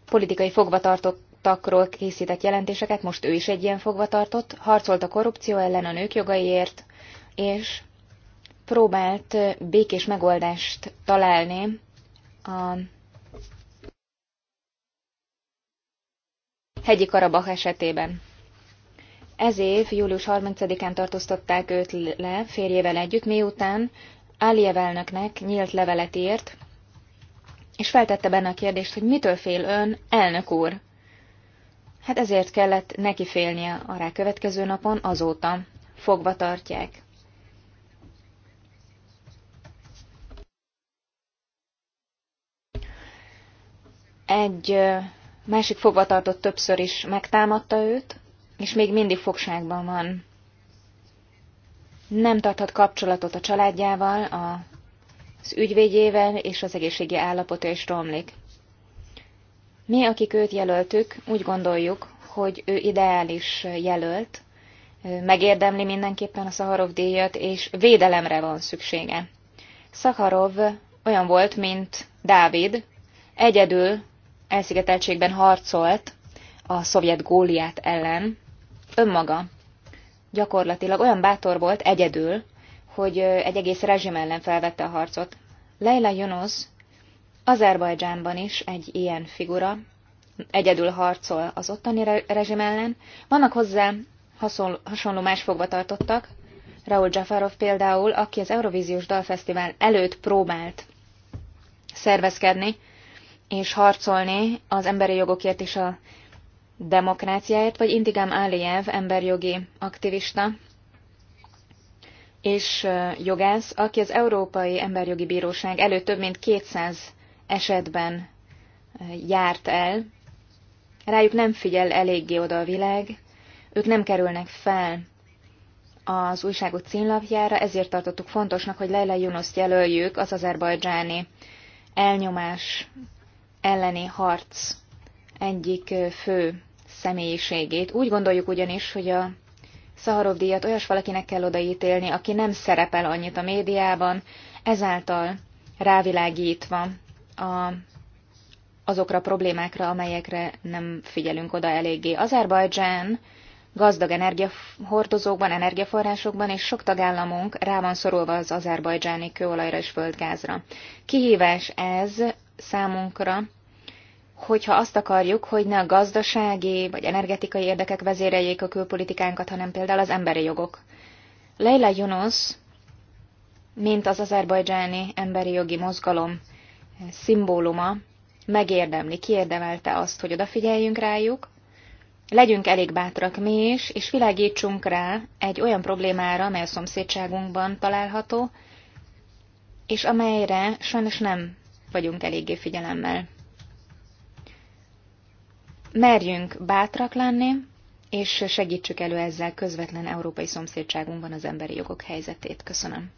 politikai fogvatartottakról készített jelentéseket, most ő is egy ilyen fogvatartott, harcolt a korrupció ellen a nők jogaiért, és próbált békés megoldást találni a hegyi Karabach esetében. Ez év, július 30-án tartóztatták őt le férjével együtt, miután Aliyev elnöknek nyílt levelet írt, és feltette benne a kérdést, hogy mitől fél ön, elnök úr? Hát ezért kellett neki félnie a rá következő napon, azóta fogva tartják. Egy másik fogvatartott többször is megtámadta őt, és még mindig fogságban van. Nem tarthat kapcsolatot a családjával, a, az ügyvédjével, és az egészségi állapota is romlik. Mi, akik őt jelöltük, úgy gondoljuk, hogy ő ideális jelölt, megérdemli mindenképpen a Szaharov díjat, és védelemre van szüksége. Szaharov olyan volt, mint Dávid, egyedül elszigeteltségben harcolt a szovjet góliát ellen, önmaga gyakorlatilag olyan bátor volt egyedül, hogy egy egész rezsim ellen felvette a harcot. Leila Yunus Azerbajdzsánban is egy ilyen figura, egyedül harcol az ottani re rezsim ellen. Vannak hozzá hasonló más fogvatartottak, Raúl Jafarov például, aki az Eurovíziós Dalfesztivál előtt próbált szervezkedni, és harcolni az emberi jogokért és a demokráciáért, vagy Intigám Aliyev, emberjogi aktivista és jogász, aki az Európai Emberjogi Bíróság előtt több mint 200 esetben járt el. Rájuk nem figyel eléggé oda a világ, ők nem kerülnek fel az újságok címlapjára, ezért tartottuk fontosnak, hogy Leila Yunus jelöljük az azerbajdzsáni elnyomás elleni harc egyik fő személyiségét. Úgy gondoljuk ugyanis, hogy a Szaharov díjat olyas valakinek kell odaítélni, aki nem szerepel annyit a médiában, ezáltal rávilágítva a, azokra a problémákra, amelyekre nem figyelünk oda eléggé. Azerbajdzsán gazdag energiahordozókban, energiaforrásokban, és sok tagállamunk rá van szorulva az azerbajdzsáni kőolajra és földgázra. Kihívás ez számunkra, hogyha azt akarjuk, hogy ne a gazdasági vagy energetikai érdekek vezéreljék a külpolitikánkat, hanem például az emberi jogok. Leila Yunus, mint az azerbajdzsáni emberi jogi mozgalom szimbóluma, megérdemli, kiérdemelte azt, hogy odafigyeljünk rájuk, legyünk elég bátrak mi is, és világítsunk rá egy olyan problémára, amely a szomszédságunkban található, és amelyre sajnos nem vagyunk eléggé figyelemmel. Merjünk bátrak lenni, és segítsük elő ezzel közvetlen európai szomszédságunkban az emberi jogok helyzetét. Köszönöm.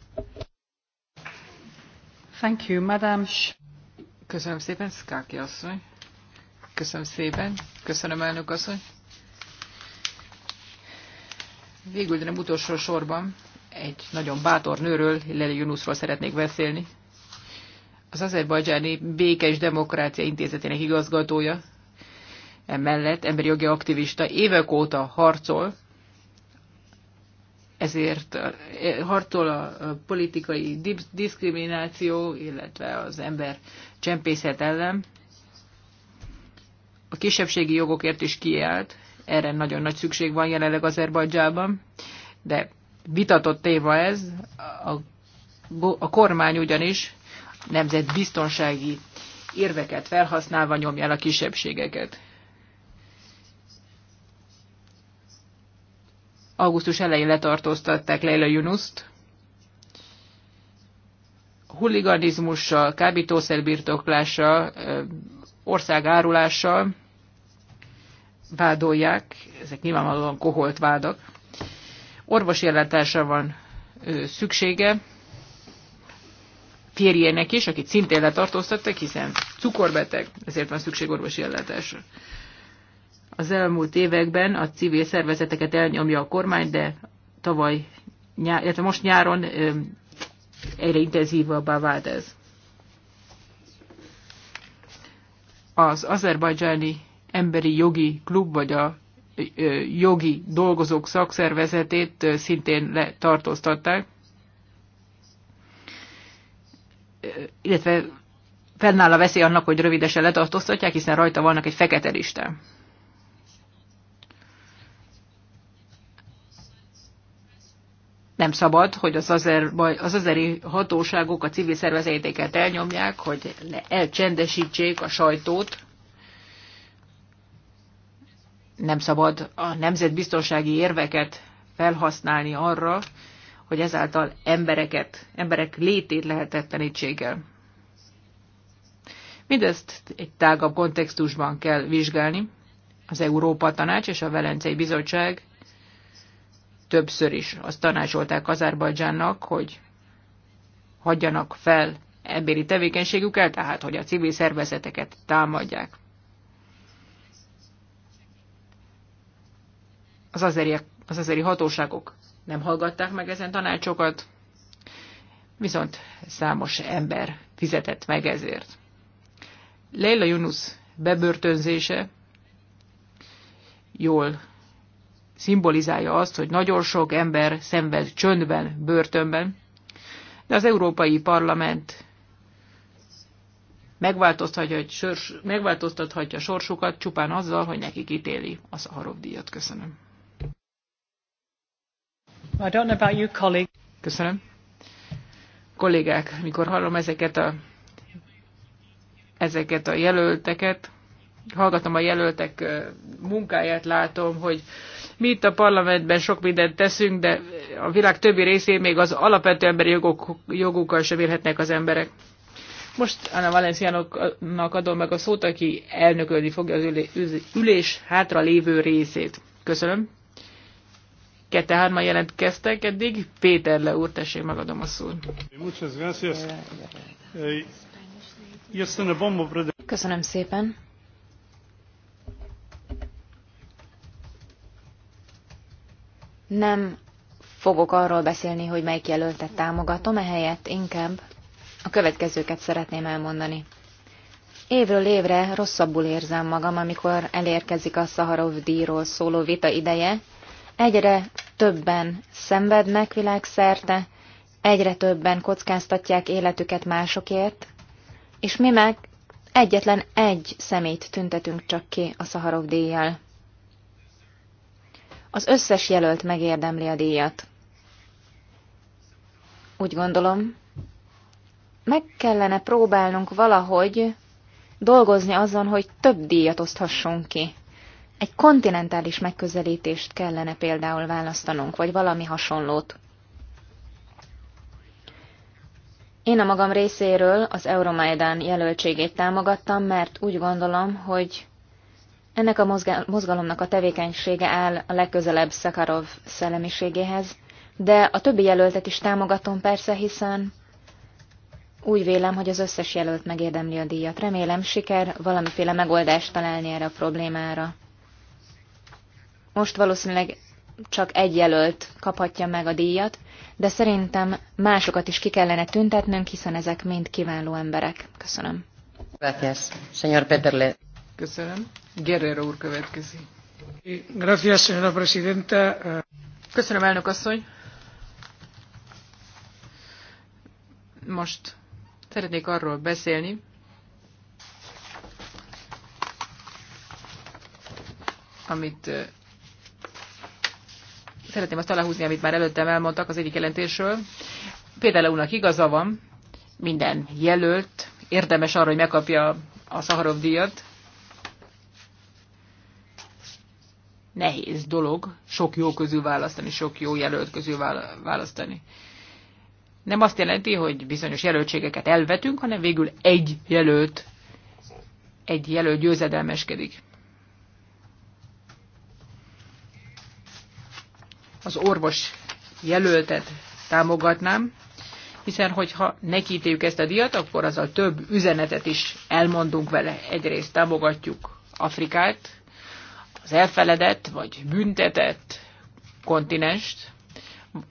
Thank you, madam. Köszönöm szépen, Skáki asszony. Köszönöm szépen. Köszönöm, elnök asszony. Végül, de nem utolsó sorban, egy nagyon bátor nőről, Lely Junuszról szeretnék beszélni, az azerbajdzsáni Békés Demokrácia Intézetének igazgatója, emellett emberi jogi aktivista, évek óta harcol, ezért eh, harcol a politikai diszkrimináció, illetve az ember csempészet ellen. A kisebbségi jogokért is kiállt, erre nagyon nagy szükség van jelenleg Azerbajdzsában, de vitatott téma ez, a, a kormány ugyanis nemzetbiztonsági érveket felhasználva nyomja el a kisebbségeket. Augusztus elején letartóztatták Leila Yunuszt, huliganizmussal, kábítószerbirtoklással, országárulással vádolják, ezek nyilvánvalóan koholt vádak. Orvosi ellátása van szüksége, Férjének is, akit szintén letartóztattak, hiszen cukorbeteg, ezért van szükség orvosi ellátásra. Az elmúlt években a civil szervezeteket elnyomja a kormány, de tavaly, nyár, illetve most nyáron egyre intenzívabbá vált ez. Az azerbajdzsáni emberi jogi klub, vagy a jogi dolgozók szakszervezetét szintén letartóztatták illetve fennáll a veszély annak, hogy rövidesen letartóztatják, hiszen rajta vannak egy fekete listán. nem szabad, hogy az, azer, az azeri hatóságok a civil szervezetéket elnyomják, hogy elcsendesítsék a sajtót. Nem szabad a nemzetbiztonsági érveket felhasználni arra, hogy ezáltal embereket, emberek létét lehetetlenítséggel. Mindezt egy tágabb kontextusban kell vizsgálni. Az Európa Tanács és a Velencei Bizottság többször is azt tanácsolták Azerbajdzsánnak, hogy hagyjanak fel emberi tevékenységükkel, tehát hogy a civil szervezeteket támadják. Az azeri, az azeri hatóságok nem hallgatták meg ezen tanácsokat, viszont számos ember fizetett meg ezért. Leila Yunus bebörtönzése jól szimbolizálja azt, hogy nagyon sok ember szenved csöndben, börtönben, de az Európai Parlament megváltoztathatja, hogy sors, megváltoztathatja sorsukat csupán azzal, hogy nekik ítéli a Szaharov díjat. Köszönöm. I don't know about you, colleague. Köszönöm. Kollégák, mikor hallom ezeket a, ezeket a jelölteket, hallgatom a jelöltek munkáját, látom, hogy mi itt a parlamentben sok mindent teszünk, de a világ többi részén még az alapvető emberi jogok, jogokkal sem élhetnek az emberek. Most Anna Valenciának adom meg a szót, aki elnökölni fogja az ülés hátra lévő részét. Köszönöm kette hárma jelentkeztek eddig. Péter Le úr, tessék, megadom a szót. Eh, Köszönöm szépen. Nem fogok arról beszélni, hogy melyik jelöltet támogatom, ehelyett inkább a következőket szeretném elmondani. Évről évre rosszabbul érzem magam, amikor elérkezik a Szaharov díjról szóló vita ideje, Egyre többen szenvednek világszerte, egyre többen kockáztatják életüket másokért, és mi meg egyetlen egy szemét tüntetünk csak ki a szaharok díjjal. Az összes jelölt megérdemli a díjat. Úgy gondolom, meg kellene próbálnunk valahogy dolgozni azon, hogy több díjat oszthassunk ki. Egy kontinentális megközelítést kellene például választanunk, vagy valami hasonlót. Én a magam részéről az Euromaidan jelöltségét támogattam, mert úgy gondolom, hogy ennek a mozgalomnak a tevékenysége áll a legközelebb Szakarov szellemiségéhez, de a többi jelöltet is támogatom persze, hiszen úgy vélem, hogy az összes jelölt megérdemli a díjat. Remélem siker valamiféle megoldást találni erre a problémára. Most valószínűleg csak egy jelölt kaphatja meg a díjat, de szerintem másokat is ki kellene tüntetnünk, hiszen ezek mind kiváló emberek. Köszönöm. Gracias, señor Peterle. Köszönöm. Guerrero úr következik. Gracias, señora presidenta. Köszönöm, elnök asszony. Most szeretnék arról beszélni, amit szeretném azt aláhúzni, amit már előttem elmondtak az egyik jelentésről. Például úrnak igaza van, minden jelölt érdemes arra, hogy megkapja a Szaharov díjat. Nehéz dolog sok jó közül választani, sok jó jelölt közül választani. Nem azt jelenti, hogy bizonyos jelöltségeket elvetünk, hanem végül egy jelölt, egy jelölt győzedelmeskedik. az orvos jelöltet támogatnám, hiszen hogyha nekítéljük ezt a díjat, akkor azzal több üzenetet is elmondunk vele. Egyrészt támogatjuk Afrikát, az elfeledett vagy büntetett kontinenst,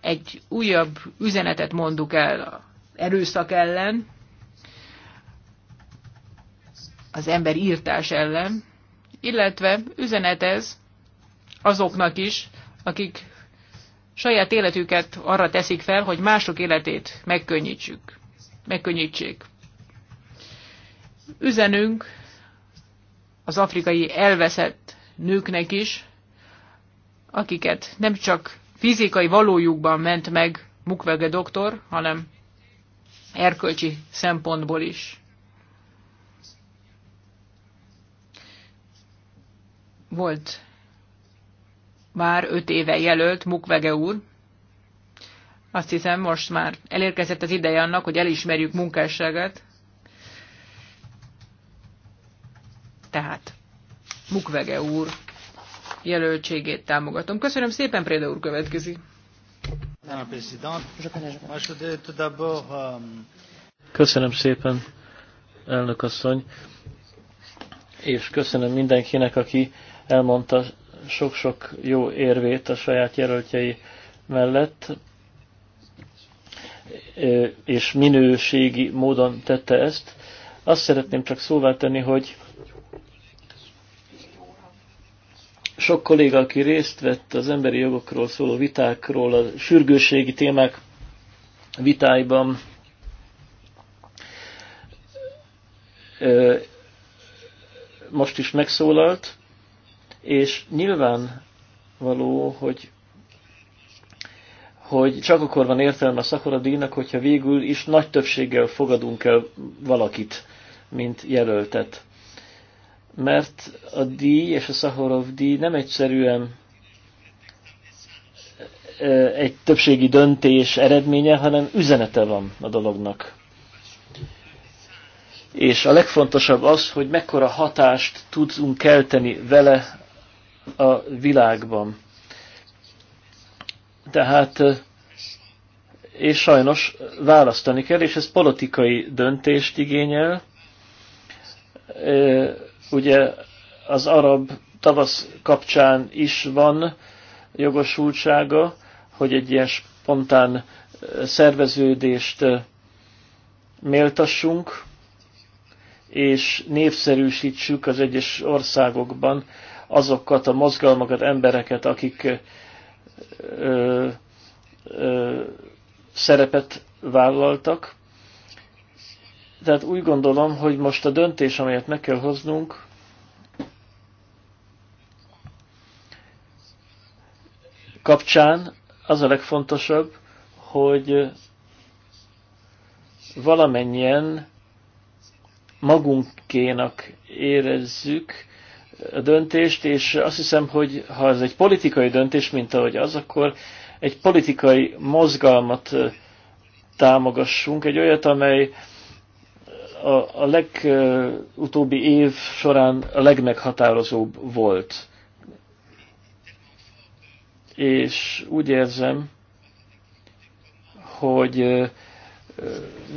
egy újabb üzenetet mondunk el az erőszak ellen, az ember írtás ellen, illetve üzenet ez azoknak is, akik saját életüket arra teszik fel, hogy mások életét megkönnyítsük, megkönnyítsék. Üzenünk az afrikai elveszett nőknek is, akiket nem csak fizikai valójukban ment meg Mukwege doktor, hanem erkölcsi szempontból is. Volt már öt éve jelölt Mukwege úr. Azt hiszem, most már elérkezett az ideje annak, hogy elismerjük munkásságát. Tehát Mukwege úr jelöltségét támogatom. Köszönöm szépen, Préda úr következik. Euh, köszönöm szépen, elnök asszony, és köszönöm mindenkinek, aki elmondta sok-sok jó érvét a saját jelöltjei mellett, és minőségi módon tette ezt. Azt szeretném csak szóvá tenni, hogy sok kolléga, aki részt vett az emberi jogokról szóló vitákról, a sürgőségi témák vitáiban, most is megszólalt, és nyilván való, hogy hogy csak akkor van értelme a szakoradíjnak, hogyha végül is nagy többséggel fogadunk el valakit, mint jelöltet. Mert a díj és a Szahorov díj nem egyszerűen egy többségi döntés eredménye, hanem üzenete van a dolognak. És a legfontosabb az, hogy mekkora hatást tudunk kelteni vele a világban. Tehát, és sajnos választani kell, és ez politikai döntést igényel. Ugye az arab tavasz kapcsán is van jogosultsága, hogy egy ilyen spontán szerveződést méltassunk, és népszerűsítsük az egyes országokban azokat a mozgalmakat, embereket, akik ö, ö, szerepet vállaltak. Tehát úgy gondolom, hogy most a döntés, amelyet meg kell hoznunk, kapcsán az a legfontosabb, hogy valamennyien magunkénak érezzük a döntést, és azt hiszem, hogy ha ez egy politikai döntés, mint ahogy az, akkor egy politikai mozgalmat támogassunk, egy olyat, amely a, a legutóbbi év során a legmeghatározóbb volt. És úgy érzem, hogy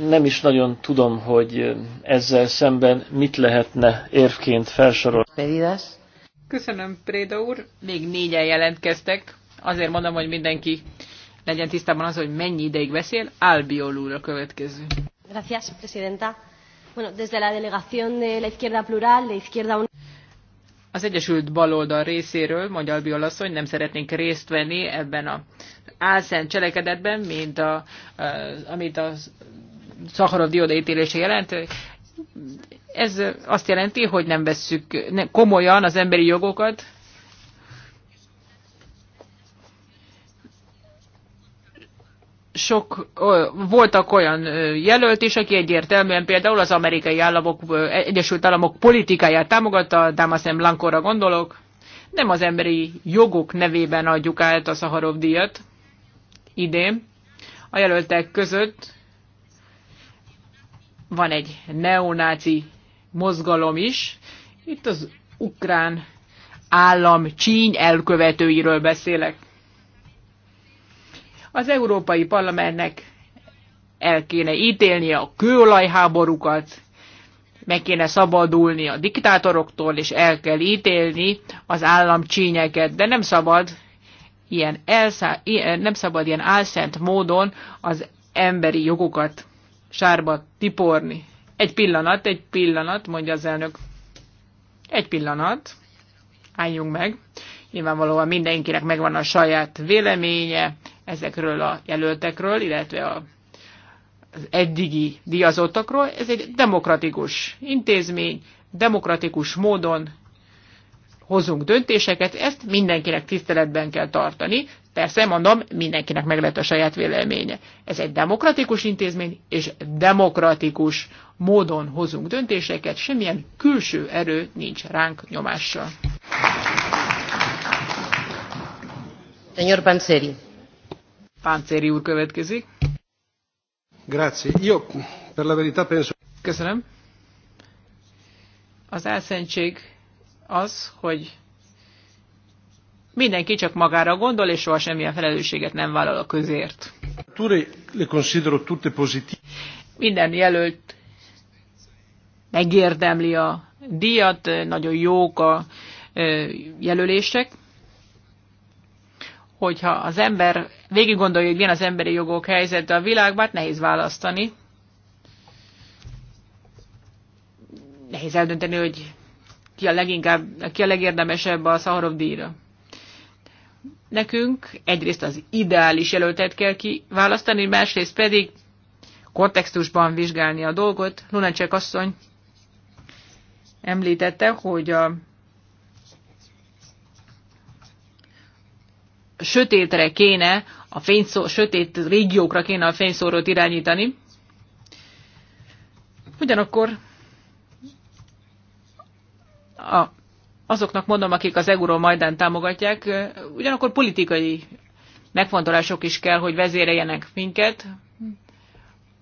nem is nagyon tudom, hogy ezzel szemben mit lehetne érvként felsorolni. Köszönöm, Préda úr. Még négyen jelentkeztek. Azért mondom, hogy mindenki legyen tisztában az, hogy mennyi ideig beszél. Albiol úr a következő. Gracias, presidenta. Bueno, desde la delegación de la izquierda plural, la izquierda unida... Az Egyesült Baloldal részéről, Magyar Biolasszony, nem szeretnénk részt venni ebben a álszent cselekedetben, mint a, a, eh, amit a Szaharov dióda ítélése jelent. Ez azt jelenti, hogy nem vesszük komolyan az emberi jogokat, sok ö, voltak olyan ö, jelölt is, aki egyértelműen például az amerikai államok, ö, Egyesült Államok politikáját támogatta, Damaszen Blankóra gondolok, nem az emberi jogok nevében adjuk át a Szaharov díjat idén. A jelöltek között van egy neonáci mozgalom is. Itt az ukrán állam csíny elkövetőiről beszélek. Az Európai Parlamentnek el kéne ítélni a kőolajháborúkat, meg kéne szabadulni a diktátoroktól, és el kell ítélni az államcsínyeket, de nem szabad ilyen, elszá, ilyen nem szabad ilyen álszent módon az emberi jogokat sárba tiporni. Egy pillanat, egy pillanat, mondja az elnök. Egy pillanat, álljunk meg. Nyilvánvalóan mindenkinek megvan a saját véleménye, ezekről a jelöltekről, illetve a, az eddigi díjazottakról. Ez egy demokratikus intézmény, demokratikus módon hozunk döntéseket, ezt mindenkinek tiszteletben kell tartani. Persze, mondom, mindenkinek meg lehet a saját véleménye. Ez egy demokratikus intézmény, és demokratikus módon hozunk döntéseket, semmilyen külső erő nincs ránk nyomással. Señor Panseri. Páncéri úr következik. Grazie. Io, per la verità, penso... Köszönöm. Az elszentség az, hogy mindenki csak magára gondol, és soha semmilyen felelősséget nem vállal a közért. Minden jelölt megérdemli a díjat, nagyon jók a jelölések. Hogyha az ember végig gondolja, hogy milyen az emberi jogok de a világban, hát nehéz választani. Nehéz eldönteni, hogy ki a leginkább, ki a legérdemesebb a Szaharov díjra. Nekünk egyrészt az ideális jelöltet kell kiválasztani, másrészt pedig kontextusban vizsgálni a dolgot. Lunacek asszony említette, hogy a sötétre kéne a fényszó, sötét régiókra kéne a fényszórót irányítani. Ugyanakkor a, azoknak mondom, akik az Euró Majdán támogatják, ugyanakkor politikai megfontolások is kell, hogy vezéreljenek minket.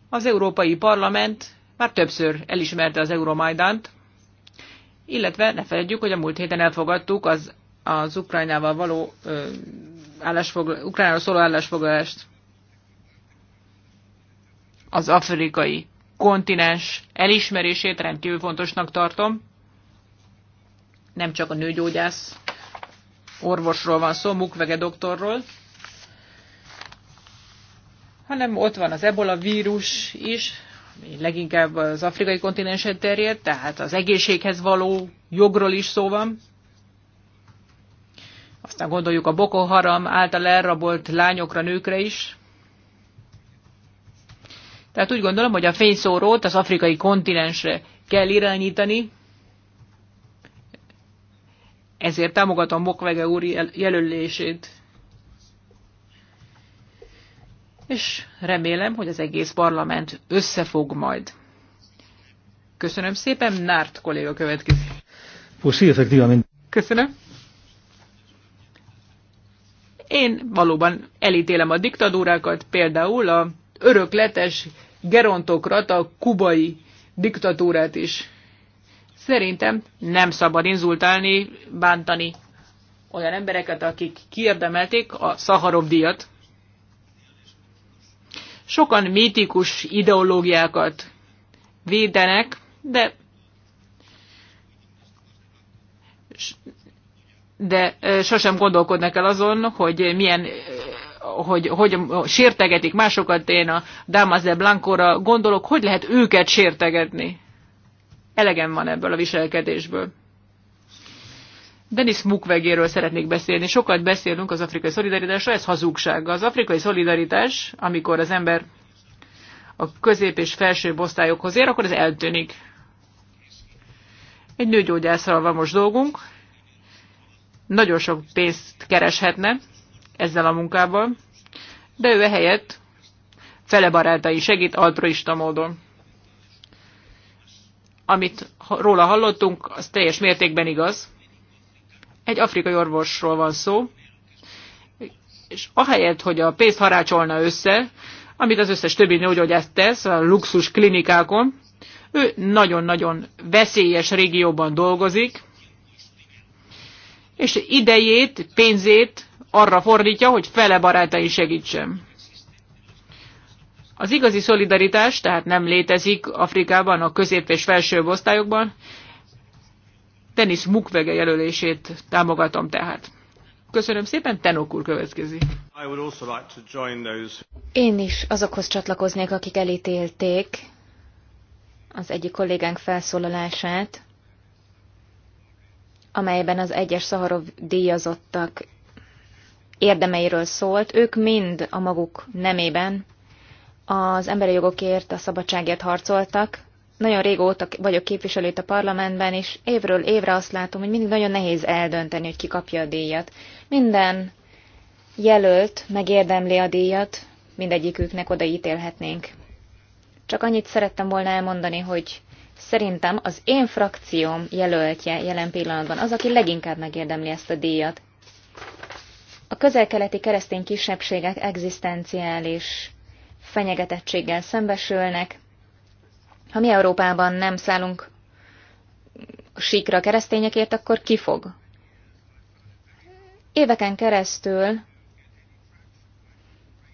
Az Európai Parlament már többször elismerte az Majdánt, illetve ne felejtjük, hogy a múlt héten elfogadtuk az, az Ukrajnával való ö, állásfoglal, Ukránról szóló állásfoglalást. Az afrikai kontinens elismerését rendkívül fontosnak tartom. Nem csak a nőgyógyász orvosról van szó, Mukwege doktorról, hanem ott van az ebola vírus is, ami leginkább az afrikai kontinensen terjed, tehát az egészséghez való jogról is szó van. Aztán gondoljuk a Boko Haram által elrabolt lányokra, nőkre is. Tehát úgy gondolom, hogy a fényszórót az afrikai kontinensre kell irányítani, ezért támogatom Bokvege úr jelölését. És remélem, hogy az egész parlament összefog majd. Köszönöm szépen, Nárt kolléga következik. Köszönöm. Én valóban elítélem a diktatúrákat például a örökletes gerontokrata kubai diktatúrát is. Szerintem nem szabad inzultálni, bántani olyan embereket, akik kiérdemelték a Szaharov díjat. Sokan mítikus ideológiákat védenek, de de sosem gondolkodnak el azon, hogy milyen hogy, hogy sértegetik másokat, én a Damas de Blancóra gondolok, hogy lehet őket sértegetni. Elegem van ebből a viselkedésből. Denis Mukwegéről szeretnék beszélni. Sokat beszélünk az afrikai szolidaritásról, ez hazugság. Az afrikai szolidaritás, amikor az ember a közép és felső osztályokhoz ér, akkor ez eltűnik. Egy nőgyógyászral van most dolgunk, nagyon sok pénzt kereshetne ezzel a munkával, de ő ehelyett fele barátai segít altruista módon. Amit róla hallottunk, az teljes mértékben igaz. Egy afrikai orvosról van szó, és ahelyett, hogy a pénzt harácsolna össze, amit az összes többi nőgyógyász tesz a luxus klinikákon, ő nagyon-nagyon veszélyes régióban dolgozik, és idejét, pénzét arra fordítja, hogy fele barátai segítsen. Az igazi szolidaritás tehát nem létezik Afrikában, a közép és felsőbb osztályokban. Tenisz Mukwege jelölését támogatom tehát. Köszönöm szépen, Tenok úr következik. Én is azokhoz csatlakoznék, akik elítélték az egyik kollégánk felszólalását, amelyben az egyes Szaharov díjazottak érdemeiről szólt, ők mind a maguk nemében az emberi jogokért, a szabadságért harcoltak. Nagyon régóta vagyok képviselő a parlamentben, és évről évre azt látom, hogy mindig nagyon nehéz eldönteni, hogy ki kapja a díjat. Minden jelölt megérdemli a díjat, mindegyiküknek odaítélhetnénk. Csak annyit szerettem volna elmondani, hogy Szerintem az én frakcióm jelöltje jelen pillanatban az, aki leginkább megérdemli ezt a díjat. A közelkeleti keresztény kisebbségek egzisztenciális fenyegetettséggel szembesülnek. Ha mi Európában nem szállunk síkra a keresztényekért, akkor ki fog? Éveken keresztül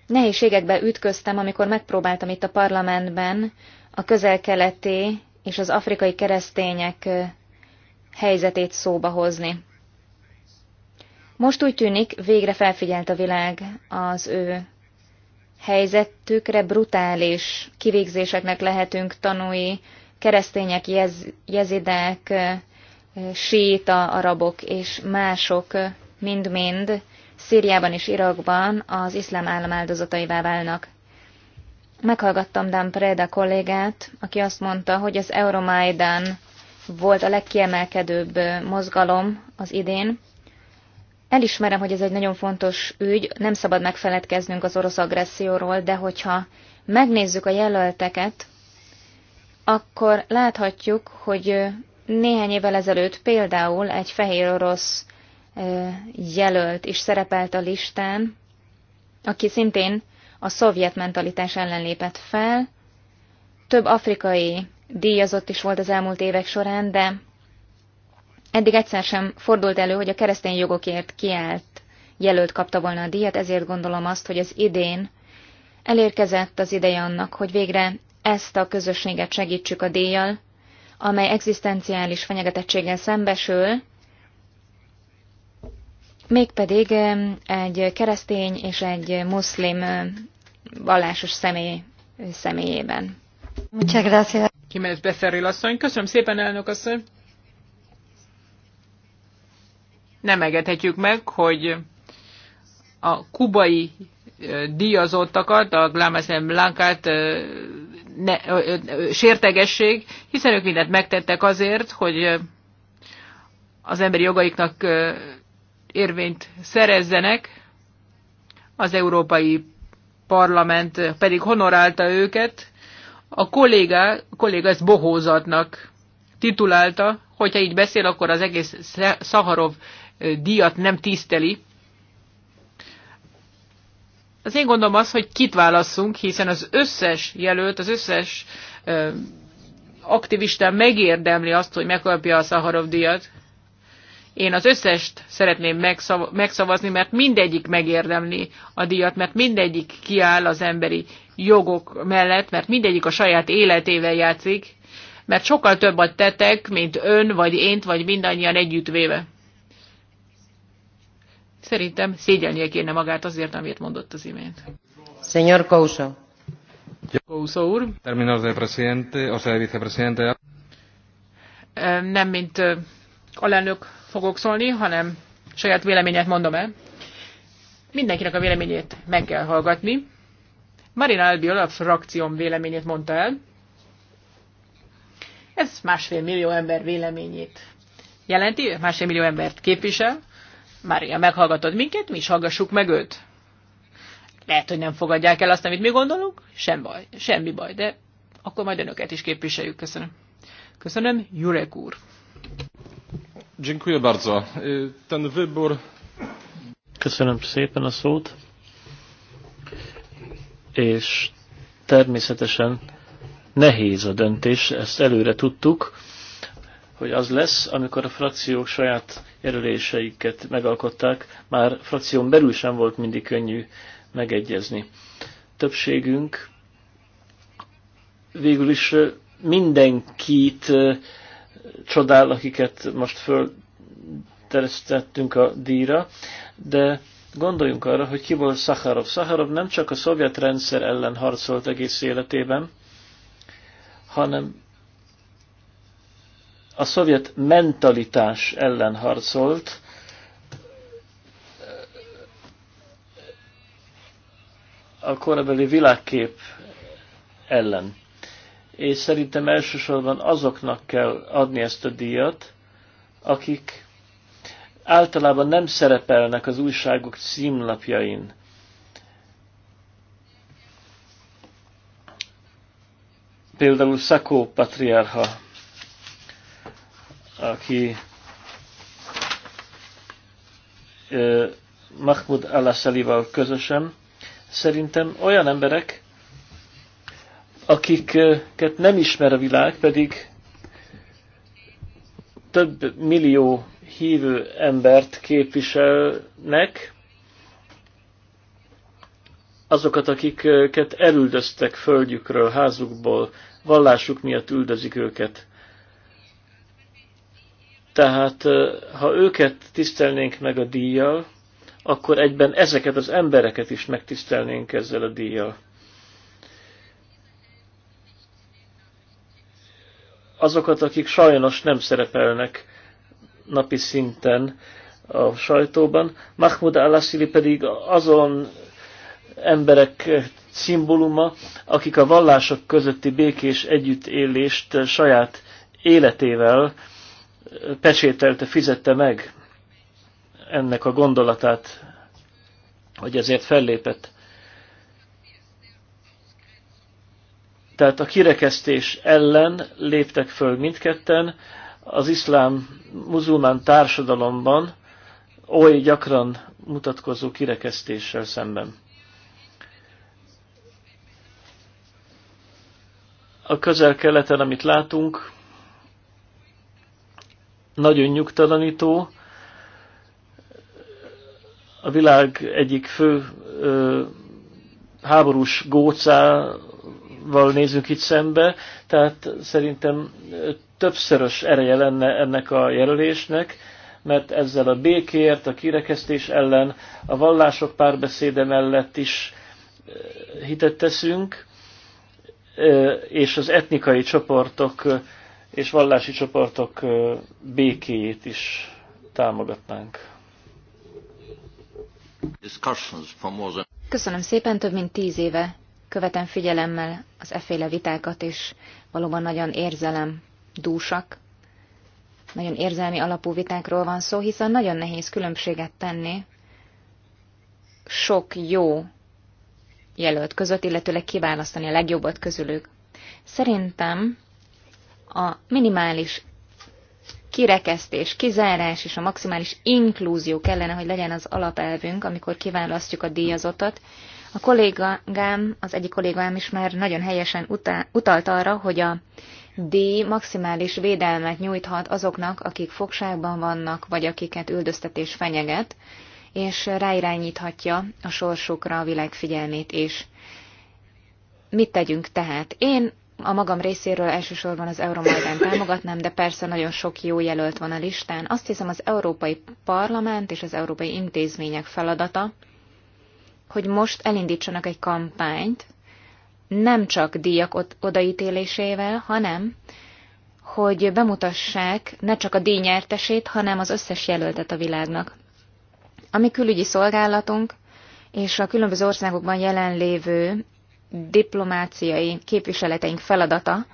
nehézségekbe ütköztem, amikor megpróbáltam itt a parlamentben a közelkeleti és az afrikai keresztények helyzetét szóba hozni. Most úgy tűnik, végre felfigyelt a világ az ő helyzetükre, brutális kivégzéseknek lehetünk tanúi, keresztények, jez, jezidek, séta arabok és mások mind-mind Szíriában és Irakban az iszlám állam áldozataivá válnak. Meghallgattam Dan Preda kollégát, aki azt mondta, hogy az Euromaidan volt a legkiemelkedőbb mozgalom az idén. Elismerem, hogy ez egy nagyon fontos ügy, nem szabad megfeledkeznünk az orosz agresszióról, de hogyha megnézzük a jelölteket, akkor láthatjuk, hogy néhány évvel ezelőtt például egy fehér orosz jelölt is szerepelt a listán, aki szintén a szovjet mentalitás ellen lépett fel. Több afrikai díjazott is volt az elmúlt évek során, de eddig egyszer sem fordult elő, hogy a keresztény jogokért kiállt jelölt kapta volna a díjat, ezért gondolom azt, hogy az idén elérkezett az ideje annak, hogy végre ezt a közösséget segítsük a díjjal, amely egzisztenciális fenyegetettséggel szembesül, mégpedig egy keresztény és egy muszlim vallásos személy személyében. Muchas gracias. asszony. Köszönöm szépen, elnök asszony. Nem engedhetjük meg, hogy a kubai díjazottakat, a Glamazen Blankát ne, ö, ö, sértegesség, hiszen ők mindent megtettek azért, hogy az emberi jogaiknak érvényt szerezzenek, az Európai Parlament pedig honorálta őket, a kollégá, a kolléga ezt bohózatnak titulálta, hogyha így beszél, akkor az egész Szaharov díjat nem tiszteli. Az én gondolom az, hogy kit válaszunk, hiszen az összes jelölt, az összes aktivista megérdemli azt, hogy megkapja a Szaharov díjat. Én az összest szeretném megszav- megszavazni, mert mindegyik megérdemli a díjat, mert mindegyik kiáll az emberi jogok mellett, mert mindegyik a saját életével játszik, mert sokkal több a tettek, mint ön, vagy én, vagy mindannyian együttvéve. Szerintem szégyelnie kéne magát azért, amit mondott az imént. Señor Couso. Couso úr. Terminó de presidente, o sea, vicepresidente. Nem, mint alelnök fogok szólni, hanem saját véleményet mondom el. Mindenkinek a véleményét meg kell hallgatni. Marina Albiol a frakcióm véleményét mondta el. Ez másfél millió ember véleményét jelenti, másfél millió embert képvisel. Mária, meghallgatod minket, mi is hallgassuk meg őt. Lehet, hogy nem fogadják el azt, amit mi gondolunk, sem baj, semmi baj, de akkor majd önöket is képviseljük. Köszönöm. Köszönöm, Jurek úr. Dziękuję bardzo. Ten wybór... Köszönöm szépen a szót. És természetesen nehéz a döntés, ezt előre tudtuk, hogy az lesz, amikor a frakciók saját jelöléseiket megalkották, már frakción belül sem volt mindig könnyű megegyezni. Többségünk végül is mindenkit csodál, akiket most fölteresztettünk a díjra, de gondoljunk arra, hogy ki volt Szaharov. Szaharov nem csak a szovjet rendszer ellen harcolt egész életében, hanem a szovjet mentalitás ellen harcolt, a korabeli világkép ellen és szerintem elsősorban azoknak kell adni ezt a díjat, akik általában nem szerepelnek az újságok címlapjain. Például Szakó patriárha, aki Mahmoud al közösen, szerintem olyan emberek, akiket nem ismer a világ, pedig több millió hívő embert képviselnek, azokat, akiket elüldöztek földjükről, házukból, vallásuk miatt üldözik őket. Tehát, ha őket tisztelnénk meg a díjjal, akkor egyben ezeket az embereket is megtisztelnénk ezzel a díjjal. azokat, akik sajnos nem szerepelnek napi szinten a sajtóban. Mahmoud al pedig azon emberek szimbóluma, akik a vallások közötti békés együttélést saját életével pecsételte, fizette meg ennek a gondolatát, hogy ezért fellépett. Tehát a kirekesztés ellen léptek föl mindketten, az iszlám muzulmán társadalomban oly gyakran mutatkozó kirekesztéssel szemben. A közel-keleten, amit látunk, nagyon nyugtalanító. A világ egyik fő ö, háborús gócá val nézünk itt szembe, tehát szerintem többszörös ereje lenne ennek a jelölésnek, mert ezzel a békért, a kirekesztés ellen, a vallások párbeszéde mellett is eh, hitet teszünk, eh, és az etnikai csoportok eh, és vallási csoportok békéjét is támogatnánk. Köszönöm szépen, több mint tíz éve követem figyelemmel az eféle vitákat, és valóban nagyon érzelem dúsak, nagyon érzelmi alapú vitákról van szó, hiszen nagyon nehéz különbséget tenni sok jó jelölt között, illetőleg kiválasztani a legjobbat közülük. Szerintem a minimális kirekesztés, kizárás és a maximális inklúzió kellene, hogy legyen az alapelvünk, amikor kiválasztjuk a díjazottat, a kollégám, az egyik kollégám is már nagyon helyesen utalt arra, hogy a díj maximális védelmet nyújthat azoknak, akik fogságban vannak, vagy akiket üldöztetés fenyeget, és ráirányíthatja a sorsukra a világ figyelmét is. Mit tegyünk tehát? Én a magam részéről elsősorban az Euromajdán támogatnám, de persze nagyon sok jó jelölt van a listán. Azt hiszem az Európai Parlament és az Európai Intézmények feladata, hogy most elindítsanak egy kampányt, nem csak díjak odaítélésével, hanem hogy bemutassák ne csak a díj nyertesét, hanem az összes jelöltet a világnak. A mi külügyi szolgálatunk és a különböző országokban jelenlévő diplomáciai képviseleteink feladata,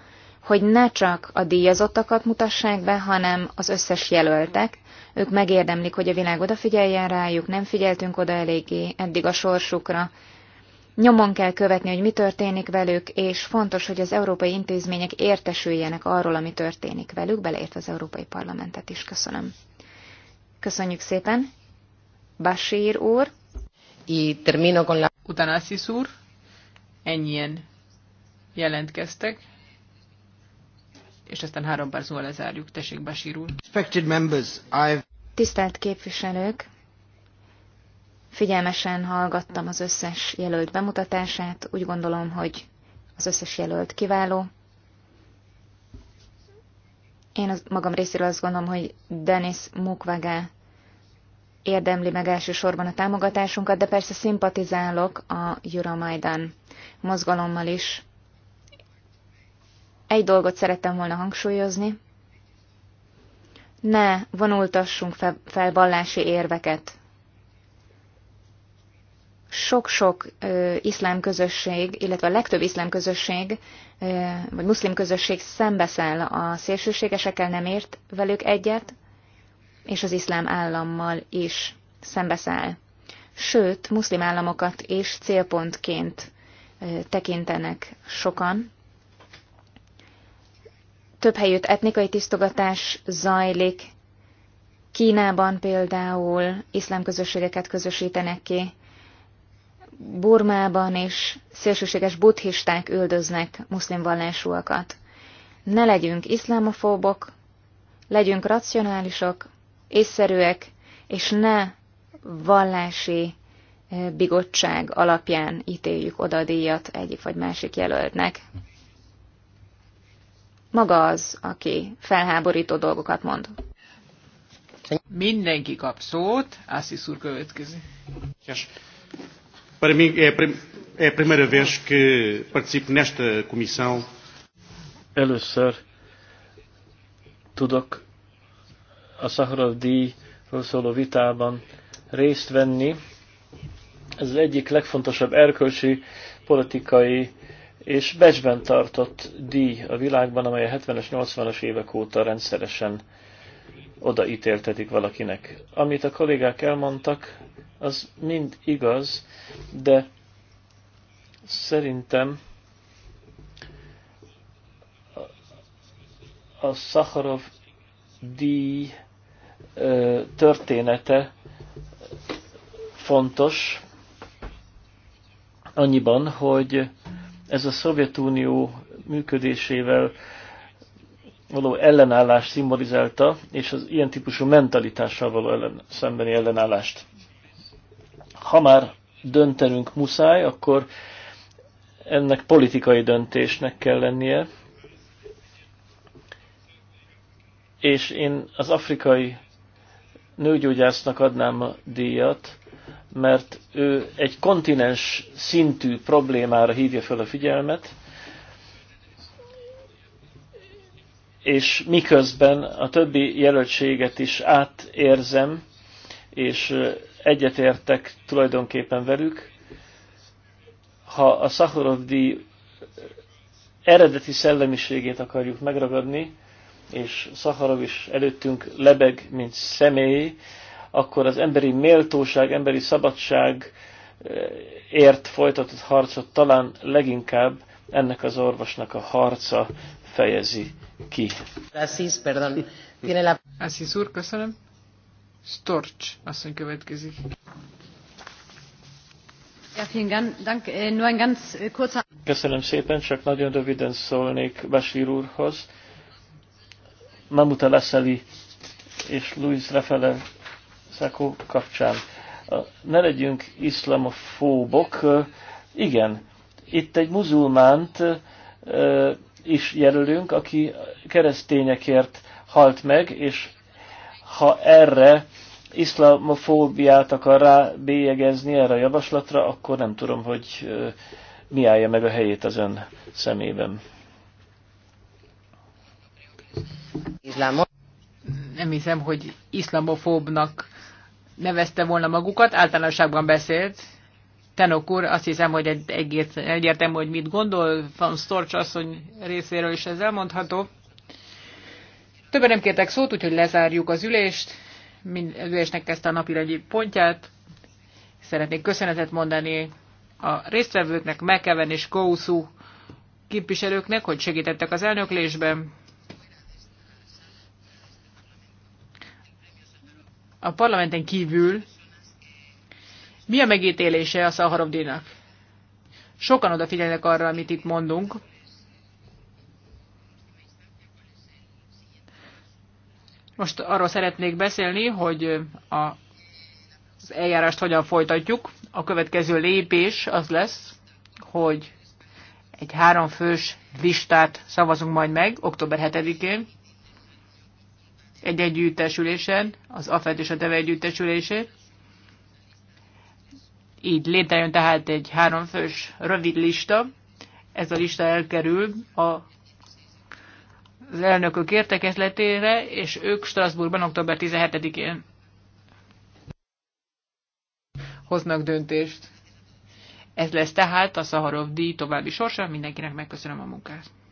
hogy ne csak a díjazottakat mutassák be, hanem az összes jelöltek, ők megérdemlik, hogy a világ odafigyeljen rájuk, nem figyeltünk oda eléggé eddig a sorsukra. Nyomon kell követni, hogy mi történik velük, és fontos, hogy az európai intézmények értesüljenek arról, ami történik velük, beleértve az Európai Parlamentet is. Köszönöm. Köszönjük szépen. Basír úr. Y termino con la... Utána úr. Ennyien jelentkeztek és aztán három perc múlva lezárjuk. Tessék, Basír úr. Tisztelt képviselők! Figyelmesen hallgattam az összes jelölt bemutatását. Úgy gondolom, hogy az összes jelölt kiváló. Én az, magam részéről azt gondolom, hogy Denis Mukwege érdemli meg elsősorban a támogatásunkat, de persze szimpatizálok a Euromaidan mozgalommal is. Egy dolgot szerettem volna hangsúlyozni. Ne vonultassunk fel, fel vallási érveket. Sok-sok iszlám közösség, illetve a legtöbb iszlám közösség, ö, vagy muszlim közösség szembeszáll a szélsőségesekkel, nem ért velük egyet, és az iszlám állammal is szembeszáll. Sőt, muszlim államokat is célpontként tekintenek sokan, több helyütt etnikai tisztogatás zajlik. Kínában például iszlám közösségeket közösítenek ki. Burmában is szélsőséges buddhisták üldöznek muszlim vallásúakat. Ne legyünk iszlámofóbok, legyünk racionálisok, észszerűek, és ne vallási eh, bigottság alapján ítéljük oda a díjat egyik vagy másik jelöltnek maga az, aki felháborító dolgokat mond. Mindenki kap szót, Assis úr következik. Para mim é, é a primeira vez que participo nesta comissão. Először tudok a Szaharov díjról szóló vitában részt venni. Ez az egyik legfontosabb erkölcsi, politikai és becsben tartott díj a világban, amely a 70-es, 80-as évek óta rendszeresen odaítéltetik valakinek. Amit a kollégák elmondtak, az mind igaz, de szerintem a Szaharov díj története fontos annyiban, hogy ez a Szovjetunió működésével való ellenállást szimbolizálta, és az ilyen típusú mentalitással való ellen, szembeni ellenállást. Ha már döntenünk muszáj, akkor ennek politikai döntésnek kell lennie, és én az afrikai nőgyógyásznak adnám a díjat, mert ő egy kontinens szintű problémára hívja fel a figyelmet, és miközben a többi jelöltséget is átérzem, és egyetértek tulajdonképpen velük, ha a Szahorov díj eredeti szellemiségét akarjuk megragadni, és Szaharov is előttünk lebeg, mint személy, akkor az emberi méltóság, emberi szabadság eh, ért folytatott harcot talán leginkább ennek az orvosnak a harca fejezi ki. Assis, perdón. Tiene la... Assis úr, köszönöm. Storch asszony következik. Eh, eh, köszönöm szépen, csak nagyon röviden szólnék Basir úrhoz. Mamuta Leszeli és Louis Refele Szakó kapcsán. Ne legyünk iszlamofóbok. Igen, itt egy muzulmánt is jelölünk, aki keresztényekért halt meg, és ha erre iszlamofóbiát akar rá bélyegezni erre a javaslatra, akkor nem tudom, hogy mi állja meg a helyét az ön szemében. Nem hiszem, hogy iszlamofóbnak nevezte volna magukat, általánosságban beszélt. Tenok úr, azt hiszem, hogy egy, egész, egyértelmű, hogy mit gondol, Van Storch asszony részéről is ez elmondható. Többen nem kértek szót, úgyhogy lezárjuk az ülést, mind, az ülésnek ezt a napirendi pontját. Szeretnék köszönetet mondani a résztvevőknek, Mekeven és Kousu képviselőknek, hogy segítettek az elnöklésben. a parlamenten kívül mi a megítélése a Szaharovdinak? Sokan odafigyelnek arra, amit itt mondunk. Most arról szeretnék beszélni, hogy a, az eljárást hogyan folytatjuk. A következő lépés az lesz, hogy egy háromfős listát szavazunk majd meg október 7-én egy együttesülésen, az AFET és a TEVE együttesülésén. Így létrejön tehát egy háromfős rövid lista. Ez a lista elkerül a, az elnökök értekezletére, és ők Strasbourgban október 17-én hoznak döntést. Ez lesz tehát a Szaharov díj további sorsa. Mindenkinek megköszönöm a munkát.